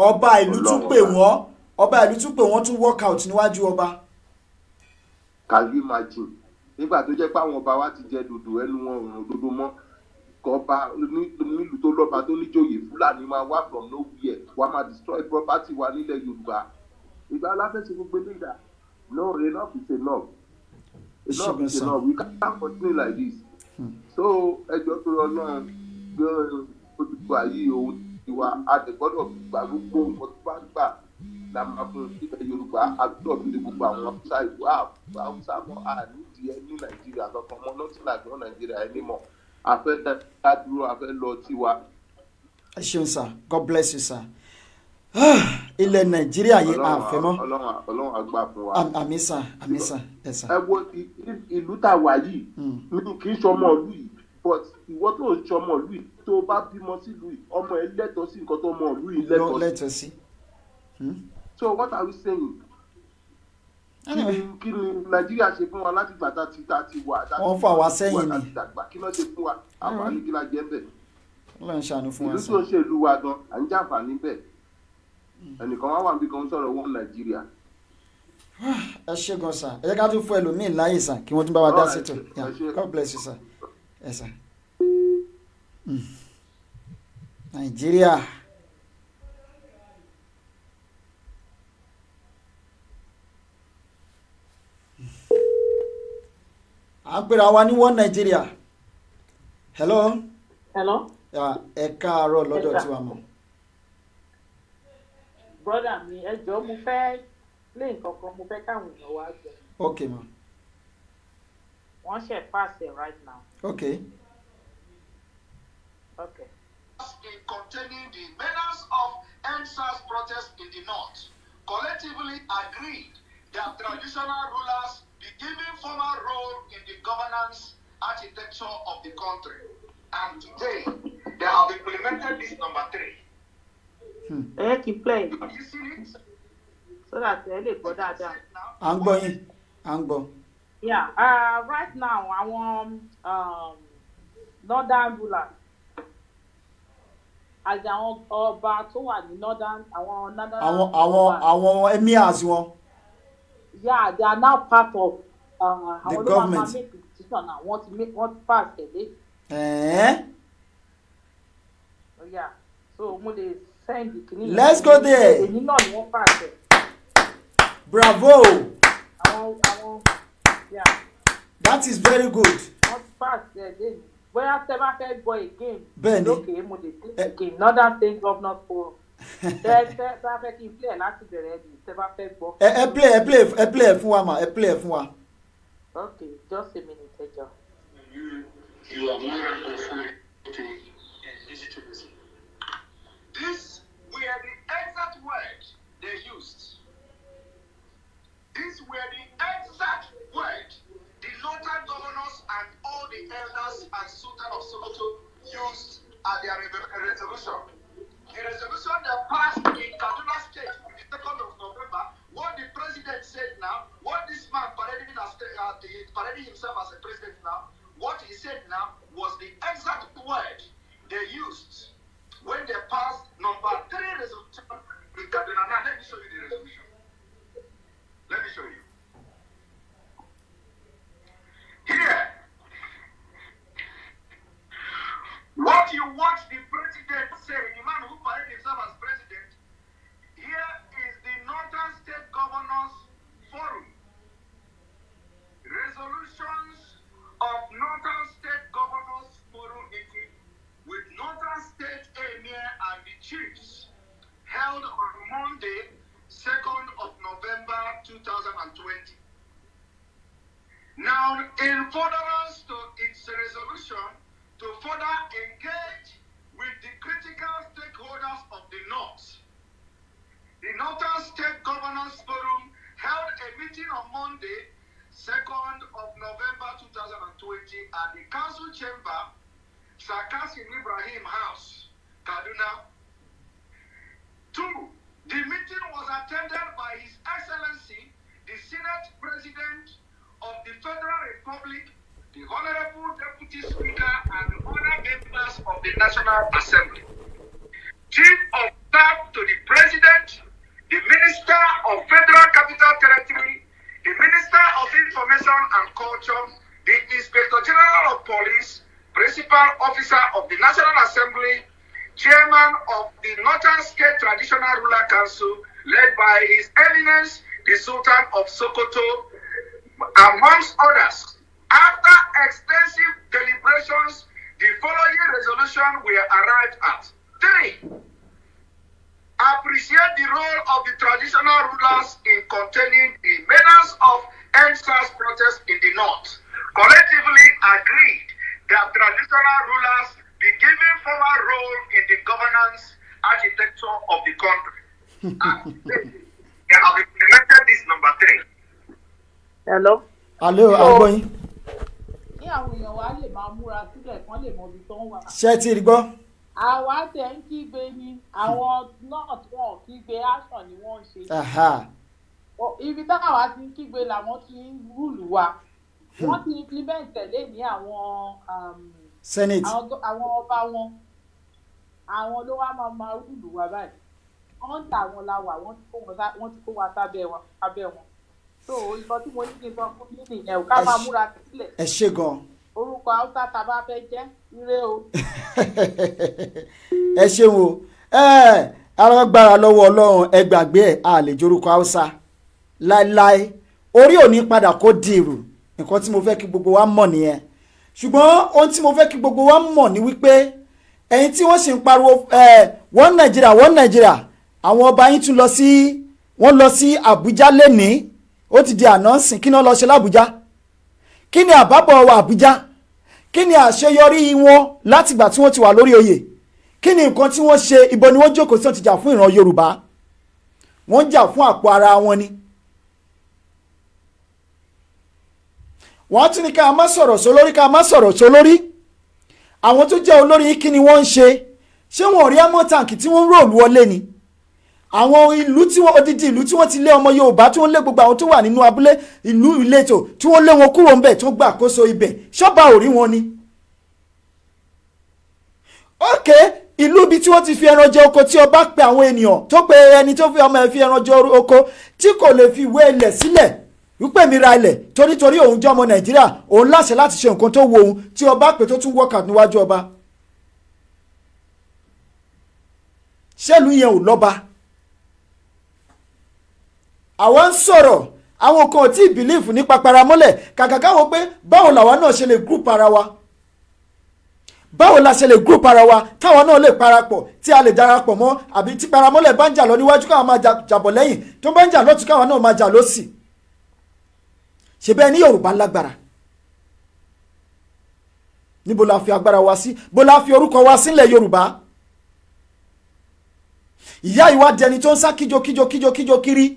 ọba ìlú tún pè wọ́n ọba ìlú tún pé wọ́n tún work out níwájú ọba. can you imagine nígbà tó jẹ́ pé àwọn ọba wa ti jẹ dòdò ẹnu wọn òrùn dòdò mọ́ kọba nílùú tó lọ́ba tó níjòyè fúlàní máa wá from nowhere wá máa destroy property wa nílẹ̀ yorùbá ìgbà aláfẹ́sẹ̀ gbogbo nígbà no enough is enough enough is enough we can't continue like this hmm. so ẹjọ́ tó lọ náà gbé olùkọ́ ayé òun tiwa a lè gbọ́dọ̀ gbà gbogbo nǹkan tó bá gbà la máa yorùbá àdúgbò gbogbo àwọn haúsá ìlú haúsá mọ́ àníjì ẹ ní nàìjíríà kankan mọ́ lọ́sílà ní nàìjíríà ẹ ní mọ́ àfẹ́ dádúró àfẹ́ lọ tiwa. ẹ ṣeun sir god bless you sir ah, ilẹ̀ nàìjíríà yìí àfẹ́ mọ́ ọlọ́run àgbà fún wa. àmì sir àmì sir ẹ sir. ẹ wo ìlú tàwa yìí hmm. kì í ṣọmọ ìlú yìí but ìwọ tó ń ṣọmọ ìlú yìí tó bá bímọ sílùú yìí ọmọ ẹ lẹ́tọ̀ọ́ sí nǹkan tó ọmọ ìlú yìí lẹ́tọ̀ọ́ sí. lẹ́tọ̀ọ́ hmm? so what are we saying? kí ni nàìjíríà ṣe fún wa láti gbà tá ti tá ti wà. wọ́n fà wá sẹ́yìn ni kí ló ṣe fún wa mm. àǹfààní kí la jẹ́ bẹ́ẹ̀. wọ́n lọ ń ṣàánú fún wa sọ. ìlú tí ó ń ṣe ìlú wa gan à ń jàǹfààní bẹ́ẹ̀ mm. ẹnìkan wá wà níbi kan sọ̀rọ̀ wọn nàìjíríà. ẹ ṣe gan sir ẹ jẹ́ ká tún fún ẹlòmíín láyè sir kí wọ́n tún bá wa dá sí tó God bless you sir ẹ sir. nàìjíríà. Yes, hmm. à ń pera wa ní one Nigeria hello. hello. ẹ káàárọ̀ lọ́dọ̀ tiwa mọ̀. brọ́dà mi ẹ jọ̀ọ́ mo fẹ́ lé nǹkan kan mo fẹ́ káwọn èèyàn wá gbọ́. ok ma. wọ́n ṣe pass it right now. ok. ok. in containing the menace of EndSARS protests in the north collectively agreed that traditional rulers the given formal role in the governance architecture of the country. And today, they have implemented this number three. Hmm. ẹ kì í play so that ẹ lè gbọ́ dáadáa. à ń gbọ́ yín à ń gbọ́. yeah uh, right now I want um, northern rulers àti àwọn ọba tó wà ní northern àwọn northern. àwọn àwọn àwọn emirs wọn yeah they are now part of uh, the government àwọn ló máa ti make wọ́n ti pass tẹ̀lé. Eh? Oh, yeah so mo dey send the let's go there. bravo. that is very good. wọ́n ti pass ẹ̀ lẹ́yìn bóyá tẹ́ bá again. bẹ́ẹ̀ni lókè mo dey play again northern state governors forum tẹ play láti ẹ play ẹ play ẹ play ẹ fún wa ma ẹ play ẹ fún wa. ok just a minute ẹ jọ. this were the exact word they used. these were the exact word the local governors and all the elders and sultan of Sokoto used at their revolution. The resolution that passed in Kaduna State on the 2nd of November, what the president said now, what this man parading, as, uh, parading himself as a president now, what he said now was the exact word they used when they passed number three resolution in Kaduna. Now, let me show you the resolution. Let me show you. Here, What you watch the president say, the man who parades himself as president, here is the Northern State Governors Forum. Resolutions of Northern State Governors Forum meeting with Northern State Emir and the Chiefs held on Monday, 2nd of November 2020. Now, in furtherance to its resolution, to further engage with the critical stakeholders of the North. The Northern State Governance Forum held a meeting on Monday, 2nd of November 2020 at the Council Chamber, Sarkasim Ibrahim House, Kaduna. Two, the meeting was attended by His Excellency, the Senate President of the Federal Republic the Honorable Deputy Speaker and other members of the National Assembly, Chief of Staff to the President, the Minister of Federal Capital Territory, the Minister of Information and Culture, the Inspector General of Police, Principal Officer of the National Assembly, Chairman of the Northern State Traditional Ruler Council, led by His Eminence, the Sultan of Sokoto, amongst others. After extensive deliberations, the following resolution were arrived at. Three, appreciate the role of the traditional rulers in containing the menace of NSAS protests in the north. Collectively agreed that traditional rulers be given formal role in the governance architecture of the country. and they have implemented this number three. Hello. Hello, so, kí àwọn èèyàn wa lè máa múra sílẹ̀ kán lè mọ ibi tó ń wà. ṣé ti rí gbọ́. àwa tẹ̀ ń kígbe ni àwọn náà wọn kígbe action ni wọ́n ń ṣe. ibi táwa ti ń kígbe làwọn ti ń rúùlù wa hmm. wọ́n ti implement tẹ̀lé ní àwọn um, senate àwọn ọba wọn àwọn ló wá máa máa rúùlù wa báyìí wọ́n ń ta àwọn la wà wọ́n ti kó wa sábẹ́ wọn so nǹkan tí mo ní kí n sọ fún yín nìyẹn ò ká máa múra sílẹ̀. ẹ ṣe gan. orúkọ haúsá tá a bá fẹ́ jẹ́ ire o. ẹ ṣeun o ara gbára lọ́wọ́ ọlọ́run ẹ gbàgbé ẹ̀ a lè jorúkọ haúsá láéláé orí ò padà kó dìrù nǹkan tí mo fẹ́ kí gbogbo wa mọ̀ nìyẹn ṣùgbọ́n ohun tí mo fẹ́ kí gbogbo wa mọ̀ ni wípé ẹ̀yin tí wọ́n sì ń pariwo wọ́n nàìjíríà wọ́n nàìjíríà àwọn ọba yín tún lọ sí wọ́n lọ sí àbújá lénìí ó ti di ànánsìn kí ni wọ́n lọ ṣe lábújá kí ni àbábọ̀ wa àbújá kí ni àṣeyọrí wọn látìgbà tí wọ́n ti wà lórí oyè kí ni nǹkan tí wọ́n ṣe ibo ni wọ́n jókòó sí wọ́n jà fún ìran yorùbá wọ́n jà fún àpò ara wọn ni. wọ́n tún ní ká má sọ̀rọ̀ sólórí ká má sọ̀rọ̀ sólórí àwọn tó jẹ́ olórí kí ni wọ́n ń ṣe ṣé wọn ò rí amọ̀ tàǹkì tí wọ́n ń ròlù wọlé ni àwọn ìlú tí wọ́n odidi ìlú tí wọ́n ti lé ọmọ Yorùbá tí wọ́n lé gbogbo àwọn tó wà nínú abúlé ìlú ìletò tí wọ́n lé wọn kúrò ńbẹ̀ tó gba àkóso ibẹ̀ ṣọ́ba ò rí wọn ni. ókè ìlú ibi tí wọ́n ti fi ẹran jẹ oko tí ọba pe àwọn ènìyàn tó pe ẹni tó fi ọmọ ẹ̀ fi ẹran jẹ oko tí kò lè fi ìwé ilẹ̀ sílẹ̀ wípé mi ra ilẹ̀ torítorí òun jẹ́ ọmọ Nàìjíríà òun láṣẹ láti ṣe nǹkan tó wo òun tí ọba pè àwọn ń sọ̀rọ̀ àwọn kan ò tí ì bìlífù nípa paramọ́lẹ̀ kàkà pé báwo làwa náà ṣe lè group ara wa báwo la ṣe lè group ara wa táwa náà lè parapọ̀ tí a lè darapọ̀ mọ́ àbí tí paramọ́lẹ̀ bá ń jà lọ níwájú káwọn máa jàbọ̀ lẹ́yìn tó bá ń jà lọ́tún káwọn náà máa jà lọ́sì ṣèbẹ́ ní Yorùbá lágbára níbo la fi agbára wa sí bó la fi orúkọ wa sílẹ̀ Yorùbá ìyá ìwádìí ẹni tó ń sá kíjokíjokíjokíjo kiri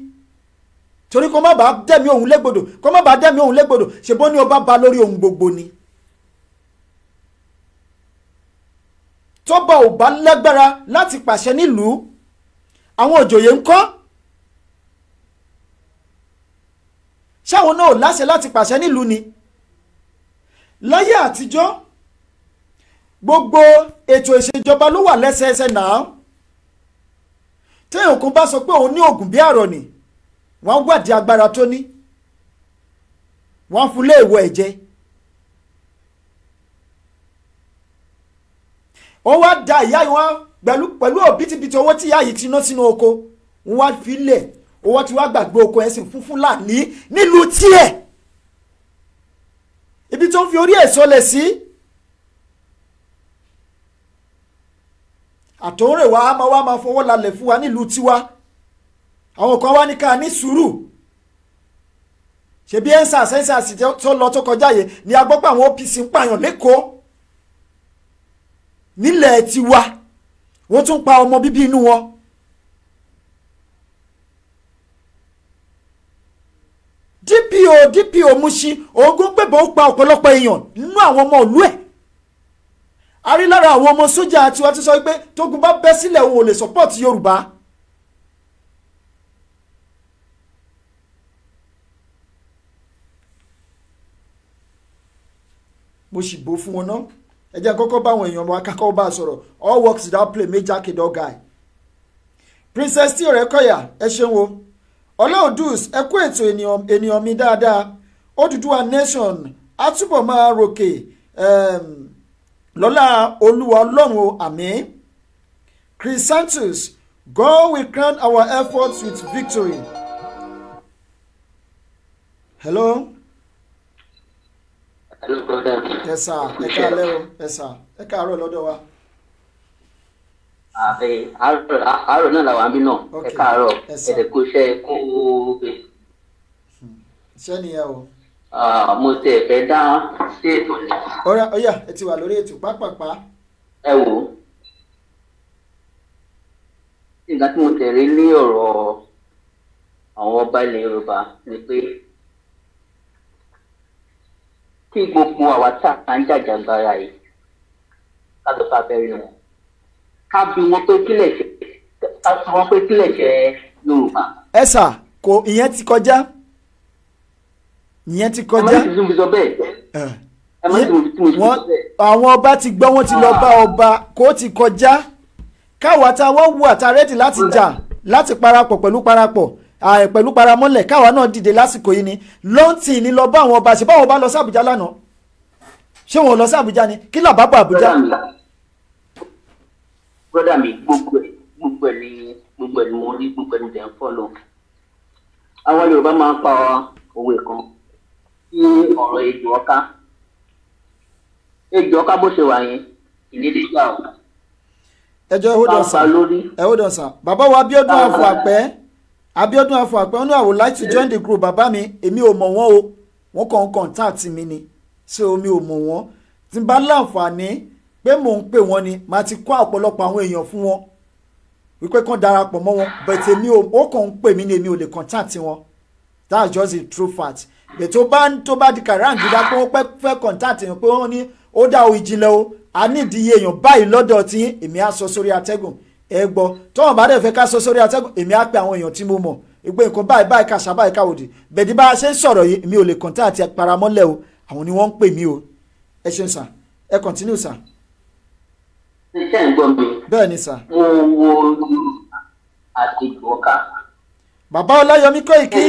torí kó má bàa dẹ̀mí òun légbodò kó má bàa dẹ̀mí òun légbodò ṣèbó ni ọba ba lórí ohun gbogbo ni. tọ́ba ò bá lágbára láti pàṣẹ nílùú àwọn òjòyè ń kọ́ ṣáwọn náà ò láṣẹ láti pàṣẹ nílùú ni láyé àtijọ́ gbogbo ètò ìṣèjọba ló wà lẹ́sẹẹsẹ náà téèyàn kan bá sọ pé òun ní oògùn bí àrọ̀ ni wọ́n gbàdí agbára tó ní wọ́n fún léèwọ̀ ẹ̀jẹ̀ ó wá da ìyá yìí wọ́n pẹ̀lú pẹ̀lú òbítíbitì owó tí ìyá yìí ti ná sínú oko wọ́n wá fi lẹ̀ owó tí wọ́n gbàgbé oko ẹ̀ sì fún Fúlàní nílùú tiẹ̀ ibi tó ń fi orí ẹ̀ sọlẹ̀ sí. àtòórè wa máa wá máa fọwọ́ lalẹ̀ fún wa nílùú tiwa àwọn kan wá ní ká ní sùúrù ṣebí ẹnsa ẹnsa sì tó lọ tó kọjá yìí ni a gbọ́ pé àwọn OPC ń pààyàn lẹ́kọ̀ọ́ nílẹ̀ tiwa wọ́n tún pa ọmọ bíbí inú wọn. DPO DPO Mushin ogun gbẹ̀bọ̀ ó pa ọ̀pọ̀lọpọ̀ èèyàn nínú àwọn ọmọ ìlú ẹ̀ a rí lára àwọn ọmọ sójà tiwa ti sọ pé tógun bá bẹ́ sílẹ̀ òun ò lè support Yorùbá. mo sì bò fún wọn náà ẹ jẹ́ kọ́kọ́ bá èèyàn wa kakọ́ bá a sọ̀rọ̀ all work without play major kiddo guy. princess tí ọ̀rẹ́ kọ̀yà ẹ ṣeun o ọlọ́ọ̀dùs ẹ kú ètò ènìyàn mi dáadáa Odùduwà nation á túbọ̀ máa ròkè ehm, lọ́lá olúwa ọlọ́run o Chris Santos God will crown our efforts with victory. Hello hello brother. ẹ sà ẹ káàlẹ́ o ẹ sà ẹ káàárọ̀ lọ́dọ̀ wa. Ah, eh, àárọ̀ náà làwọn àmì náà ẹ káàárọ̀ ẹ̀dẹ̀ kó iṣẹ́ kó o gbé. iṣẹ́ nìyẹn o. Ah, mo tẹ̀ fẹ́ dá sí ètò ni. ọ̀rẹ́ ọ̀yà ẹ ti wà lórí ètò pápápá. ẹ wò ó nígbà tí mo tẹ̀lé ní ọ̀rọ̀ àwọn ọba ilẹ̀ Yorùbá ni pé kí gbogbo àwa tá à ń jàjàgbara yìí ká lọ fà bẹ́rẹ̀ wọn ká bi wọn pé kílẹ̀ ṣe ká sọ wọn pé kílẹ̀ ṣe Yorùbá. ẹ sà kò ìyẹn ti kọjá ìyẹn ti kọjá. ẹ má ti tún sọ bẹ́ẹ̀ wọ́n àwọn ọba ti gbọ́ wọ́n ti lọ bá ọba kó ti kọjá káwa tá a àtàrẹ́dì láti jà láti parapọ̀ pẹ̀lú parapọ̀ pẹ̀lú paramọ́lẹ̀ káwa náà dìde lásìkò yìí ni lọ́ǹtì ni lọ bá àwọn ọba ṣe báwọn ọba lọ sí àbújá lánàá ṣé wọn lọ sí àbújá ni kí làbá bọ àbújá. brọ́dà mi gbogbo ẹ̀ gbogbo ẹ̀ ni gbogbo ẹ̀ ni mo rí gbogbo ẹ̀ ni dẹ̀ ń fọ́lọ̀ àwọn Yorùbá máa ń pa òwe kan sí ọ̀rọ̀ ejò ọká ejò ọká bó ṣe wà yẹn ìlérí gbà ọ. ẹ jọ ẹ hold on sir ẹ hold on sir bàbá wa Abíọ́dún àfọ àpẹ abiodun afọwàpẹ wọn ní i would like to join the group bàbá mi èmi ò mọ̀ wọ́n o wọ́n kàn ń contact mi ni ṣé omi ò mọ̀ wọ́n tí n bá láǹfààní pé mò ń pè wọ́n ni màá ti kọ́ ọ̀pọ̀lọpọ̀ àwọn èèyàn fún wọn wípé kàn darapọ̀ mọ́ wọn but èmi ò ó kàn ń pè mí ni èmi ò lè contact wọn that's just the true fact bẹ̀ tó bá tó bá di kàràǹgídá pé wọ́n pẹ́ fẹ́ contact èèyàn pé wọ́n ní ó dá o ìjìnlẹ̀ o a ní ìdíye èèyàn báyìí lọ́dọ̀ tí èmi á sọ sórí atẹ́gùn ẹ gbọ́ tọ́wọ́n bá dẹ̀ fẹ́ ká sọ sórí atẹ́gùn èmi á pe àwọn èèyàn tí mo mọ̀ ìgbé nǹkan báyìí báyìí kàṣà báyìí káwòdì bẹ̀ẹ́dì bá a ṣe ń sọ̀rọ̀ yìí mi ò lè kọ̀ǹtà àti paramọ́lẹ̀ o àwọn ni wọ́n ń pè mí o ẹ ṣeun sà ẹ kọ̀ǹtínú sà. ṣé ń gbọ́ mi. bẹ́ẹ̀ ni sà. mo wo àdìgbòkà. bàbá ọláyọmí kóìkì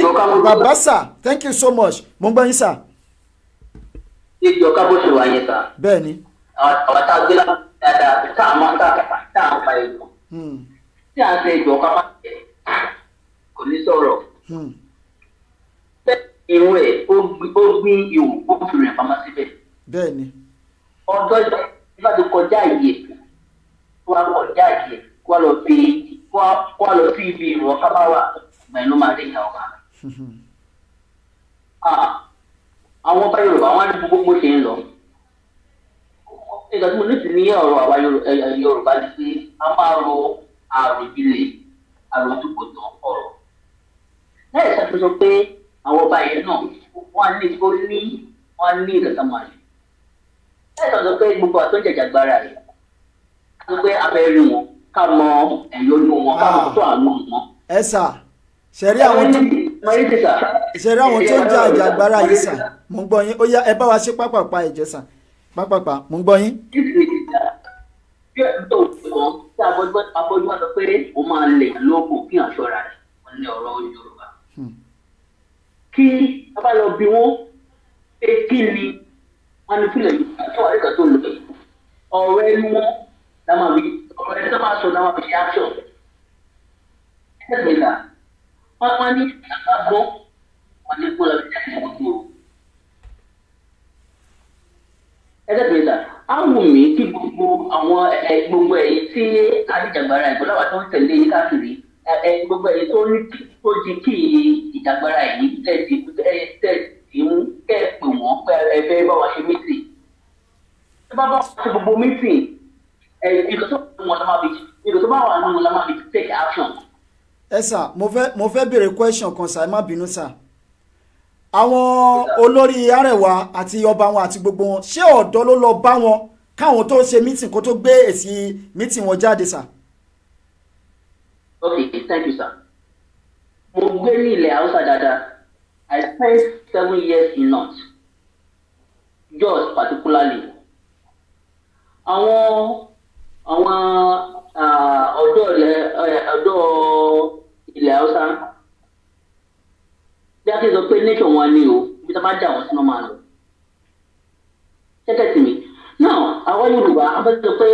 bàbá sà thank you so much mo ń gbọ́ yín sà. ìjọba bó ṣe wà yẹn sà. bẹ́ẹ̀ ni. àwọn àtàgbélá dáadáa táà máa Hmm. tí a ṣe ìjọ ká má jẹ kò ní sọ̀rọ̀ hmm. bẹ́ẹ̀ irun ẹ̀ ó gbin ihò ó fi rìn pamọ́ síbẹ̀. bẹ́ẹ̀ni. ọjọ́ ìgbà tó kọjá àyè kó a kọjá àyè kó a lọ fi kó a lọ sí ibi ìrù ọ̀ká bá wà ìgbà inú máa dé ìyá ọ̀ká. Hmm. Ah, àwọn ọba Yorùbá wọn á dúró bó ṣe ń lọ nǹkan tí mo ní sí ní ọ̀rọ̀ àwa yorùbá ni pé a máa ro àrùn ìbílẹ̀ àròjúkòtàn ọ̀rọ̀. lẹ́yìn ṣàtúnṣe pé àwọn ọba yẹn náà wọ́n á ní ó ní wọ́n á ní ìrẹ̀sán máa lè. lẹ́yìn ṣàtúnṣe pé gbogbo àtúnjẹ̀jàgbara rẹ̀ ká pé abẹ́rẹ́ wọn ká mọ ẹ̀yọ́nú wọn ká mọ tó àánú wọn. ẹ sà ṣẹ̀rí àwọn tó ṣẹ̀rí àwọn tó ń jẹ́ àjàgbara yìí sà mo ń gbọ́ yín ó yá ẹ bá wa ṣe pápá pa ìjọ sàn pápápá mo ń gbọ́ yín. Hmm. kí a bá lọ bí wọ́n pé kí ni wọ́n ní fílẹ̀ Yorùbá tó wà nígbà tó lọ yìí ọ̀rọ̀ ẹnu wọn la máa fi ọ̀rọ̀ tó máa sọ la máa fi ṣe action. ẹ̀ẹ́dẹ̀gbẹ̀ta wọ́n ní àgbọ̀ wọ́n ní kó lọ sí ẹ̀sìn ọ̀gbìn o. ẹlẹ́bìrìlà á wù mí kí gbogbo àwọn gbogbo ẹ̀yin tí àjàgbara ìgbọ́láwà tó ń tẹ̀lé yín káàkiri gbogbo ẹ̀yin tó ní tó di kí ìjàgbara yìí tẹ̀sí tẹ̀sí mú kẹ́ ẹ̀ pè wọ́n pé ẹ fẹ́ bá wa ṣe mítì. ẹ bá bá wa ṣe gbogbo mítì ìlú tó wà nínú wọn la máa fi take action. ẹ sà mo fẹ́ mo question kan sà ẹ má bínú sà àwọn olórí arẹwà àti ọba wọn àti gbogbo wọn ṣé ọ̀dọ́ ló lọ bá wọn káwọn tó ṣe mítìn kó tó gbé èsì mítìn wọn jáde sà. ok thank you sir mo gbé ní ilẹ̀ haúsá dáadáa i spent seven years in north Jos particularly àwọn àwọn ah, ọ̀dọ́ ilẹ̀ eh, haúsá jáde sọ pé nature wọn ni o ibi tá a bá dà wọn sí wọn máa lọ ṣẹ́kẹ̀tì mi náà àwọn Yorùbá a bá sọ pé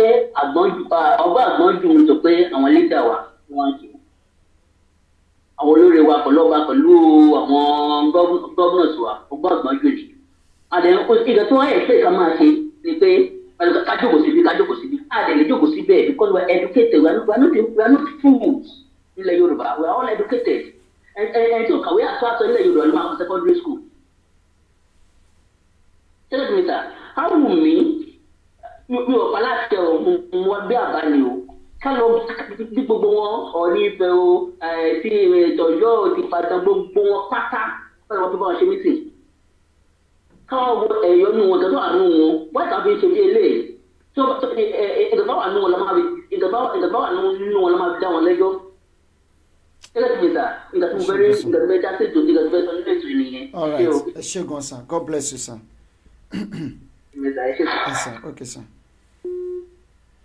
ọba àgbọ̀njù ń sọ pé àwọn lídà wa wọn jù àwọn olóore wa pẹ̀lú ọba pẹ̀lú àwọn gọ́vnọ̀sì wa ọba àgbọ̀njù ni àdéhùn kò sí ìgbà tí wọ́n yẹ pé ká máa ṣe ni pé kájòkó síbi kájòkó síbi àdéhùn jókòó síbẹ̀ because we are educated we are not we are fools nílẹ̀ Yorùbá we are all educated ẹni tí o kàwé àtọ́ àtọ́ nílẹ̀ Yorùbá ló máa kọ́ secondary school tẹ́lẹ̀ mi ta á wù mi ò palá tẹ ọ mo gbé àbálẹ o ká bí gbogbo wọn Ọọ̀ni Ifẹ̀ o ti ìtọ́jọ́ ti Ìbàdàn gbogbo wọn pátá fẹ́ràn wọn wọn ṣe mítìn káwọn wo ẹ̀yọ́ nù wọn ìgbàgbọ́ àánú wọn wọ́n ti àfi ṣe bí eléyìí ìgbàgbọ́ àánú wọn la máa fi dá wọn lẹ́jọ́ all right ẹ ṣé sir god bless you sir. yes, sir. okay sir.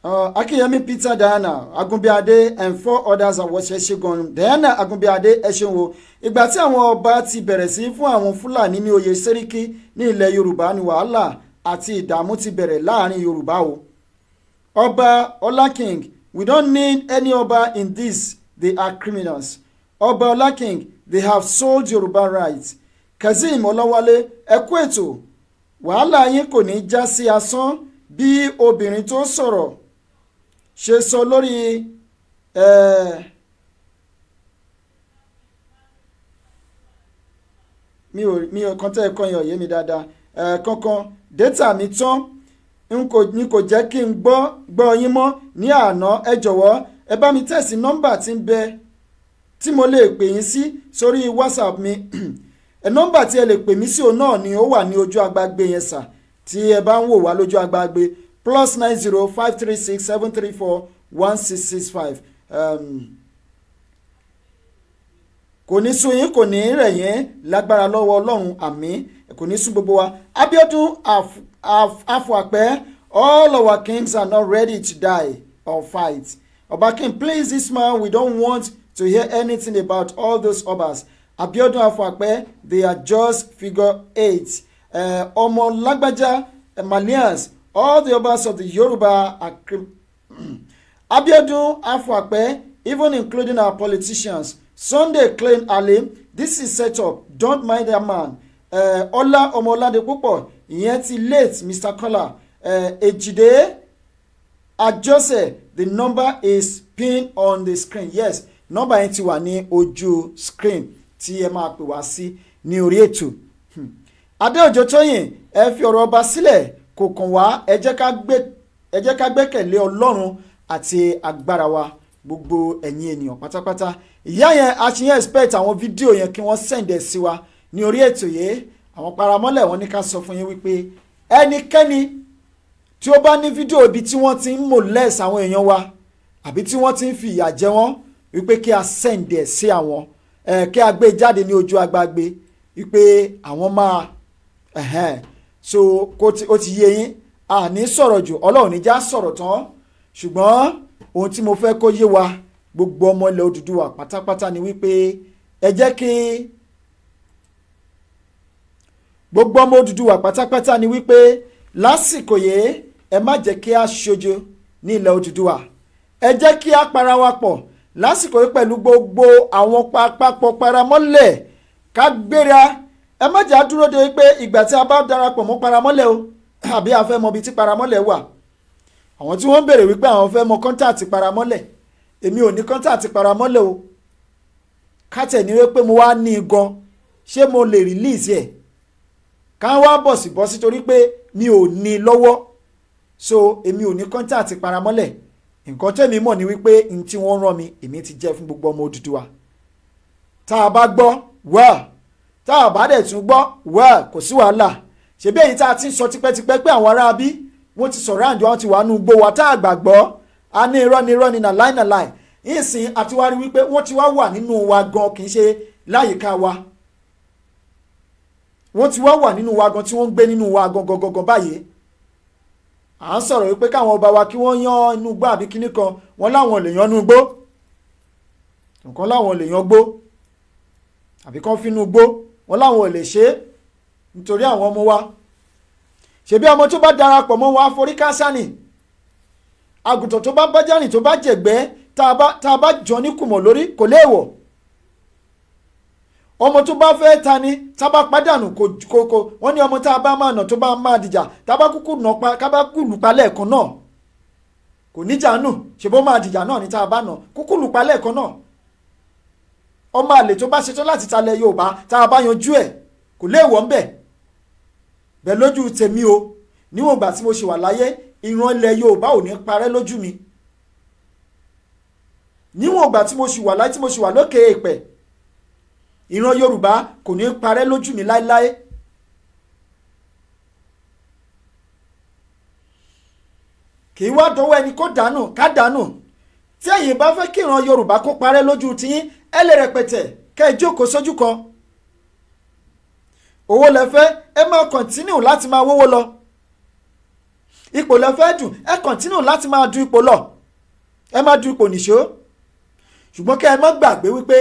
Uh, Akínyẹmí Peter Diana Agunbíadé and four others are watching Ṣẹ́gun Diana Agunbíadé ẹṣinwo ìgbà tí àwọn ọba ti bẹ̀rẹ̀ sí fún àwọn Fúlàní ní oyè Sẹ́ríkì ní ilẹ̀ Yorùbá ni wàhálà àti ìdààmú ti bẹ̀rẹ̀ láàrin Yorùbá o ọba Ọlá King we don't need any ọba in this they are criminals. Oba King, they have sold Yoruba rights. Kazeem Olawale, Ekweto, wàhálà yín kò ní já sí asán bí obìnrin tó sọ̀rọ̀ ṣe sọ lórí mi ò mi ò kan tẹ́ kan yẹn òye mi dáadáa kankan data mi tán n kò jẹ́ kí n gbọ́ gbọ́ yín mọ́ ní àná ẹ jọ̀wọ́ ẹ bá mi tẹ̀sí nọ́mbà tí ń bẹ tí mo lè pè yín sí sórí whatsapp mi ẹ nọ́mbà tí ẹ lè pè mí sí òun náà ni ó wà ní ojú agbágbé yẹn sà tí ẹ bá ń wò wá lójú agbágbé plus nine zero five three six seven three four one six six five um, kò ní sú yín kò ní rẹ̀ yín lágbára lọ́wọ́ ọlọ́run àmín kò ní sú gbogbo wa Abíọ́dún afuapẹ all our kings are not ready to die or fight Obakin, please, this man, we don't want to hear anything about all those Obas. Abiodun Afuakpe, they are just figure eight. Uh, Omo Lagbaja, uh, Malians, all the Obas of the Yoruba are. Abiodun Afuakpe, even including our politicians. Sunday claimed Ali, this is set up, don't mind that man. Uh, Ola Omolade Pupo, ìyẹn ti late Mr. Kola. Uh, Ejide adjusted the number is pinned on the screen yes number yẹn ti wà ní ojú screen tí ẹ máa pè wá sí ní orí ètò hmm. Adéòjó Tóyìn ẹ fi ọ̀rọ̀ ọba sílẹ̀ kò kàn wá ẹ jẹ́ ká gbẹ́kẹ̀lé Ọlọ́run àti agbára wa gbogbo ẹ̀yin ènìyàn pátápátá ìyá yẹn a ti yẹn expect àwọn fídíò yẹn kí wọ́n send ẹ̀ sí wa ní orí ètò yìí àwọn paramọ́lẹ̀ wọn ní ká sọ fún yín wípé ẹnikẹ́ni tí ó bá ní fídíò ibi tí wọ́n ti ń molest àwọn èèyàn wa àbí tí wọ́n ti ń fi ìyà jẹ wọ́n wípé kí a send ẹ̀ sí àwọn ẹ̀ kí a gbé e jáde ní ojú agbágbé wípé àwọn máa so kó ti ó ti yé yín àní sọ̀rọ̀ jù ọlọ́run níjà sọ̀rọ̀ tán ṣùgbọ́n ohun tí mo fẹ́ kó yé wa gbogbo ọmọ ilẹ̀ Odùduwà pátápátá ni wípé ẹ jẹ́ kí gbogbo ọmọ Odùduwà pátápátá ni wípé lásìkò yìí ẹ má jẹ́ kí a ṣojo ní ilẹ̀ Odùduwà ẹ jẹ́ kí a para wa pọ̀ lásìkò yìí pẹ̀lú gbogbo àwọn papapọ̀ paramọ́lẹ̀ ká gbéra ẹ má jẹ́ àdúró de pé ìgbà tí a bá darapọ̀ mọ́ paramọ́lẹ̀ o àbí a fẹ́ mọ ibi tí paramọ́lẹ̀ wà àwọn tí wọ́n ń béèrè wípé àwọn fẹ́ mọ kọ́ńtàtì paramọ́lẹ̀ èmi ò ní kọ́ńtàtì paramọ́lẹ̀ o kátẹ̀ ní wípé mo wá ní i gan ṣé mo lè rìlíìsì ẹ̀ ká wá bọ̀ sí bọ́ sí torí pé mi ò ní i lọ́wọ́ so èmi ò ní kọ́ńtà ti paramọ́lẹ̀ nǹkan tẹ́mi mọ̀ ni wípé n tí wọ́n rán mi èmi ti jẹ́ fún gbogbo ọmọ Odùduwà tá a bá gbọ́ well tá a bá dẹ̀ tún gbọ́ well kò sí wàhálà ṣebí èyí tá a ti ń sọ tipẹ́tipẹ́ pé àwọn aráabí wọ́n ti sọ̀rọ̀ àjọ wọn ti wà nù gbowó tá a gbàgbọ́ a ní irọ́ ní irọ́ ní nàláì nàláì ìsìn àtiwárí wípé wọ́n ti wá wà nínú wa gan kì í ṣe láyìíká wa wọ́n ti wá wà nínú wa gan tí wọ́n ń gbé nínú wa gan gan gan báyìí à ń sọ̀rọ̀ wípé káwọn ọba wa kí wọ́n yan inú gbó àbí kíní kan wọ́n láwọn lè yan inú gbó nǹkan láwọn lè yan gbó àbí kán fínú gbó wọ́n láwọn lè ṣe é nítorí àwọn ọmọ wa ṣebí ọmọ tó bá darapọ̀ mọ́ wa forí káásá ni àgùntàn tó bá bájá rìn tó bá jẹ̀gbẹ́ tá a bá jọ ní kùmọ̀ lórí kò léèwọ̀ ọmọ tó bá fẹ́ ta ni tábà pàdánù kòkó wọ́n ní ọmọ tá a bá máa nà tó bá máa dìjà tábà kúkú nà pa kábà kú lùpa lẹ́ẹ̀kan náà kò níjà nù ṣèbó máa dìjà náà ní tá a bá nà kúkú lùpa lẹ́ẹ̀kan náà ọmọ àlè tó bá ṣetán láti talẹ̀ Yorùbá tá a bá yanjú ẹ̀ kò léèwọ̀ ń bẹ̀ bẹ́ẹ̀ lójú tèmi o níwọ̀n ìgbà tí mo ṣe wà láyé ìran ilẹ̀ Yorùbá ò ní parẹ́ lójú mi níwọ̀n ìgbà tí mo ṣì wà láyé tí mo ṣì wà lókè èèpẹ̀ ìran yorùbá kò ní parẹ́ lójú mi láéláé. kì í wá dọwọ́ ẹni kó dànù ká dànù tí ẹ̀yin bá fẹ́ kí ìran yorùbá kó parẹ́ lójú tiyín ẹ lè rẹpẹtẹ kẹ́ ẹ jókòó sójú kan owó lẹ fẹ́ ẹ máa kọ̀ntínú láti máa wówó lọ ipò lẹ dùn ẹ kọ̀ntínú láti máa du ipò lọ ẹ máa du ipò nìṣó ṣùgbọ́n kẹ́ ẹ má gbàgbé wípé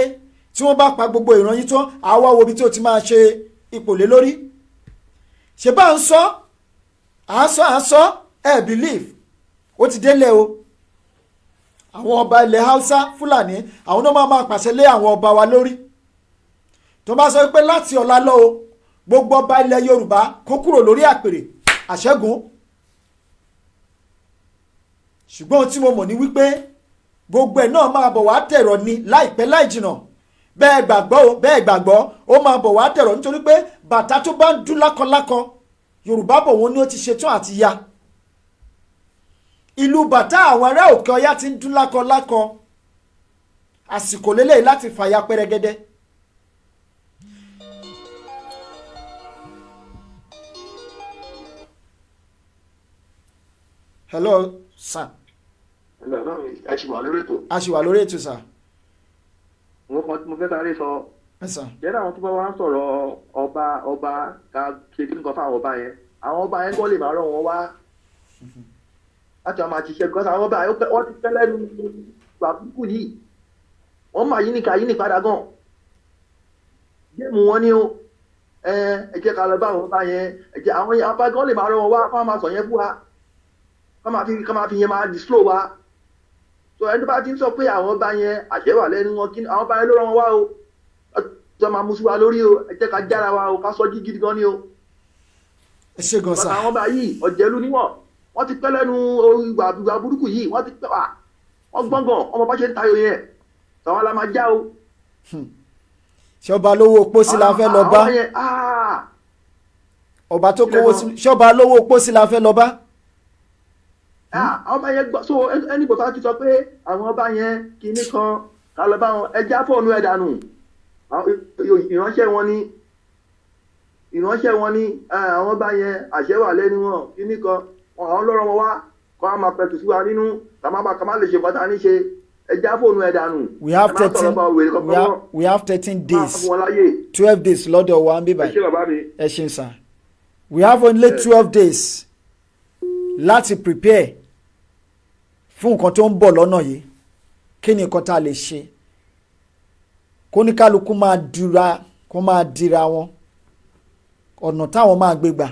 tí wọ́n bá pa gbogbo ìran yín tán àwa wo ibi tí o ti máa ṣe ipò lé lórí ṣe bá ń sọ à ń sọ à ń sọ ẹ believe ó ti délé o àwọn ọba ilẹ̀ Haúsá Fúlàní àwọn náà máa máa pàṣẹ lé àwọn ọba wa lórí tó bá sọ pé láti ọ̀la lọ o gbogbo ọba ilẹ̀ Yorùbá kó kúrò lórí àpèrè àṣẹ́gun ṣùgbọ́n ohun tí mo mọ̀ ni wípé gbogbo ẹ̀ náà máa bọ̀ wá tẹ̀rọ ni láìpẹ́ láì jìnnà bẹ́ẹ̀ gbàgbọ́ o bẹ́ẹ̀ gbàgbọ́ ó máa bọ̀ wá dẹ̀rọ̀ nítorí pé bàtà tó bá ń dún lákọlákọ yorùbá bọ̀ wọ́n ní ó ti ṣetán àti ya ìlú bàtà àwọn ará òkè ọya ti ń dún lákọlákọ àsìkò lélẹ̀ láti fàya pẹ́rẹ́gẹ́dẹ́. hello sir. hello aṣèwà lórí ètò. aṣèwà lórí ètò sir mo kàn mo fẹ́ sáré sọ jẹ́rẹ́ àwọn tó bá wá sọ̀rọ̀ ọba ọba ká ṣe kí nǹkan fáwọn ọba yẹn àwọn ọba yẹn kọ́ lè máa rán wọn wá láti máa ṣiṣẹ́ because àwọn ọba yẹn wọ́n ti fẹ́ lẹ́nu bàbúkù yìí wọ́n máa yí nìka yí nìpadà gan géèmù wọn ni ó ẹ jẹ́ ká lọ bá àwọn ọba yẹn ẹ jẹ́ àwọn ọba gan lè máa rán wọn wá kó máa sọ yẹn fún wa kó máa fi yẹn máa dislow wa ẹni tó bá ti ń sọ pé àwọn bá yẹn àṣẹwà lẹ́nu wọn kí àwọn bá yẹn ló rán wọn o tó máa mú sí wa lórí o ẹ jẹ́ ká jára wa o ká sọ jí gidi gan ni o. ẹ ṣe gan sa bàtà àwọn bá yìí ọ̀jẹ̀lú níwọ̀n wọ́n ti pẹ́ lẹ́nu ìgbà burúkú yìí wọ́n ti pẹ́ wà wọ́n gbọ́ngàn ọmọ bá ṣe ń tayọ yẹn tàwọn la máa já o. Hmm. ṣọba lówó pósí la fẹ́ lọ bá ọba tó kówó ṣọba lówó pósí la fẹ́ lọ bá. Ah, ọba yẹn gbọ́ so ẹni bọ̀tá ti sọ pé àwọn ọba yẹn kìíní kan ká lọ bá wọn ẹja fóònù ẹ̀ dànù ìránṣẹ́ wọn ni ìránṣẹ́ wọn ni àwọn ọba yẹn àṣẹ wà lẹ́nu wọn kìíní kan àwọn ọlọ́rọ̀ wọn wá kọ́ a máa sí wa nínú kàmáàbà kàmá lè ṣe bọ́tà ní ṣe ẹja fóònù ẹ̀ dànù. we have thirteen we have we have thirteen days twelve days lọ́dọ̀ wa ń bíbá ẹ̀ ṣe ń sàn we have only twelve days láti prepare fún nǹkan tó ń bọ̀ lọ́nà yìí kí ni nǹkan tá a lè ṣe kóníkálukú máa dira kó máa dira wọn ọ̀nà táwọn máa gbé gbà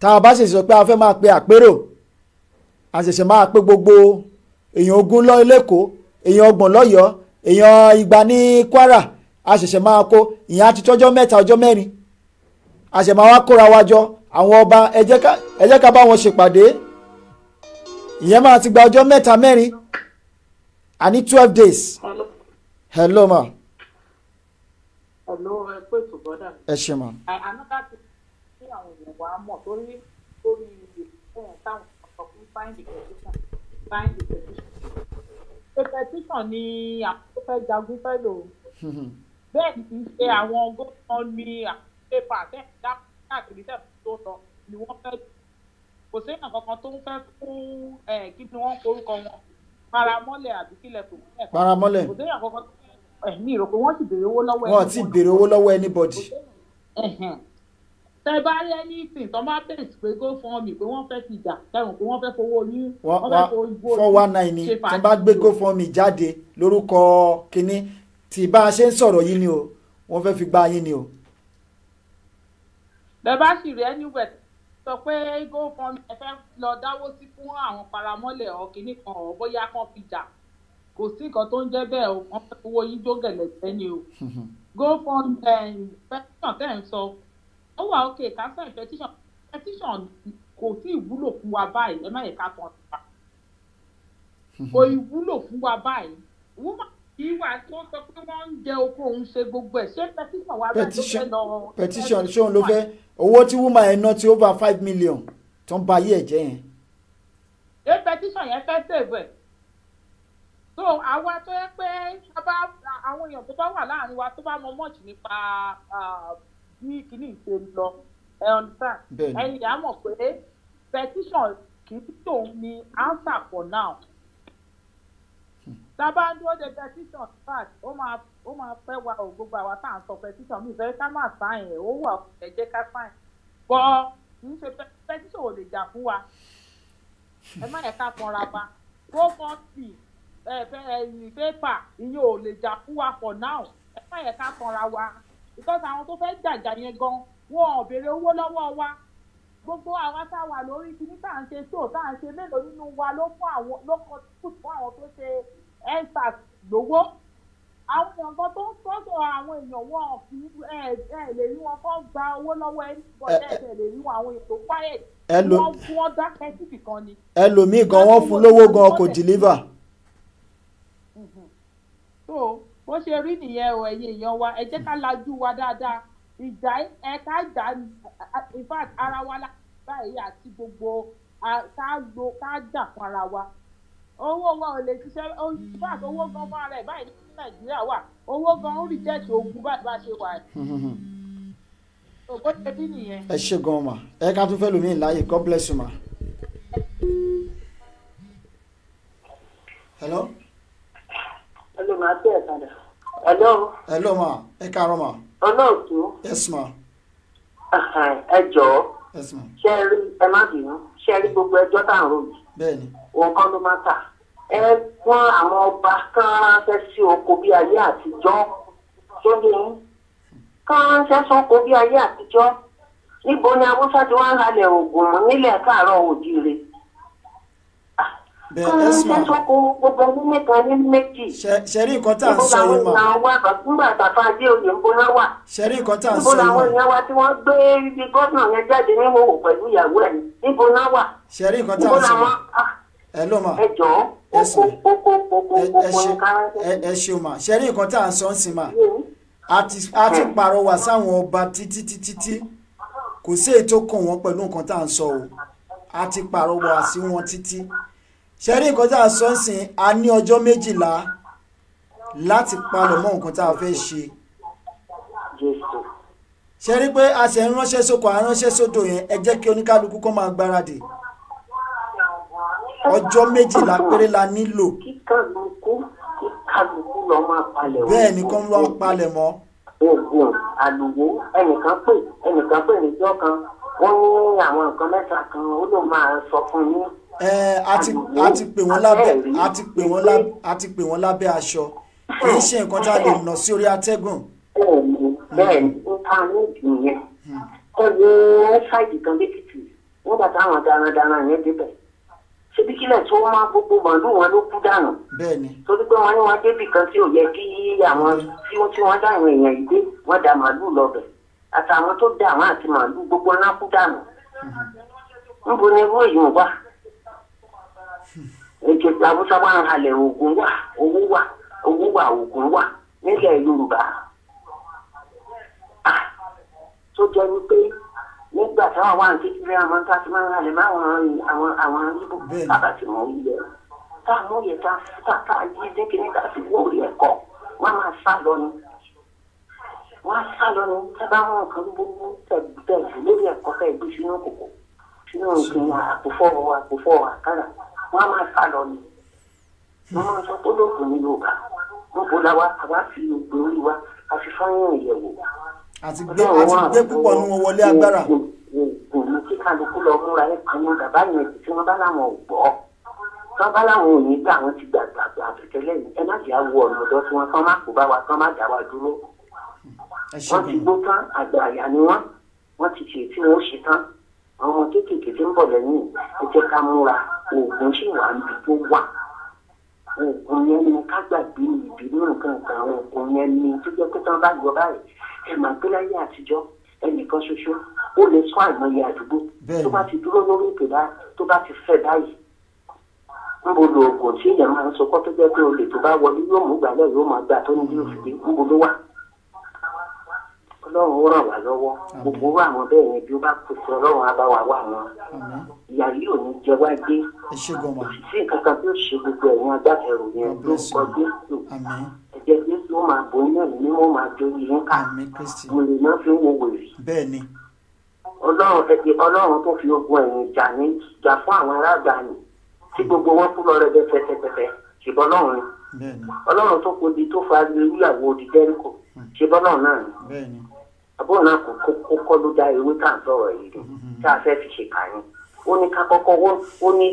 tá a bá ṣèṣe sọ pé a fẹ́ máa pe àpérò a ṣẹ̀ṣẹ̀ máa pe gbogbo èèyàn ogún lọ lẹ́kọ̀ọ́ èèyàn ọgbọ̀n lọ́yọ̀ọ́ èèyàn igba ní Kwara a ṣẹ̀ṣẹ̀ máa kó ìyẹn àti tọ́jọ́ mẹ́ta ọjọ́ mẹ́rin a ṣẹ̀ máa wá kóra wa àwọn ọba ẹ ká bá wọn ṣèpàdé ìyẹn máa ti gba ọjọ́ mẹ́ta mẹ́rin àní twelve days. hello, ma. hello ẹ pé ètò bọ́dà. ẹ ṣe ma. àná bá ti ní àwọn èèyàn wa mọ̀ torí lórí ìfún táwọn ọkọ̀ fún find the petition find the petition. ṣé petition ni àwọn tó fẹ́ jagun fẹ́ lò ó. Hmm, hmm. bẹ́ẹ̀ ni kì í ṣe àwọn gómìnà ni àwọn pépà tẹ̀ ń dá káàkiri tẹ̀ fún tó lọ ni wọ́n fẹ́ kò séèyàn kankan tó ń fẹ́ fún kí ni wọ́n korúkọ wọn paramọ́lẹ̀ àbí kílẹ̀ kò sílẹ̀ kan paramọ́lẹ̀ kò séèyàn kankan ẹ̀mí ìròpé wọ́n ti béèrè owó lọ́wọ́ ẹni wọ́n ti béèrè owó lọ́wọ́ anybody. tẹ bá rí ẹni ìsìn tó máa bẹ̀rẹ̀ sí pé kó fún mi pé wọ́n fẹ́ fi jà tẹ̀wọ̀n pé wọ́n fẹ́ fowó yín wọ́n fẹ́ fowó yín bó ṣe fàájì. four one nine ni tí wọ́n bá gbé kó fún mi jáde lórúkọ kínní tí bá a ṣe ń sọ̀rọ̀ yìí ni o wọ́n fẹ́ fi gbá yín ni o bẹ́ẹ̀ bá sì rí anywhere sọ pé gofund ẹ fẹ́ lọ dáwó sí fún àwọn paramọ́lẹ̀ ọ̀kìnní kan ọ̀ bóyá kan fi jà kò sí nǹkan tó ń jẹ́ bẹ́ẹ̀ o wọ́n fẹ́ owó yín jó gẹ̀lẹ́sẹ̀ ni o gofund eh, petition tẹ̀ ń sọ ó wà ókè cancel petition petition kò sí ìwúlò fún wa báyìí ẹ má yẹ ká tán kò ìwúlò fún wa báyìí woman ìwà tó sọ pé wọ́n ń jẹ oko òun ṣe gbogbo ẹ̀ ṣé petition wà bẹ́ẹ̀ tó fẹ́ lọ. petition ṣé òun ló fẹ́ owó tí woman ẹ̀ ná ti over five million tó ń ba ayé ẹ̀ jẹ́ yẹn. ṣé petition yẹn fẹ́ sèbù so àwa tó yẹ pé bá àwọn èèyàn tó bá wà láàrin wa tó bá mọ mọ́ọ̀tì nípa bí kìíní ṣe lọ ẹ understand ẹ̀yìn àmọ̀ pé petition kì í tòun ni answer for now tábà ń dúró de petition fat ó máa ó máa fẹ́ wa ò gbogbo àwa tá à ń sọ petition mi ìfẹ́ ká má sáyìn ẹ̀ ó wà ẹ̀ jẹ́ ká sáyìn bọ́ kì í ṣe petition ò lè jà fún wa ẹ má yẹ ká kanra pa property ẹ fẹ́ ẹ̀yìn pépà ìyẹn ò lè jà fún wa for now ẹ má yẹ ká kanra wa because àwọn tó fẹ́ jàjà yẹn gan wọn ò béèrè owó lọ́wọ́ wa gbogbo àwa tá a wà lórí kíní tá à ń ṣe tó tá à ń ṣe mélòó nínú wa ló fún àwọn ló kọ fún àwọn tó ṣe endsars lówó àwọn nǹkan tó ń sọ́sọ̀ àwọn èèyàn wọn kì í ẹ ẹ lè rí wọn kọ́ gba owó lọ́wọ́ ẹni bọ̀ eh, ẹ eh. lè rí wọn àwọn ètò quiet wọ́n wọ́n dákẹ́ síbì kan ni. ẹlòmíì gan wọ́n fún lówó gan kò deliver. Mhm. so bó ṣe rí nìyẹn o ẹ̀yin èèyàn wa ẹ jẹ́ ká lajú wa dáadáa ìjà ẹ ká jà in fact ara wa láti báyìí àti gbogbo ká jà fún ara wa owó wa ò lè ṣiṣẹ́ fact owó gan fún ara ẹ̀ báyìí ní nàìjíríà wà owó gan ń reject ogun bá a ṣe wà. ògbó ṣe bí nìyẹn. ẹ ṣe gan ma ẹ ká tún fẹ́ lómi láàyè god bless you ma. hello. hello ma bẹ́ẹ̀ padà. hello. hello ma ẹ káàárọ̀ ma. olóòtú. yes ma. ẹ jọ̀ọ́ ṣe rí ẹ má bínú ṣe rí gbogbo ẹjọ́ tá à ń ròyìn. bẹ́ẹ̀ni. òun kọ́ ló má ta ẹ wọ́n àwọn ọba kan ránṣẹ́ sí oko bí ayé àtijọ́ sóyè yín kan ránṣẹ́ sóko bí ayé àtijọ́ níbo ni haúsá ti wá ń halẹ̀ oògùn mú nílẹ̀ káàárọ̀ òjìire ah, kan ránṣẹ́ sóko gbogbo ní mẹ́ta ní méjì ṣẹ̀rí nǹkan tá à ń sọ yìí mọ̀ níbo làwọn wà nígbà tàfà adé òye ń bóná wà ṣẹ̀rí nǹkan tá à níbo làwọn èèyàn wa tí wọ́n gbé ibi gómìnà yẹn jáde níwòwò pẹ̀lú ìyàwó ẹ̀ níbo náà wà ṣẹ̀rí nǹkan ah, ẹ jọ̀ọ́ ẹ ṣeun mà ṣe rí nǹkan tá à ń sọ ń sìn mà a ti pàrọwà sáwọn ọba títí títí tí kò sí èyí tó kàn wọ́n pẹ̀lú nǹkan tá à ń sọ o a ti pàrọwà sí wọn títí ṣe rí nǹkan tá à ń sọ ń sìn a ní ọjọ́ méjìlá láti palọ̀ mọ́ nǹkan tá a fẹ́ ṣe ṣe rí pé a ṣe ń ránṣẹ́ sóko à ń ránṣẹ́ sódò yẹn ẹ jẹ́ kí oníkálukú kó máa gbáradì ọjọ́ méjìlá péré la nílò. kíkàlùkù kíkàlùkù lọ máa palẹ̀ mọ́. bẹ́ẹ̀ ni kó ń lọ palẹ̀ mọ́. oògùn àlùwò ẹnìkan pè ẹnìkan pè níjọ́ kan ó ní àwọn nǹkan mẹ́ta kan ó ló máa sọ fún yín. ẹ a ti pè wọ́n a ti pè wọ́n lábẹ́ a ti pè wọ́n lábẹ́ aṣọ kì í ṣe nǹkan tá a lè nà sí orí atẹ́gùn. bẹ́ẹ̀ni bẹ́ẹ̀ni ó ta ní ìyẹn hmm. ẹ wo ṣáìdì kan lẹ́kìtì nígbà táwọn darandaran yẹn débẹ̀ ṣebí kílẹ̀ tó máa gbogbo màálù wọn ló kú dànù. bẹ́ẹ̀ni. torí pé wọn ní wọn débì kan tí ò yẹ kí àwọn tí wọn tí wọn dá àwọn èèyàn yìí dé wọn da màálù lọbẹ àtàwọn tó da àwọn àti màálù gbogbo wọn kú dànù. Hmm. níbo ni irú èyí wà. Hmm. èkè àbúṣà wà ń halẹ̀ oògùn wà owó wà owó wà oògùn wà nílẹ̀ Yorùbá. Ah. tó jẹ́ wípé nígbà táwọn wà ní kékeré àwọn tá a ti máa ń halẹ̀ máa wọn àwọn àwọn ibo bàbá tí wọ́n yí lẹ̀ tá a mú yẹ tá a tá a yí dé kíní tá a ti wó orí ẹ̀kọ́ wọ́n máa sá lọ ni wọ́n á sá lọ ni tẹ́ bá wọn kan gbogbo tẹ̀ tẹ̀ lórí ẹ̀kọ́ tẹ̀ gbé sínú kòkó sínú nǹkan àpòfọ́ àpòfọ́ àkàrà wọ́n á máa sá lọ ni wọ́n máa sọ pé lóògùn ní Yorùbá wọ́n bó la wa àwa fi ògbé orí wa àfi fáyọ̀ ìyẹ̀wò àti gbé àti gbé púpọ̀ nínú wọlé agbára. ìlú tí kálukú lọ múra ẹ kan náà bàbá yẹn tí wọn bá láwọn ò gbọ́ tí wọn bá láwọn ò ní gbà wọn ti gbàgbà àtẹtẹlẹ yìí ẹ má jẹ́ àwọ ọ̀nà ọ̀dọ́ tí wọn kán má kó bá wa kán má dá wa dúró. wọ́n ti gbó tán àgbà àyà ni wọ́n wọ́n ti ṣe tí wọ́n ṣe tán àwọn kéékèèké tí ń bọ̀ lẹ́yìn ẹ jẹ́ ká múra oògùn ṣì wà níbi tó wà oògùn yẹn ni ká gbàgbé ìbínú nǹkan kan oògùn yẹn ni tó jẹ́ pé tán bá gbọ́ báyìí ẹ máa gbé láyé àtijọ́ ẹnìkan ṣoṣo ó lè sún àìmọye àdúgbò tó bá ti dúró lórí ètò dá tó bá ti fẹ́ báyìí níbo lo oògùn tí èèyàn máa ń sọ kó tó jẹ́ pé olè tó bá wọlé yóò mú gbàlẹ́ yóò máa gbà tó ní bí òfìdí níbo ló wà ọlọ́run ó ràn wá lọ́wọ́ gbogbo àwọn bẹ́ẹ̀ yẹn bí ó bá kú sí ọlọ́run á bá wà wà wọn ìyá yìí ò ní jẹ wá gbé kò sí nǹkan kan bí ó ṣe gbogbo ẹ̀yìn agbáfẹ́rò yẹn ló ń kọjú yóò máa bò yín ẹ̀mí yóò máa jó yín ká mo lè má fi wo wèrè. bẹ́ẹ̀ni. ọlọ́run ẹ̀kí ọlọ́run tó fi ogun ẹ̀yìn jà ní jà fún àwọn aráàgbà ni tí gbogbo wọn kú lọ rẹ bẹ pẹtẹpẹtẹ ṣùgbọ́n ọlọ́run ni ọlọ́run tó kó di tó fa ewúyàwó di dẹ́ríkò hmm. ṣùgbọ́n ọlọ́run náà ni àbúrò náà kò kọ́ ló dá ewé tá à ń sọ̀rọ̀ yìí hmm, hmm, tá a fẹ́ fi ṣèkà ni ó ní ká kọ́kọ́ ó ní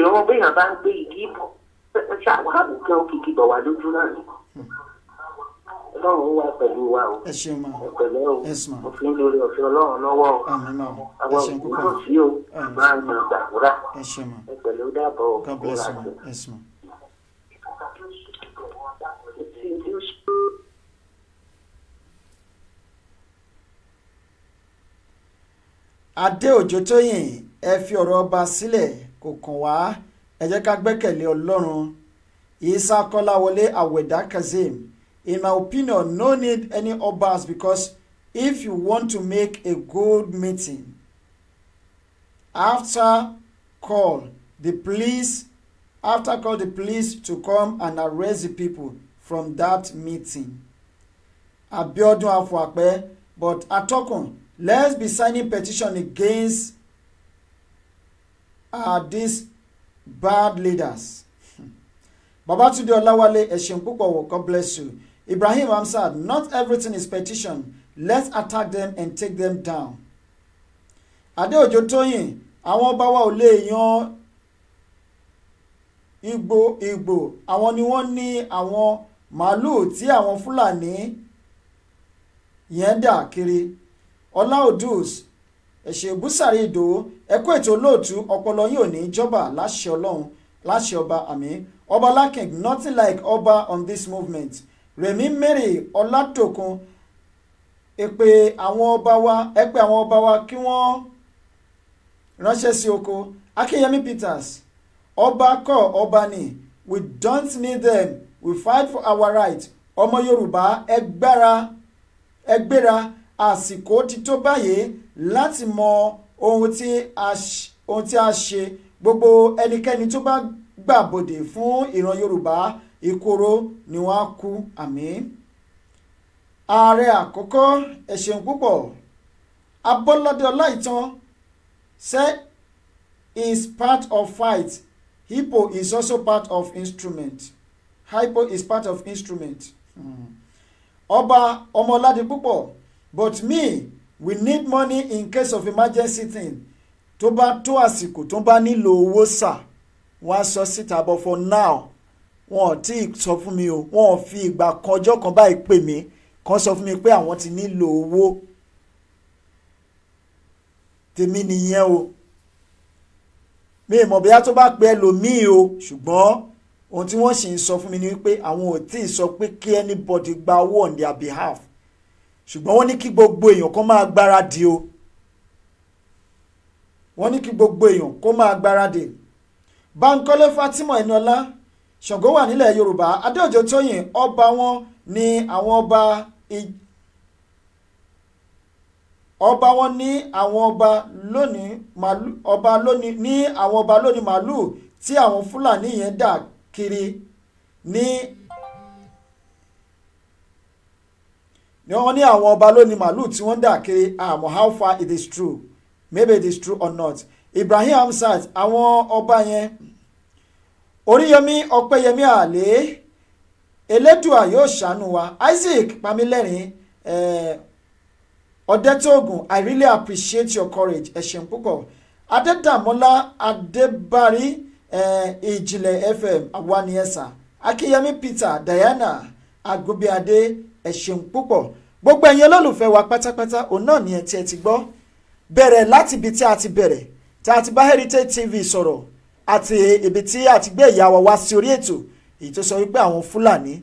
èrò béèyàn ṣàwọn àbùkẹ́ òkìkí bọ̀ wá lójú náà ni ọlọ́run wà pẹ̀lú wa o ẹ ṣeun ma ọ̀pẹ̀lẹ́ o mo fi ń lórí ọ̀fẹ́ ọlọ́run lọ́wọ́ o àwọn òkúrò sí o máa ń gbà wúrà ẹ pẹ̀lú dàbọ̀ òkúrò àti. adé òjò tóyìn ẹ fi ọ̀rọ̀ ọba sílẹ̀ kò kàn wá ẹ jẹ́ ká gbẹ́kẹ̀lé ọlọ́run isa kọ́láwọlé awẹ̀dá kazeem in my opinion no need any obas because if you want to make a good meeting after call the police after call the police to come and arrest the people from that meeting abiodun afuapẹ but atọ́kùn let's be signing petition against uh, this bad leaders. Babatunde Olawale, Eshenpupo, God bless you. Ibrahim Amsad, not everything is petition. Let's attack them and take them down. Adeojo Toyin, àwọn ọba wa ò lè yan Igbo Igbo, àwọn ni wọ́n ní àwọn màálùú tí àwọn Fúlàní yẹn dà kiri. Ọlá Odus, ẹ̀ṣẹ̀ búsàrí ìdòwò ẹ̀kú ètò olóòtú ọpọlọ yóò ní jọba láṣẹ ọlọ́run láṣẹ ọba àmì ọba lakin nothing like ọba on this movement rẹ̀mí mary ọlátòkun èpè àwọn ọba wa èpè àwọn ọba wa kí wọ́n ránṣẹ́ sí oko akínyẹmí peters ọba kọ ọba ni we don't need them we fight for our right ọmọ yorùbá ẹgbẹ́ra ẹgbẹ́ra àsìkò ti tó báyìí láti mọ ohun tí a ṣe gbogbo ẹnikẹ́ni tó bá gbàbọ̀dè fún ìran yorùbá ìkorò ni wọ́n á kú àmín ààrẹ àkọ́kọ́ ẹ púpọ̀ abọ́ládé ọláìtàn said is part of fight hippo is also part of instrument hippo is part of instrument hmm. ọba ọmọládé púpọ̀ but me we need money in case of emergency thing tó bá tó àsìkò tó bá nílò owó sà wọ́n á sọ síta but for now wọn ò tí ì sọ fún mi o wọn ò fi ìgbà kan ọjọ́ kan báyìí pè mí kan sọ fún mi pé àwọn ti nílò owó tèmi nìyẹn o mi ì mọ̀ bóyá tó bá pe ẹlòmíì o ṣùgbọ́n ohun tí wọ́n sì ń sọ fún mi ni wípé àwọn ò tí ì sọ pé kí anybody gba owó on their behalf ṣùgbọ́n wọ́n ní kí gbogbo èèyàn kó máa gbáradì o wọ́n ní kí gbogbo èèyàn kó máa gbáradì Bankole Fatima Eniola Ṣàngó wà nílẹ̀ Yorùbá Adéòjò Tóyìn ọba wọn ní àwọn ọba ọba wọn ní àwọn ọba lónìí màlúù ọba lónìí ní àwọn ọba lónìí màlúù tí àwọn Fúlàní yẹn dà kiri ní ni wọ́n ní àwọn ọba ló ni màálù tí wọ́n ń dà kiri àmọ́ how far it is true maybe it is true or not Ibrahim Hamzat àwọn ọba yẹn Oríyọmí Ọpẹ́yẹmí àlè Elédùà yóò ṣàánú wa Isaac Pamilẹ́rìn Ọ̀dẹ́tògùn I really appreciate your courage ẹ ṣeun púpọ̀ Adédàmọ́lá Adébárí Ìjìnlẹ̀ FM àwa ni Akínyẹmí Peter Diana Agbóbíadé ẹ ṣeun gbogbo ẹ̀yin olólùfẹ́ wa pátápátá òun náà ni ẹ̀ tí ẹ ti gbọ́ bẹ̀rẹ̀ láti ibi tí a ti bẹ̀rẹ̀ tá a ti bá Heritage TV sọ̀rọ̀ àti ibi tí a ti gbé ìyá wa wá sí orí ètò èyí tó sọ wípé àwọn Fúlàní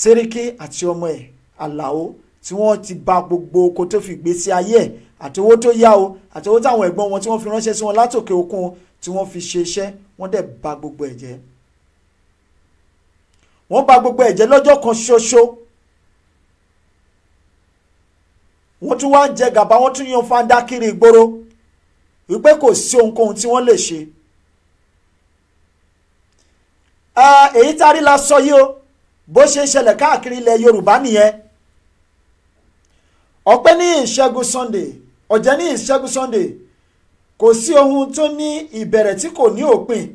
Sẹ́ríkì àti ọmọ ẹ̀ Àlàó tí wọ́n ti ba gbogbo oko tó fi gbèsè ayé ẹ̀ àti owó tó yá o àti owó táwọn ẹ̀gbọ́n wọn tí wọ́n fi ránṣẹ́ sí wọn látòkè òkun tí wọ́n fi ṣe iṣẹ́ wọ́n dẹ̀ ba gbogbo ẹ̀ wọ́n ba gbogbo ẹ̀ lọ́jọ́ kan ṣoṣo wọ́n tún wá ń jẹ gàba wọ́n tún yan fanda kiri ìgboro wípé kò sí ohunkóhun tí wọ́n lè ṣe. èyí tá a rí la sọ yìí o bó ṣe ń ṣẹlẹ̀ káàkiri ilẹ̀ Yorùbá nìyẹn ọpẹ́ ní ìṣẹ́gun Sunday ọ̀jẹ̀ ní ìṣẹ́gun Sunday kò sí ohun tó ní ìbẹ̀rẹ̀ tí kò ní òpin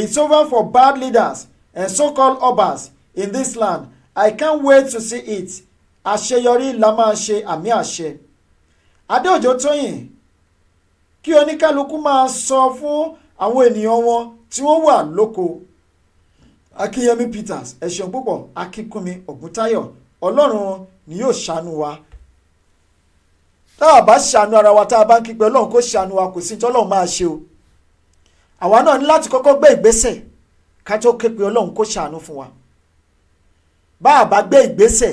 it's over for bad leaders and so-called obas in this land I can't wait to see it àṣeyọrí la máa ṣe àmì àṣẹ adéòjò tóyìn kí oníkálukú máa sọ fún àwọn ènìyàn wọn tí wọ́n wà lóko akínyẹmí peters ẹ ṣeun púpọ̀ akínkúnmi ògúntáyọ̀ ọlọ́run ni yóò ṣàánú wa tá a bá ṣàánú ara wa tá a bá ń kígbe ọlọ́run kó ṣàánú wa kò sí ní tọ́lọ́run máa ṣe o àwa náà ní láti kọ́kọ́ gbé ìgbésẹ̀ ká tó ké pe ọlọ́run kó ṣàánú fún wa bá a bá gbé ìgbésẹ̀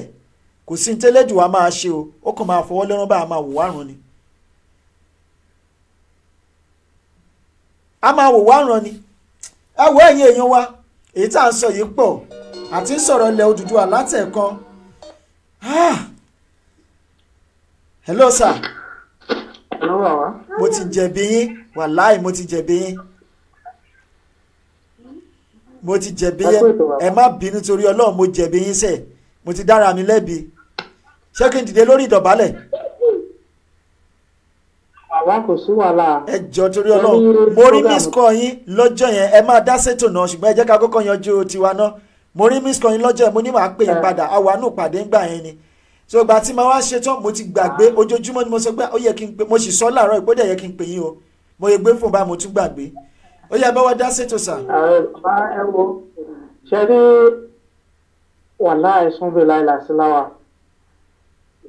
kò sí ní tẹ́lẹ̀ jù wá máa ṣe o ó kàn máa fọwọ́ lẹ́rán bá a máa wò wárùn ni a máa wò wárùn ni ẹ wo ẹ̀yin èèyàn wa èyí tá à ń sọ yìí pọ̀ àti ń sọ̀rọ̀ ilẹ̀ Odùduwà látẹ̀kan ah! hello sir mo ti jẹ̀bi yín wàláì mo ti jẹ̀bi yín mo ti jẹ̀bi yín ẹ má bínú torí Ọlọ́run mo jẹ̀bi yín sẹ́ẹ̀ mo ti dára mi lẹ́bi ṣé kí n dìde lórí ìdọ̀bálẹ̀. àwa kò sí wàhálà. ẹ jọ torí Ọlọ́run mo rí miss call yín lọ́jọ́ yẹn ẹ máa dá ṣètò náà ṣùgbọ́n ẹ jẹ́ ká kọ́kọ́ yanjú tiwa náà mo rí miss yín lọ́jọ́ yẹn mo ní màá pè yín padà àwa nù pàdé ńgbà yẹn ni so ìgbà tí màá wá ṣetán mo ti gbàgbé ah. ojoojúmọ́ ni mo sọ pé ó yẹ kí n pè mo sì sọ láàárọ̀ ìpọ́dẹ̀ yẹ kí n pè yín o mo yẹ gbé fún ba mo tún gbàgbé ó yẹ bá dá ṣètò sà. ṣe rí wàhálà ẹ̀sùn bíi láìláṣí láwà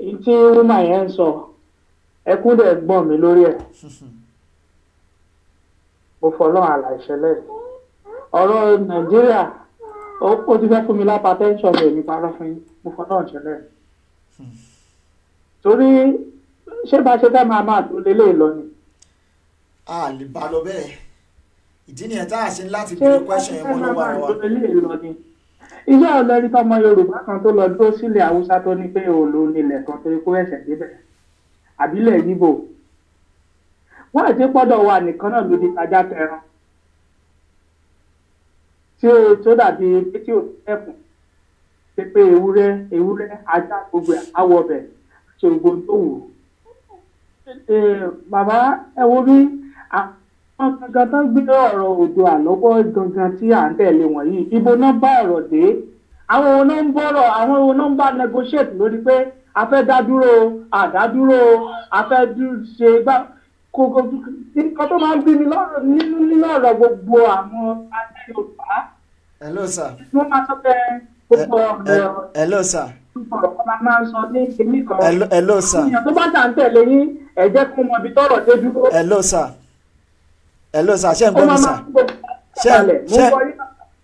èyí tí wúmà yẹn ń sọ ẹkún dẹ̀ gbọ́n mi lórí ẹ̀ mo fọlọ́ àlà ìṣẹ̀lẹ̀ ọ̀rọ̀ nàìjíríà ó ti fẹ́ fún mi lápá tẹ́ńsọ̀n mi èmi parọ́ fún yín mo fọlọ́ ìṣẹ̀lẹ̀ torí ṣé bá ṣe fẹ́ máa máa tó lélẹ̀ lọ ni. a lè bá lọ bẹ́ẹ̀ ìdí nìyẹn tá a ṣe láti bí question yẹn mọ́ lọ́wọ́ àrùn ṣé bá ṣe fẹ́ máa máa tó lélẹ̀ lọ ni ìjọ ọlọrí tọmọ yorùbá kan tó lọ dúró sílẹ̀ haúsá tó ní pé òòlù nílẹ̀ kan tó kó ẹsẹ̀ débẹ̀ àbílẹ̀ yíbò wọn àti pọ́dọ̀ wà nìkan náà lòdì tajà tẹran tí ó tó dàbí tí ò tẹkùn pépé ewúrẹ́ ewúrẹ́ ajá gbogbo àwọbẹ ṣògbó tó wù. bàbá ẹ wo bí gangan tó gbé ọ̀rọ̀ odò àlọ́wọ́ gangan tí à ń tẹ̀lé wọ̀nyí ibo náà bá ọ̀rọ̀ dé àwọn ohun náà ń bọ̀rọ̀ àwọn ohun náà ń bá negotiate lórí pé a fẹ́ dá dúró a fẹ́ ṣe gbá kókó nǹkan tó máa ń bí mi lọ́rọ̀ nínú nínú ọ̀rọ̀ gbogbo àwọn alẹ́ Yorùbá. hello sir. wọ́n máa sọ pé gbogbo ọ̀rọ̀ hello sir. ọ̀rọ̀ kan máa ń sọ ní kinní kan. hello sir. ìyàn tó bá tà ń tẹ̀lé yín ẹ jẹ́ kó mọ ibi tọ́rọ̀ dé dúró. hello sir hello sir ṣe ń gbọ́ mi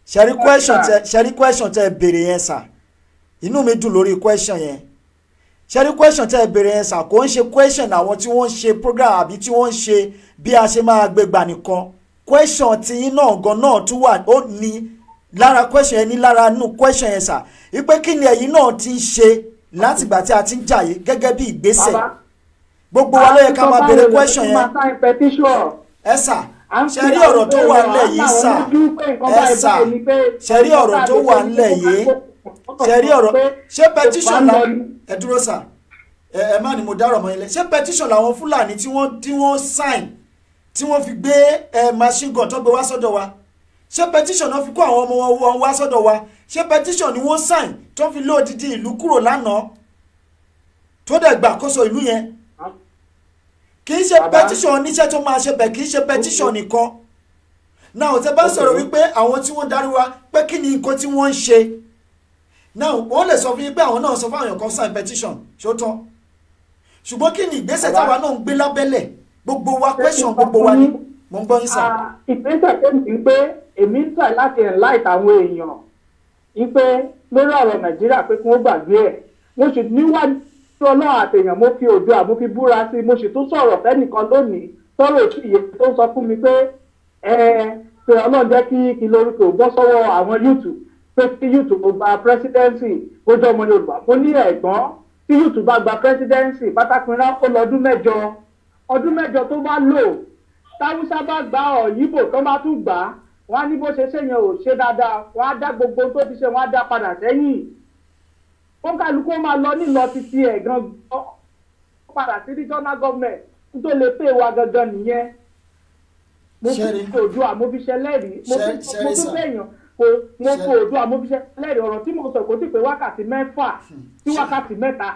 sir ṣe rí question tẹ ṣe rí question tẹ béèrè yẹn sir inú mi dùn lórí question yẹn ṣe rí question tẹ béèrè yẹn sir kò ń ṣe question àwọn tí wọ́n ń ṣe program àbí tí wọ́n ń ṣe bí a ṣe máa gbégbà nìkan question tiyín náà gan náà tún wà ó ní lára question yẹn ní lára nù question yẹn sir wípé kí ni ẹ̀yin náà ti ń ṣe látìgbà tí a ti ń jàyè gẹ́gẹ́ bí ìgbésẹ̀ gbogbo wa ló yẹ ká máa béèrè question yẹn ẹ sà ṣẹ̀rí ọ̀rọ̀ tó wà ńlẹ̀ yìí sà ẹ sà ṣẹ̀rí ọ̀rọ̀ tó wà ńlẹ̀ yìí ṣẹ̀rí ọ̀rọ̀ ṣé petition la ẹ dúró sà ẹ má ni mo dárò mọ́ ilé ṣé petition làwọn fúlàní tí wọ́n tí wọ́n sign tí wọ́n fi gbé ẹ machine gun tó gbé wá sọ́dọ̀ wa ṣé petition náà fi kó àwọn ọmọ wọn wá sọ́dọ̀ wa ṣé petition ni wọ́n sign tó fi lé odidi ìlú kúrò lánàá tó dẹ̀ gbàkóso ìlú yẹn kì í ṣe petition oníṣẹ́ tó máa ṣe bẹ̀ kì í ṣe petition nìkan náà tẹ bá sọ̀rọ̀ wípé àwọn tí wọ́n darí wa pé kí ni nǹkan tí wọ́n ń ṣe náà wọ́n lè sọ fún yín pé àwọn náà sọ fún àwọn kan sign petition ṣó tán ṣùgbọ́n kí ni ìgbésẹ̀ táwa náà ń gbé lábẹ́lẹ̀ gbogbo wa question gbogbo wa ni mo ń gbọ́ yín sà. ìgbésẹ̀ tó ní pé èmi ń tà láti enlight àwọn èèyàn wípé lórí ọ̀rọ̀ nàìjíríà pé kí wọ́n gbàgbé ẹ̀ mo sì níwájú tọ́lá àtẹ̀yàn mo fi òdo àmú fi búra sí i mo sì tún sọ̀rọ̀ fẹ́nìkan lónìí sọ̀rọ̀ òtún iye tó sọ fún mi pé ẹ pé ọlọ́run jẹ́ kí kí lórúkọ bọ́ sọ́wọ́ àwọn yúùtù pé kí yúùtù kò gba pírẹsidẹ́ǹsì kó jọ ọmọ yorùbá mo ní ẹ̀gbọ́n tí yúùtù bá gba pírẹsidẹ́ǹsì pátákùnrin ó lọ ọdún mẹ́jọ ọdún mẹ́jọ tó bá lò táwùsá bá gba ọ̀yìnbó tó bá tún gbà wọ́n á ní bó ṣe ṣèyàn ò ṣe dáadáa wọ́n á dá gbogbo tó fi ṣe wọ́n á dá padà sẹ́yìn wọn kálukú wọn máa lọ nílọ títí ẹ̀ gan gan padà sí regional government n tó lè pè wá gangan nìyẹn mo fi Oòduà mo fi ṣẹlẹ́rìí mo tún fẹ̀yàn kò mo fi Oòduà mo fi ṣẹlẹ́rìí ọ̀rọ̀ tí mo sọ kò tí pé wákàtí mẹ́fà hmm. sí wákàtí mẹ́ta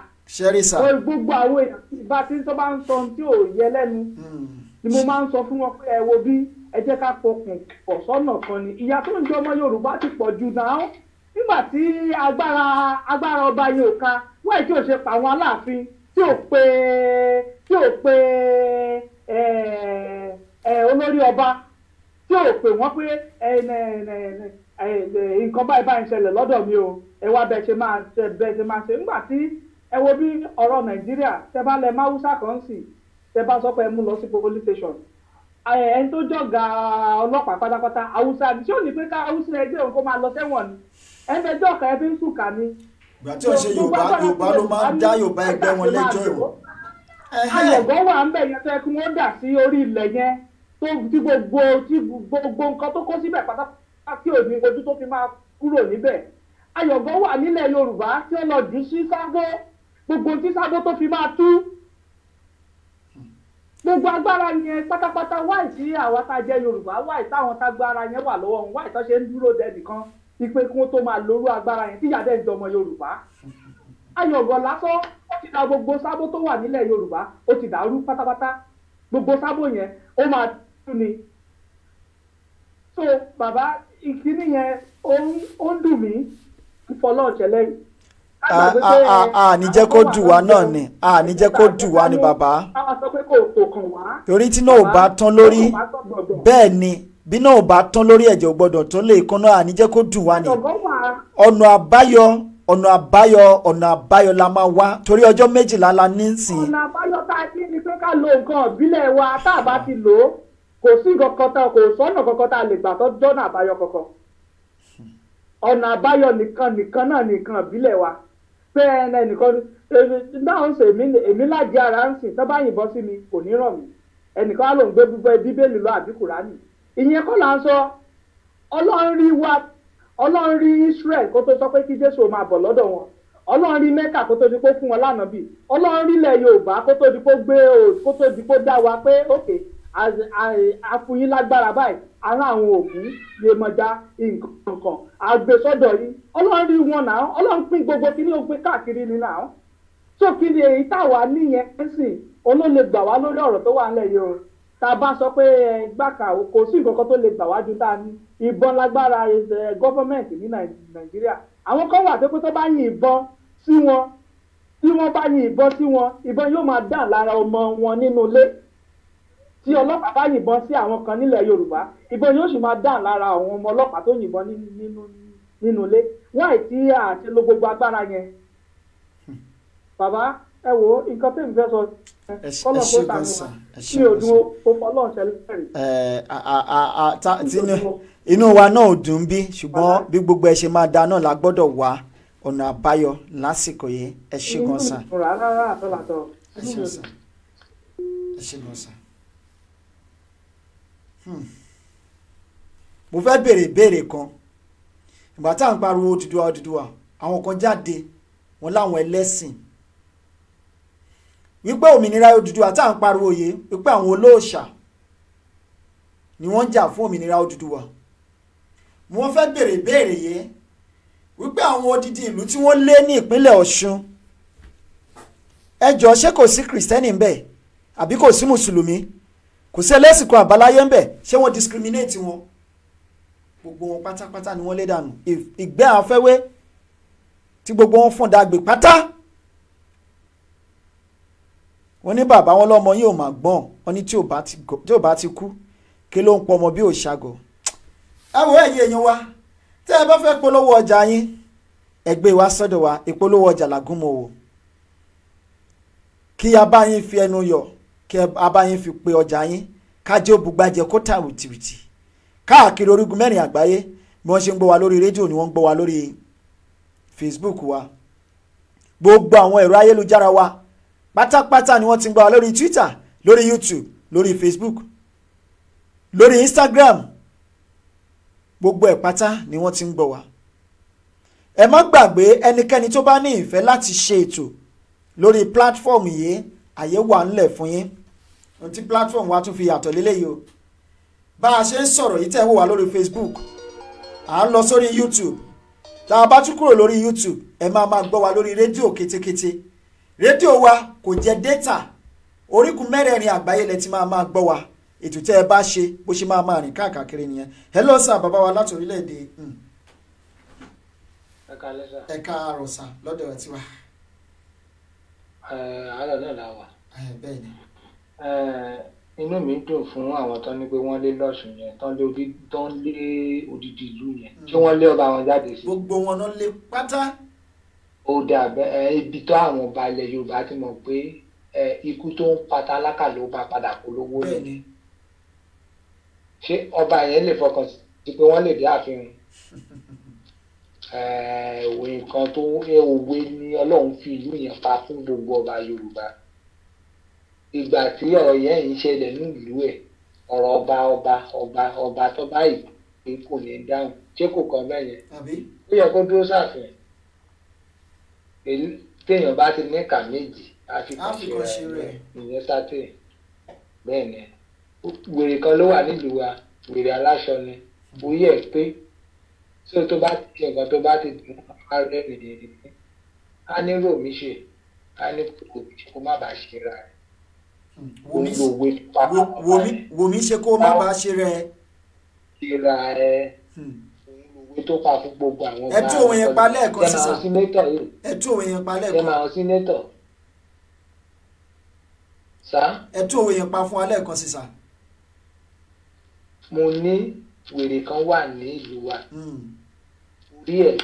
gbogbo àwọn èèyàn bá ti tó bá ń sọ tí ò yẹ lẹ́nu hmm. ni mo máa ń sọ fún wọn pé ẹ wo bí ẹ jẹ́ ká fọkùn ọ̀sọ́nà kan ni ìyà tó ń jẹ ọmọ Yorùbá ti pọ̀ jù náà nígbà tí agbára agbára ọba yìí ò ka wọ́n ẹ̀ tí ò ṣe pa àwọn aláàfin tí ò pe tí ò pe olórí ọba tí ò pè wọ́n pé nǹkan báyìí báyìí ń ṣẹlẹ̀ lọ́dọ̀ mi o ẹ wá bẹ́ẹ̀ ṣe máa ṣe bẹ́ẹ̀ ṣe máa ṣe nígbà tí ẹ wo bí ọ̀rọ̀ nàìjíríà tẹ bá lẹ máwúsá kan sì tẹ bá sọ pé ẹ mú lọ sí police station ẹni tó jọ̀gá ọlọ́pàá pátápátá haúsá ni ṣé ò ní pé ká haúsá ẹgbẹ́ òun kó máa lọ sẹ́wọ̀n ni ẹgbẹ́jọ́ ọ̀kà ẹbí ń sùkà mi. ìgbà tí òṣè yorùbá yorùbá ló máa ń dá yorùbá ẹgbẹ́ wọn lẹ́jọ́ ìwọ. ayọ̀gbọ́n wà ń bẹ̀ yẹn tó yẹ kí wọ́n dà sí orí ilẹ̀ yẹn tó ti gbogbo ti gbogbo nǹkan tó kó síbẹ̀ pátápátá tí ò ní ojú tó fi máa kúrò níbẹ̀ ayọ̀gbọ́n wà nílẹ̀ yorùbá tí ó lọ jù sí sábó gbogbo tí sábó tó fi máa tú gbogbo agbára yẹn pátápátá wáì tí àwa tá a jẹ yorùbá wáì táwọn tágbára yẹn wà lọ́wọ́ wọn wáì tó ṣe ń dúró dẹ ìpè kí wọ́n tó máa lórú agbára yẹn tíyà dẹ́ ìjọmọ Yorùbá ayọ̀gọ̀ lásán ó ti da gbogbo sábó tó wà nílẹ̀ Yorùbá ó ti dàrú pátápátá gbogbo sábó yẹn ó máa tú ni so bàbá ìkíní yẹn ó ń dùn mí fọlọ́ọ̀ṣẹ́ lẹ́yìn a ní jẹ́ kó dùn wá náà ni a ní jẹ́ kó dùn wá ni bàbá torí tí náà ò bá tán lórí bẹ́ẹ̀ ni bí náà ò bá tán lórí ẹ̀jẹ̀ ò gbọ́dọ̀ tán lè kanná àníjẹ́ kó dùn wá ni ọ̀nà àbáyọ ọ̀nà àbáyọ ọ̀nà àbáyọ la máa wá torí ọjọ́ méjìlá la ní sìn. ọ̀nà àbáyọ tá a ti ní pé ká lo nǹkan ìbílẹ̀ wa tá a bá ti lò ó kò sí kankan tá kò sọ́nà kankan tá a lè gbà tó dọ́nà àbáyọ kankan. ọ̀nà àbáyọ nìkan nìkan náà nìkan ìbílẹ̀ wa pé ẹnẹ nìkan náà ń sọ èmi lájẹ ara ń sìn tó bá yìnbọn sí mi kò ní ràn mí ẹnìkan á lòun gbé bíbélì lọ àbí kùránì ìyẹn kọ́ là ń sọ ọlọ́run rí wa ọlọ́run rí Israel kó tó sọ pé kí Jésù máa bọ̀ lọ́dọ̀ wọn ọlọ́run rí Mẹ́kà kó tó di pé fún wọn lánàá bì ọlọ́run rí ilẹ̀ Yorùbá kó tó di pé gbé o kó tó di pé dá wa pé òkè àfúyín lágbára báyìí ara àwọn òkú Yemọja nǹkan àgbẹ̀sọ́dọ̀ yìí ọlọ́run rí wọn náà ọlọ́run pín gbogbo kí ni ó gbé káàkiri ni náà tó kí ni èyí táwa níyẹn sìn olóòlè gbà wá lórí ọ̀rọ̀ tó wà ńlẹ̀ yìí o tá a bá sọ pé gbàkà kò sí nǹkan kan tó lè gbà wájú tá a ní ìbọn lágbára eh, gọ́fọ́mẹ̀ntì ní nàìjíríà àwọn kan wà pé tó bá yin ìbọn sí wọn tí wọ́n bá yin ìbọn sí wọn ìbọn yóò máa dà lára ọmọ wọn nínú ilé tí ọlọ́pàá bá yìnbọn sí àwọn kan nílẹ̀ yorùbá ìbọn yóò sì máa dà lára àwọn ọmọ ọlọ́pàá tó yìnbọn nínú nínú ilé wáì tí a lo gbogbo agbára yẹn hmm. bàbá ẹ wo nǹkan tẹ́ ń fẹ́ sọ kọ́lọ̀ kó tà mí kí o dun o fọlọ́ ṣẹlẹ̀ rẹ̀. inú wa náà ò dùn bí ṣùgbọ́n bí gbogbo ẹ ṣe máa da náà la gbọ́dọ̀ wá ọ̀nà àbáyọ lásìkò yìí ẹ ṣe gan san. inú mi rà rárá àtọ́làtọ̀. ẹ ṣe gan san ẹ ṣe gan san. Hmm. mo fẹ́ béèrè ìbéèrè kan ìgbà tá à ń pariwo Odùduwà Odùduwà àwọn kan jáde wọn láwọn ẹlẹ́sìn wípé òmìnira Odùduwà tá à ń pariwo wípé àwọn olóòṣà ni wọ́n ń jà fún òmìnira Odùduwà wọ́n fẹ́ bèrè béèrè yìí wípé àwọn odidi ìlú tí wọ́n lé ní ìpínlẹ̀ Ọ̀ṣun ẹ jọ ṣé kò sí kìrìsìtẹ́nì ńbẹ̀ àbí kò sí mùsùlùmí kò sí ẹlẹ́sìn àbáláyé ńbẹ̀ ṣé wọ́n discriminate wọn gbogbo wọn pátápátá ni wọ́n lé dànù ìgbẹ́ àfẹ́wé tí gbogbo wọn fọ́n dàgbé pátá wọ́n ní bàbá wọn lọ́mọ yìí ò mà gbọ́n wọ́n ní tí ò bá ti kú kí ló ń pọ ọmọ bí ò ṣàgò. àwọ̀ ẹ̀yìn èèyàn wa tẹ́ ẹ bá fẹ́ polówó ọjà yín ẹgbẹ́ wa sọ́dọ̀ wa ìpolówó ọjà làgúnmọ̀ wò kí a fi ẹnu yọ kí a fi pe ọjà yín kájẹ́ òbúgbàjẹ́ kó tà wìtìwìtì káàkiri orígun mẹ́rin àgbáyé bí wọ́n ṣe ń gbọ́ wa lórí rédíò ni wọ́n ń gbọ́ wa lórí Facebook wa gbogbo àwọn ẹ̀rọ ayélujára wa pátápátá ni wọ́n ti gbà lórí Twitter lórí YouTube lórí Facebook lórí Instagram gbogbo ẹ̀ pátá ni wọ́n ti ń gbọ́ wá ẹ má gbàgbé ẹnikẹ́ni tó bá ní ìfẹ́ láti ṣe ètò lórí platform yìí àyè wà ńlẹ̀ fún yín ohun tí platform wa tún fi yàtọ̀ léléyìí o bá a ṣe ń sọ̀rọ̀ yìí tẹ̀ wò wá lórí Facebook à ń lọ sórí YouTube tá a bá tún kúrò lórí YouTube ẹ máa máa gbọ́ wa lórí rédíò kétékété rédíò wa kò jẹ́ data orígun mẹ́rẹ̀ẹ̀rin àgbáyé lẹ ti máa máa gbọ́ wa ètò tẹ́ ẹ bá ṣe bó ṣe máa máa rìn káàkiri nìyẹn hello sir bàbá wa láti orílẹ̀-èdè hmm. ẹ káàárọ̀ sir lọ́dọ̀ ẹ ti wá. àárọ̀ náà la wà. bẹ́ẹ̀ ni. inú mi dùn fún àwọn tán ní pé wọ́n lé lọ́sùn yẹn tán lé odidi ìlú yẹn tí hmm. wọ́n lé ọba wọn jáde sí. gbogbo wọn náà lé pátá ó dà bẹ́ẹ̀ ibi tó àwọn ọba ilẹ̀ Yorùbá ti mọ̀ pé ikú tó ń pa tálákà ló bá padà kó lówó lọ ṣé ọba yẹn lè fọkàn sí pé wọ́n lè dé àfihàn òwe nǹkan tó òwe ni Ọlọ́run fi ìlú yẹn pa fún gbogbo ọba Yorùbá ìgbà tí ọ̀rọ̀ yẹn ń ṣẹlẹ̀ nílùú ẹ̀ ọ̀rọ̀ ọba ọba ọba ọba tó báyìí pé kò ní dáhùn ṣé kò kàn bẹ́ẹ̀ yẹn ó yẹ kó dúró sáfihàn téèyàn bá ti ní ìka méjì àfikún ṣe rẹ̀ ìyẹn sátẹ̀ bẹ́ẹ̀ ni wèrè kan ló wà nílùú wa wèrè aláṣọ ni oyè ẹ̀ pé so tó bá ti ṣe nǹkan tó bá ti dùn ààrẹ rèé a ní ròmí ṣe a ní ròmí ṣe kó má bàa ṣe ra rẹ̀ wòmí ṣe kó má bàa ṣe rẹ̀ ṣe ra rẹ̀. Hmm ìwé tó ka fún gbogbo àwọn. ẹ tú òun yẹn pa lẹ́ẹ̀kan sísá ẹ tú òun yẹn pa lẹ́ẹ̀kan. tẹ̀mọ̀ àwọn sínétọ̀. sá. ẹ tú òun yẹn pa fún wa lẹ́ẹ̀kan sísá. mo ní wèrè kan wà ní ìlú wa hmm. orí ẹ̀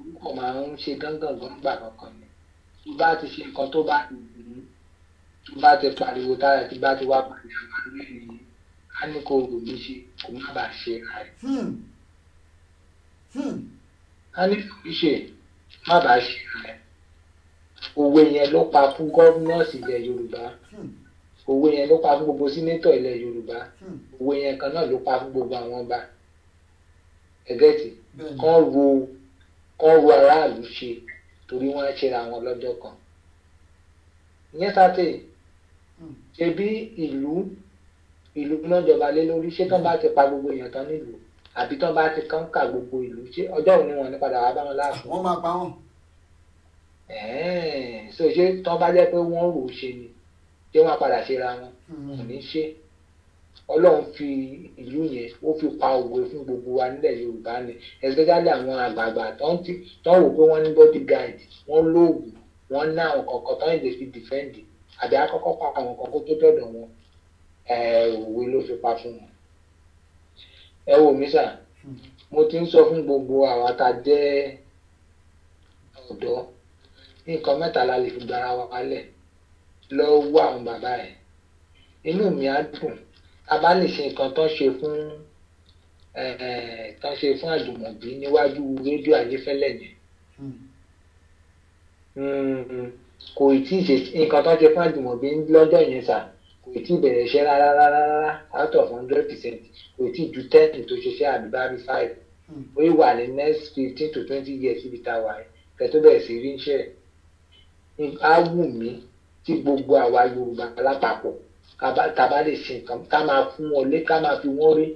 orúkọ máa ń ṣe gángangan gbà kankan ni tó bá ti ṣe nǹkan tó bá tó bá ti pariwo tára tí bá ti wá pariwo àwọn ẹni á ní kó o rò mí ṣe kó má bàa ṣe ara rẹ̀. Hmm. Hmm. a ní ìṣe má bàa ṣe rẹ òwe yẹn ló pa fún gọ́fúnọ̀sì ilẹ̀ yorùbá hmm. òwe yẹn ló pa fún gbogbo sínétọ̀ ilẹ̀ yorùbá hmm. òwe yẹn kan náà ló pa fún gbogbo àwọn ọba ẹgẹ́tì kán ro kán ro aráàlú ṣe torí wọ́n á ṣera wọn lọ́jọ́ kan ìyẹn sáté ṣe bí ìlú ìlú náà jọba lé lórí ṣé tán bá ti pa gbogbo èèyàn tán nílùú àbí tán bá ti kàn ká gbogbo ìlú ṣé ọjọ́ òní wọn ní padà wá bá wọn láàfin. wọ́n máa pa wọ́n. so ṣé tán bá jẹ́ pé wọ́n rò ó ṣe ni ṣé wọ́n á padà ṣe ra wọn hmm. kò ní ṣe ọlọ́run fi ìlú yẹn ó fi pa òwe fún gbogbo wa nílẹ̀ yorùbá ni especially àwọn àgbààgbà tó ń wò pé wọ́n ní bodyguard wọ́n lóògùn wọ́n ná àwọn kọ̀ọ̀kan tó ń lè fi defend àbí akọ́kọ́ pa àwọn kọ̀ọ̀kan tó dọ̀dọ̀ wọn òwe ló fi pa fún wọn ẹ wò mí sà mo ti ń sọ fún gbogbo àwa tá a jẹ́ nǹkan mẹ́ta la lè fi gbara wa kalẹ̀ lọ wá àwọn bàbá ẹ̀ inú mi á dùn a bá lè ṣe nǹkan tó ń ṣe fún eh, tó ń ṣe fún àdùmọ̀bí níwájú rédíò ayéfẹ́lẹ́ yẹn hmm, kò tí ì ṣe nǹkan tó ṣe fún àdùmọ̀bí lọ́jọ́ yẹn sáà kò tí ì bẹ̀rẹ̀ iṣẹ́ rárá rárá rárá out of hundred percent kò tí ì ju ten tó ṣe ṣe àdúgbò five hmm. ó yìí wà ní next fifteen to twenty years ibi tá a wà kẹ́ tó bẹ̀rẹ̀ sí rí ń ṣe á wù mí tí gbogbo àwa Yorùbá lápapọ̀ ká bá lè ṣe nǹkan ká máa fún wọn lé ká máa fi wọ́n rí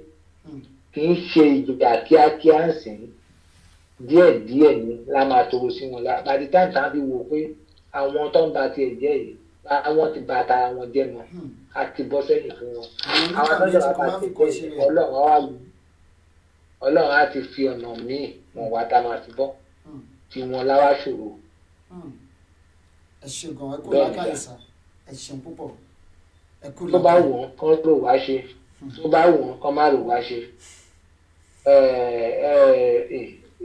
hmm. kì í ṣe ìjìyà kíákíá ń sìn díẹ̀díẹ̀ ni la máa toro sí wọn la by the time tá a fi wò pé àwọn tó ń ba tiẹ̀ jẹ́ yìí àwọn ti ba tara wọn jẹ́ mọ́. Hmm àti bọ́ sẹ́yìn fún wọn. àwọn tọ́jọ́ wa bá ti pé ọlọ́run wa ọlọ́run á ti fi ọ̀nà míì wọn wá tá a máa hmm. fi bọ́ tí wọn láwá ṣòro. Hmm. ẹ ṣe gan ẹ kó lákàyè sá ẹ ṣeun púpọ̀ ẹ kó lákàyè. tó bá wù wọn kán rò wá ṣe hmm. tó bá wù wọn kán má rò wá ṣe.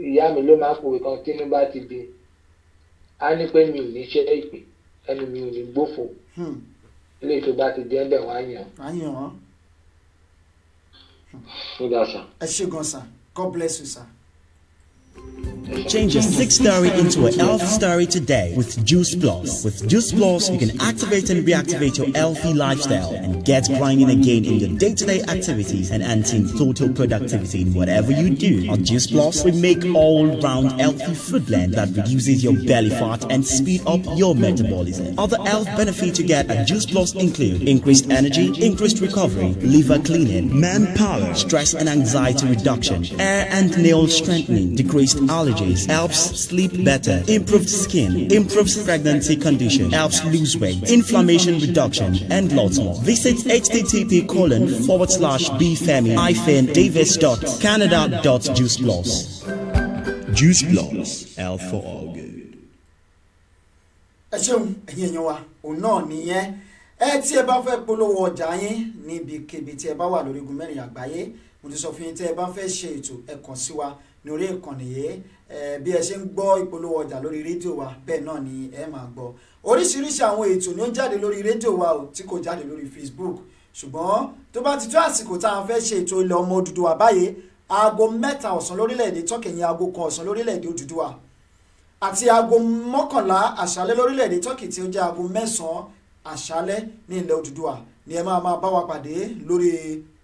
ìyá mi ló máa ń pòwe kan tí inú bá ti bí a ní pé mi ò ní ṣe é pè ẹnu mi ò ní gbófo ilé tó bá ti jẹ́ bẹ̀ wá yàn. wá yàn án. ẹ ṣé gan sá God bless you sir. Change a six-story into an elf-story today with Juice Plus. With Juice Plus, you can activate and reactivate your healthy lifestyle and get grinding again in your day-to-day activities and enhancing total productivity in whatever you do. On Juice Plus, we make all-round healthy food blend that reduces your belly fat and speed up your metabolism. Other health benefits you get at Juice Plus include increased energy, increased recovery, liver cleaning, manpower, stress and anxiety reduction, hair and nail strengthening, decreased allergies, helps sleep better, improves skin, improves pregnancy condition, helps lose weight, inflammation reduction, and lots more. Visit http colon forward slash bfemi hyphen davis dot canada dot juice plus. Juice plus L for all good. ẹ tí ẹ bá fẹ́ polówó ọjà yín tí ẹ bá wà lórí mẹ́rin àgbáyé mo ti sọ fún yín tí ẹ bá fẹ́ ṣe ètò ẹ kàn sí wa ní orí ìkànnì yìí bí ẹ ṣe ń gbọ́ ìpolówó ọjà lórí rédíò wa bẹ́ẹ̀ náà ni ẹ máa gbọ́ oríṣiríṣi àwọn ètò ni ó jáde lórí rédíò wa o tí kò jáde lórí Facebook ṣùgbọ́n tó bá ti tó àsìkò tá a fẹ́ ṣe ètò ilẹ̀ ọmọ Odùduwà báyìí aago mẹ́ta ọ̀sán lórílẹ̀‐èdè tọ́kẹ̀yìn aago kan ọ̀sán lórílẹ̀‐èdè Odùduwà àti aago mọ́kànlá àṣálẹ́ lórílẹ̀‐èdè tọ́kì tí ó jẹ́ aago mẹ́sàn-án àṣálẹ́ ní ilẹ̀ Odùduwà ni ẹ máa máa bá wa pàdé lórí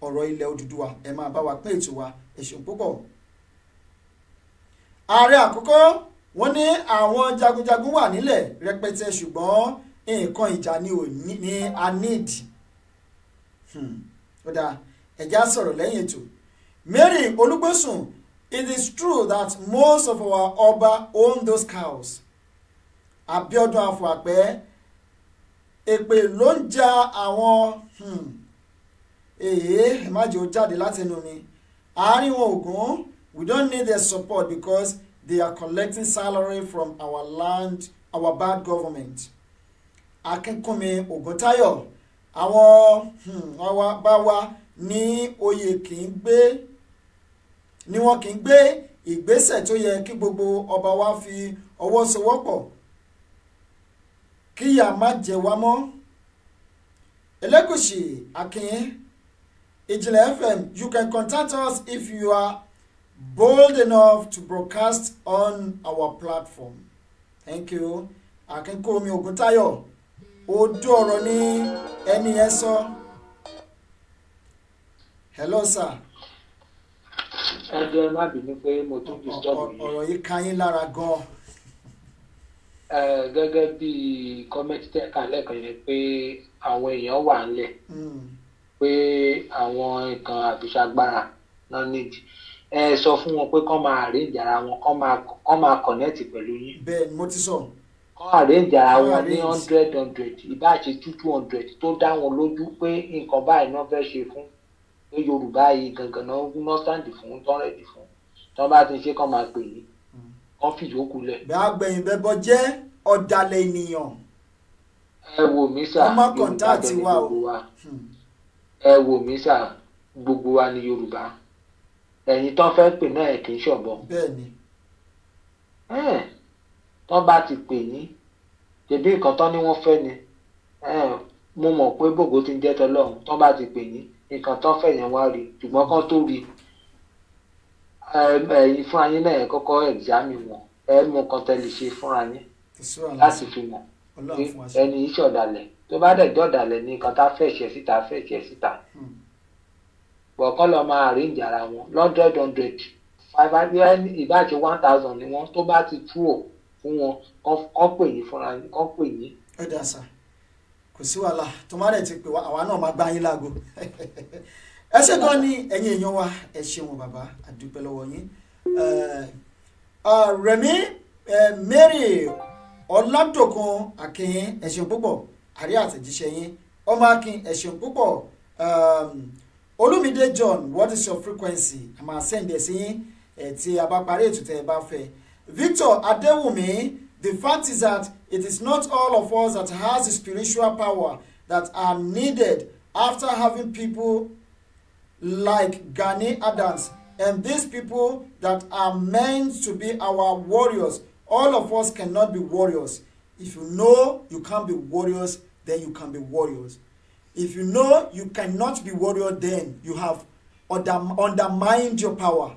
ọ̀rọ̀ ilẹ̀ Odùduwà ẹ máa bá wa pín ètò wa ẹ púpọ̀ ààrẹ àkọ́kọ́ wọ́n ní àwọn jagunjagun wà nílẹ̀ rẹpẹtẹ ṣùgbọ́n nǹkan ìjà ni a need hmm, ó ẹ̀já sọ̀rọ̀ lẹ́yìn ètò Mary Olúgbósùn it is true that most of our ọba own those cows Abíọ́dún Afọlápẹ èpè ló ń ja àwọn hmm, èèyàn ẹ má jẹ́ ó jáde látẹnu mi àárín wọn ògún We don't need their support because they are collecting salary from our land, our bad government. Akínkúnmi Ògúntáyọ̀ àwọn um, bá wa ní oyè kì í gbé ni wọn kì í gbé ìgbésẹ̀ tó yẹ kí gbogbo ọba wa fi ọwọ́ sowọ́pọ̀ kíyà má jẹ wá mọ́ Elégùṣì Akin Ìjìnlẹ̀ FM you can contact us if you are bold enough to broadcast on our platform. Thank you. Akínkúnmi Ògúntáyọ̀ ojú ọ̀rọ̀ ní ẹni ẹ sọ. Hello sir. Ẹ jẹ́ má bínú pé mo tún di sọ́ọ̀bù yìí. Ọ̀rọ̀ yìí kan yín lára gan-an. Gẹ́gẹ́ bí kọ́mẹ́tì tẹ́ka lẹ́ẹ̀kan yẹn pé àwọn èèyàn wà ńlẹ̀ hmm. pé àwọn nǹkan àfiṣagbára náà nídìí ẹ sọ fún wọn pé kán máa arrange ara wọn kán máa kán máa connect pẹ̀lú yín. bẹ́ẹ̀ mo ti sọ. kán arrange ara wọn ní hundred hundred ìbáṣe two two hundred tó dá wọn lójú pé nǹkan báyìí náà fẹ́ ṣe fún pé yorùbá yìí gangan náà náà stand fún tán rẹ̀dì fún tán bá ti ṣe kán máa pè yín kán fìyókù lẹ̀. bẹ́ẹ̀ agbẹ̀yìn bẹ́ẹ̀ bọ́ jẹ́ ọ̀dàlẹ̀ ènìyàn. ẹ wò mí sà yorùbá tẹ̀lé gbogbo wa hmm. ẹ wò mí sà gbogbo wa ni yorùbá. Hmm ẹ̀yin tán fẹ́ pè náà ẹ̀ kì í ṣọ̀bọ. bẹ́ẹ̀ni. tán bá ti pè yín tèbí nǹkan tán ni wọ́n fẹ́ ni mo mọ̀ pé gbogbo ti ń jẹ́ tọlọ́run tán bá ti pè yín nǹkan tán fẹ́ yẹn wá rí ṣùgbọ́n kán tó rí ẹ̀yin fúnra yín náà ẹ̀ kọ́kọ́ ẹ̀gzámì wọn ẹ̀ mú kan tẹ́lẹ̀ ṣe fúnra yín láti fi mọ̀ ẹni ìṣọ̀dàlẹ̀ tó bá dẹ̀ jọ̀dàlẹ̀ ni nǹkan tá fẹ́ ṣe síta fẹ́ ṣe síta bọ̀kọ́ lọ máa arrange ara wọn hundred hundred five hundred ìbá àti one thousand ni wọ́n tó bá ti tú ò fún wọn kọ́ pè yín fúnra kọ́ pè yín. ẹ dà sá kò sí wàhálà tó má dẹ̀ ti pè wá àwa náà máa gbá yín láago ẹ ṣe gan ni ẹ̀yin èèyàn wa ẹ ṣeun bàbá àdúpẹ́ lọ́wọ́ yín Rẹ̀mí Mary ọ̀làdòkun akínyìn ẹ ṣeun púpọ̀ àrí àtẹ̀jíṣẹ́ yín ọmọ akin ẹ ṣeun púpọ̀. Olumide John what is your frequency a máa send ẹ sí ẹ tí a bá parí ètò tẹ ẹ bá fẹ́ Victor Adewumi the fact is that it is not all of us that has the spiritual power that are needed after having people like Gani Adams and these people that are meant to be our warriors all of us cannot be warriors if you know you can't be warriors then you can be warriors If you know you cannot be warrior, then you have undermined your power.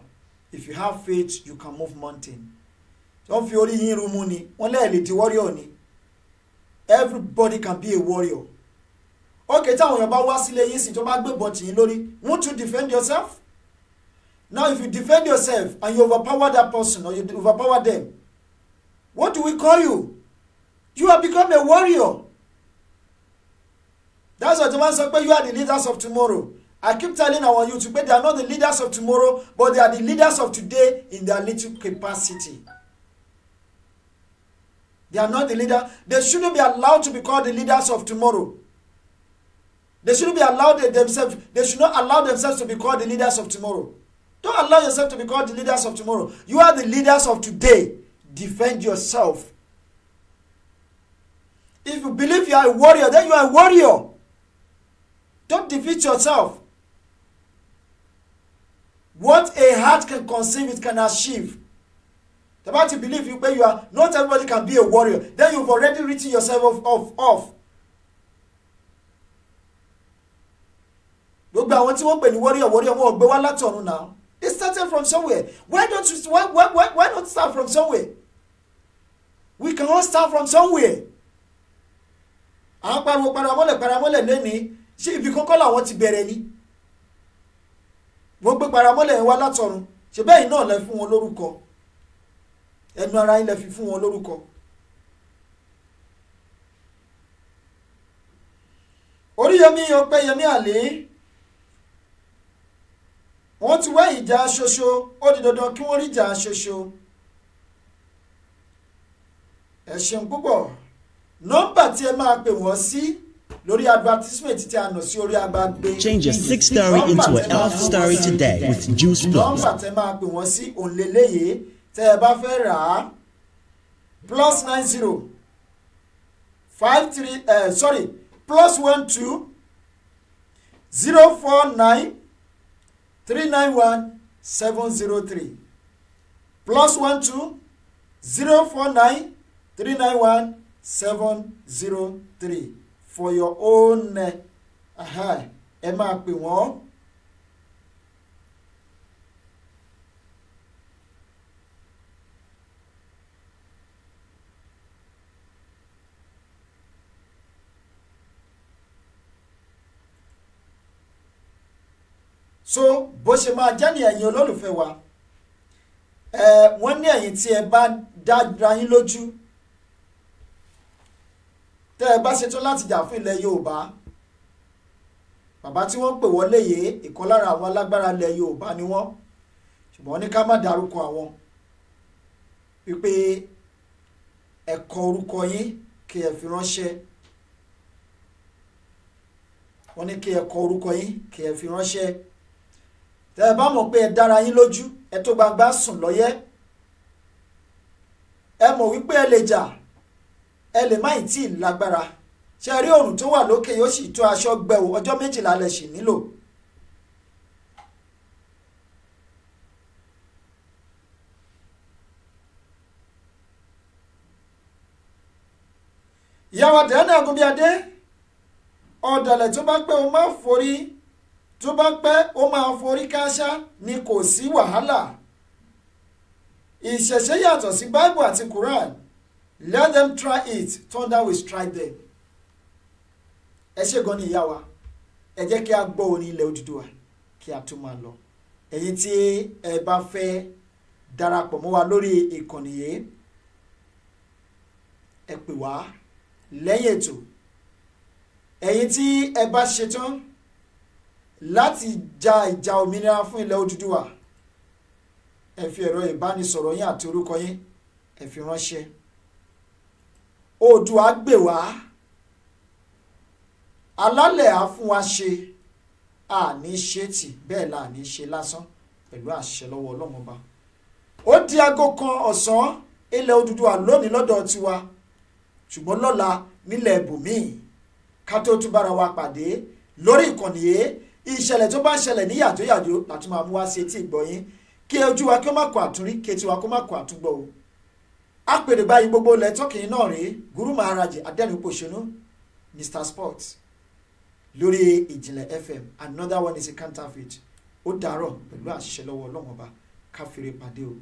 If you have faith, you can move mountain. Wọ́n fi orí yín rú mú ni, wọ́n lẹ́ẹ̀ di warrior ni. Everybody can be a warrior. Okay, táwọn èèyàn bá wá sílé yín sí tó bá gbébọn tì yín lórí, won't you defend yourself? Now if you defend yourself and you overpower that person or you overpower them, what do we call you? You have become a warrior that's why tí wọ́n sọ you are the leaders of tomorrow I keep telling our youth pé they are not the leaders of tomorrow but they are the leaders of today in their little capacity. They are not the leader. They shouldn't be allowed to be called the leaders of tomorrow. They shouldn't be allowed themselves. They should not allow themselves to be called the leaders of tomorrow. Don't allow yourself to be called the leaders of tomorrow. You are the leaders of today. Defend yourself. If you believe you are a warrior, then you are a warrior. Don't defeat yourself. What a heart can conceive, it can achieve. The Bible believe you where you are. Not everybody can be a warrior. Then you've already written yourself off. off, off. gbogbo àwọn tí wọ́n pè ní warrior warrior wọn ò gbé wá láti ọ̀run náà they started from somewhere why don't you why, why, why, why not start from somewhere we can all start from somewhere. àwọn pariwo paramọ́lẹ̀ paramọ́lẹ̀ lẹ́nìí ṣé ibi kọ́kọ́ làwọn ti bẹ̀rẹ̀ ni wọ́n gbé paramọ́lẹ̀ wá látọ̀run ṣe bẹ́ẹ̀ náà lẹ fún wọn lórúkọ ẹnu ara yín lẹ fi fún wọn lórúkọ. oríyọmí ọpẹyẹmí àlè wọ́n ti wá ìjà ṣoṣo ó di dandan kí wọ́n rí ìjà ṣoṣo ẹ ṣeun púpọ̀ nọ́mbà tí ẹ máa pè wọ́n sí. Si lórí advertisement tí a nà sí orí agbágbé. change a six story into an elf story today with juice plus. nọ́mbà tẹ máa pè wọ́n sí òǹlẹ́lẹ́yẹ tẹ́ ẹ bá fẹ́ rà á plus nine zero five three uh, sorry plus one two zero four nine three nine one seven zero three plus one two zero four nine three nine one seven zero three for your own uh-huh, ẹ máa pè wọ́n. so bó ṣe máa jẹ́ ní ẹ̀yin olólùfẹ́ wa wọ́n ní ẹ̀yin tí ẹ bá dá yín lójú tẹ́ ẹ bá ṣetán láti jà fún ilẹ̀ yorùbá bàbá tí wọ́n pè wọ́n léyè ìkan lára àwọn alágbára ilẹ̀ yorùbá ni wọ́n ṣùgbọ́n ní ká má dárúkọ àwọn wípé ẹ kọ orúkọ yín kí ẹ fi ránṣẹ́ wọ́n ní kí ẹ kọ orúkọ yín kí ẹ fi ránṣẹ́ tẹ́ ẹ bá mọ̀ pé ẹ dára yín lójú ẹ tó gbangba sùn lọ́yẹ́ ẹ mọ̀ wípé ẹ lè jà ẹ lè má ì tí ì lágbára ṣe rí òrùn tó wà lókè yóò sì tó aṣọ gbẹ̀wò ọjọ́ méjìlá lẹ̀ sì nílò. ìyàwó àdéhùn agunbíadé ọ̀dàlẹ̀ tó bá pẹ́ o máa forí tó bá pẹ́ o máa forí káṣá ni kò sí wàhálà ìṣẹ̀ṣe yàtọ̀ sí báíbù àti Quran let them try it thunder will strike them ẹ ṣe gan ni ìyá wa ẹ jẹ́ kí a gbọ́ orin ilẹ̀ Odùduwà kí a tún máa lọ ẹ̀yin tí ẹ bá fẹ́ darapọ̀ mọ́ wa lórí ìkànnì yìí ẹ pè wá lẹ́yìn ètò ẹ̀yin tí ẹ bá ṣetán láti ja ìjà òmìnira fún ilẹ̀ Odùduwà ẹ fi ẹ̀rọ ìbánisọ̀rọ̀ yín àti orúkọ yín ẹ fi ránṣẹ́ oòdùà gbè wá alálẹ̀ á fún wa ṣe àní ṣe tì bẹ́ẹ̀ la àní ṣe lásán pẹ̀lú àṣẹ lọ́wọ́ ọlọ́mọba ó di aago kan ọ̀sán ilẹ̀ Odùduwà lónìí lọ́dọ̀ tiwa ṣùgbọ́n lọ́la nílẹ̀ ibòmíì ká tó tún bára wa pàdé lórí ìkànnì yìí ìṣẹ̀lẹ̀ tó bá ń ṣẹlẹ̀ ní yàjóyàjó láti máa mú wá sí etí ìgbọ̀yín kí ojú wa kí ó má kó àtúnrí kí etí wa kó má kó àtúngbọ̀ o apèrègbà yìí gbogbo ilẹ̀ tọ́kì náà rèé Guru Maharaji adẹ́nupọ̀ṣọ́nù Mr Sport lórí ìjìnlẹ̀ FM another one is a counterfeit ó dàárọ̀ pẹ̀lú àṣìṣe lọ́wọ́ ọlọ́mọba káfíńrẹ́ pàdé o.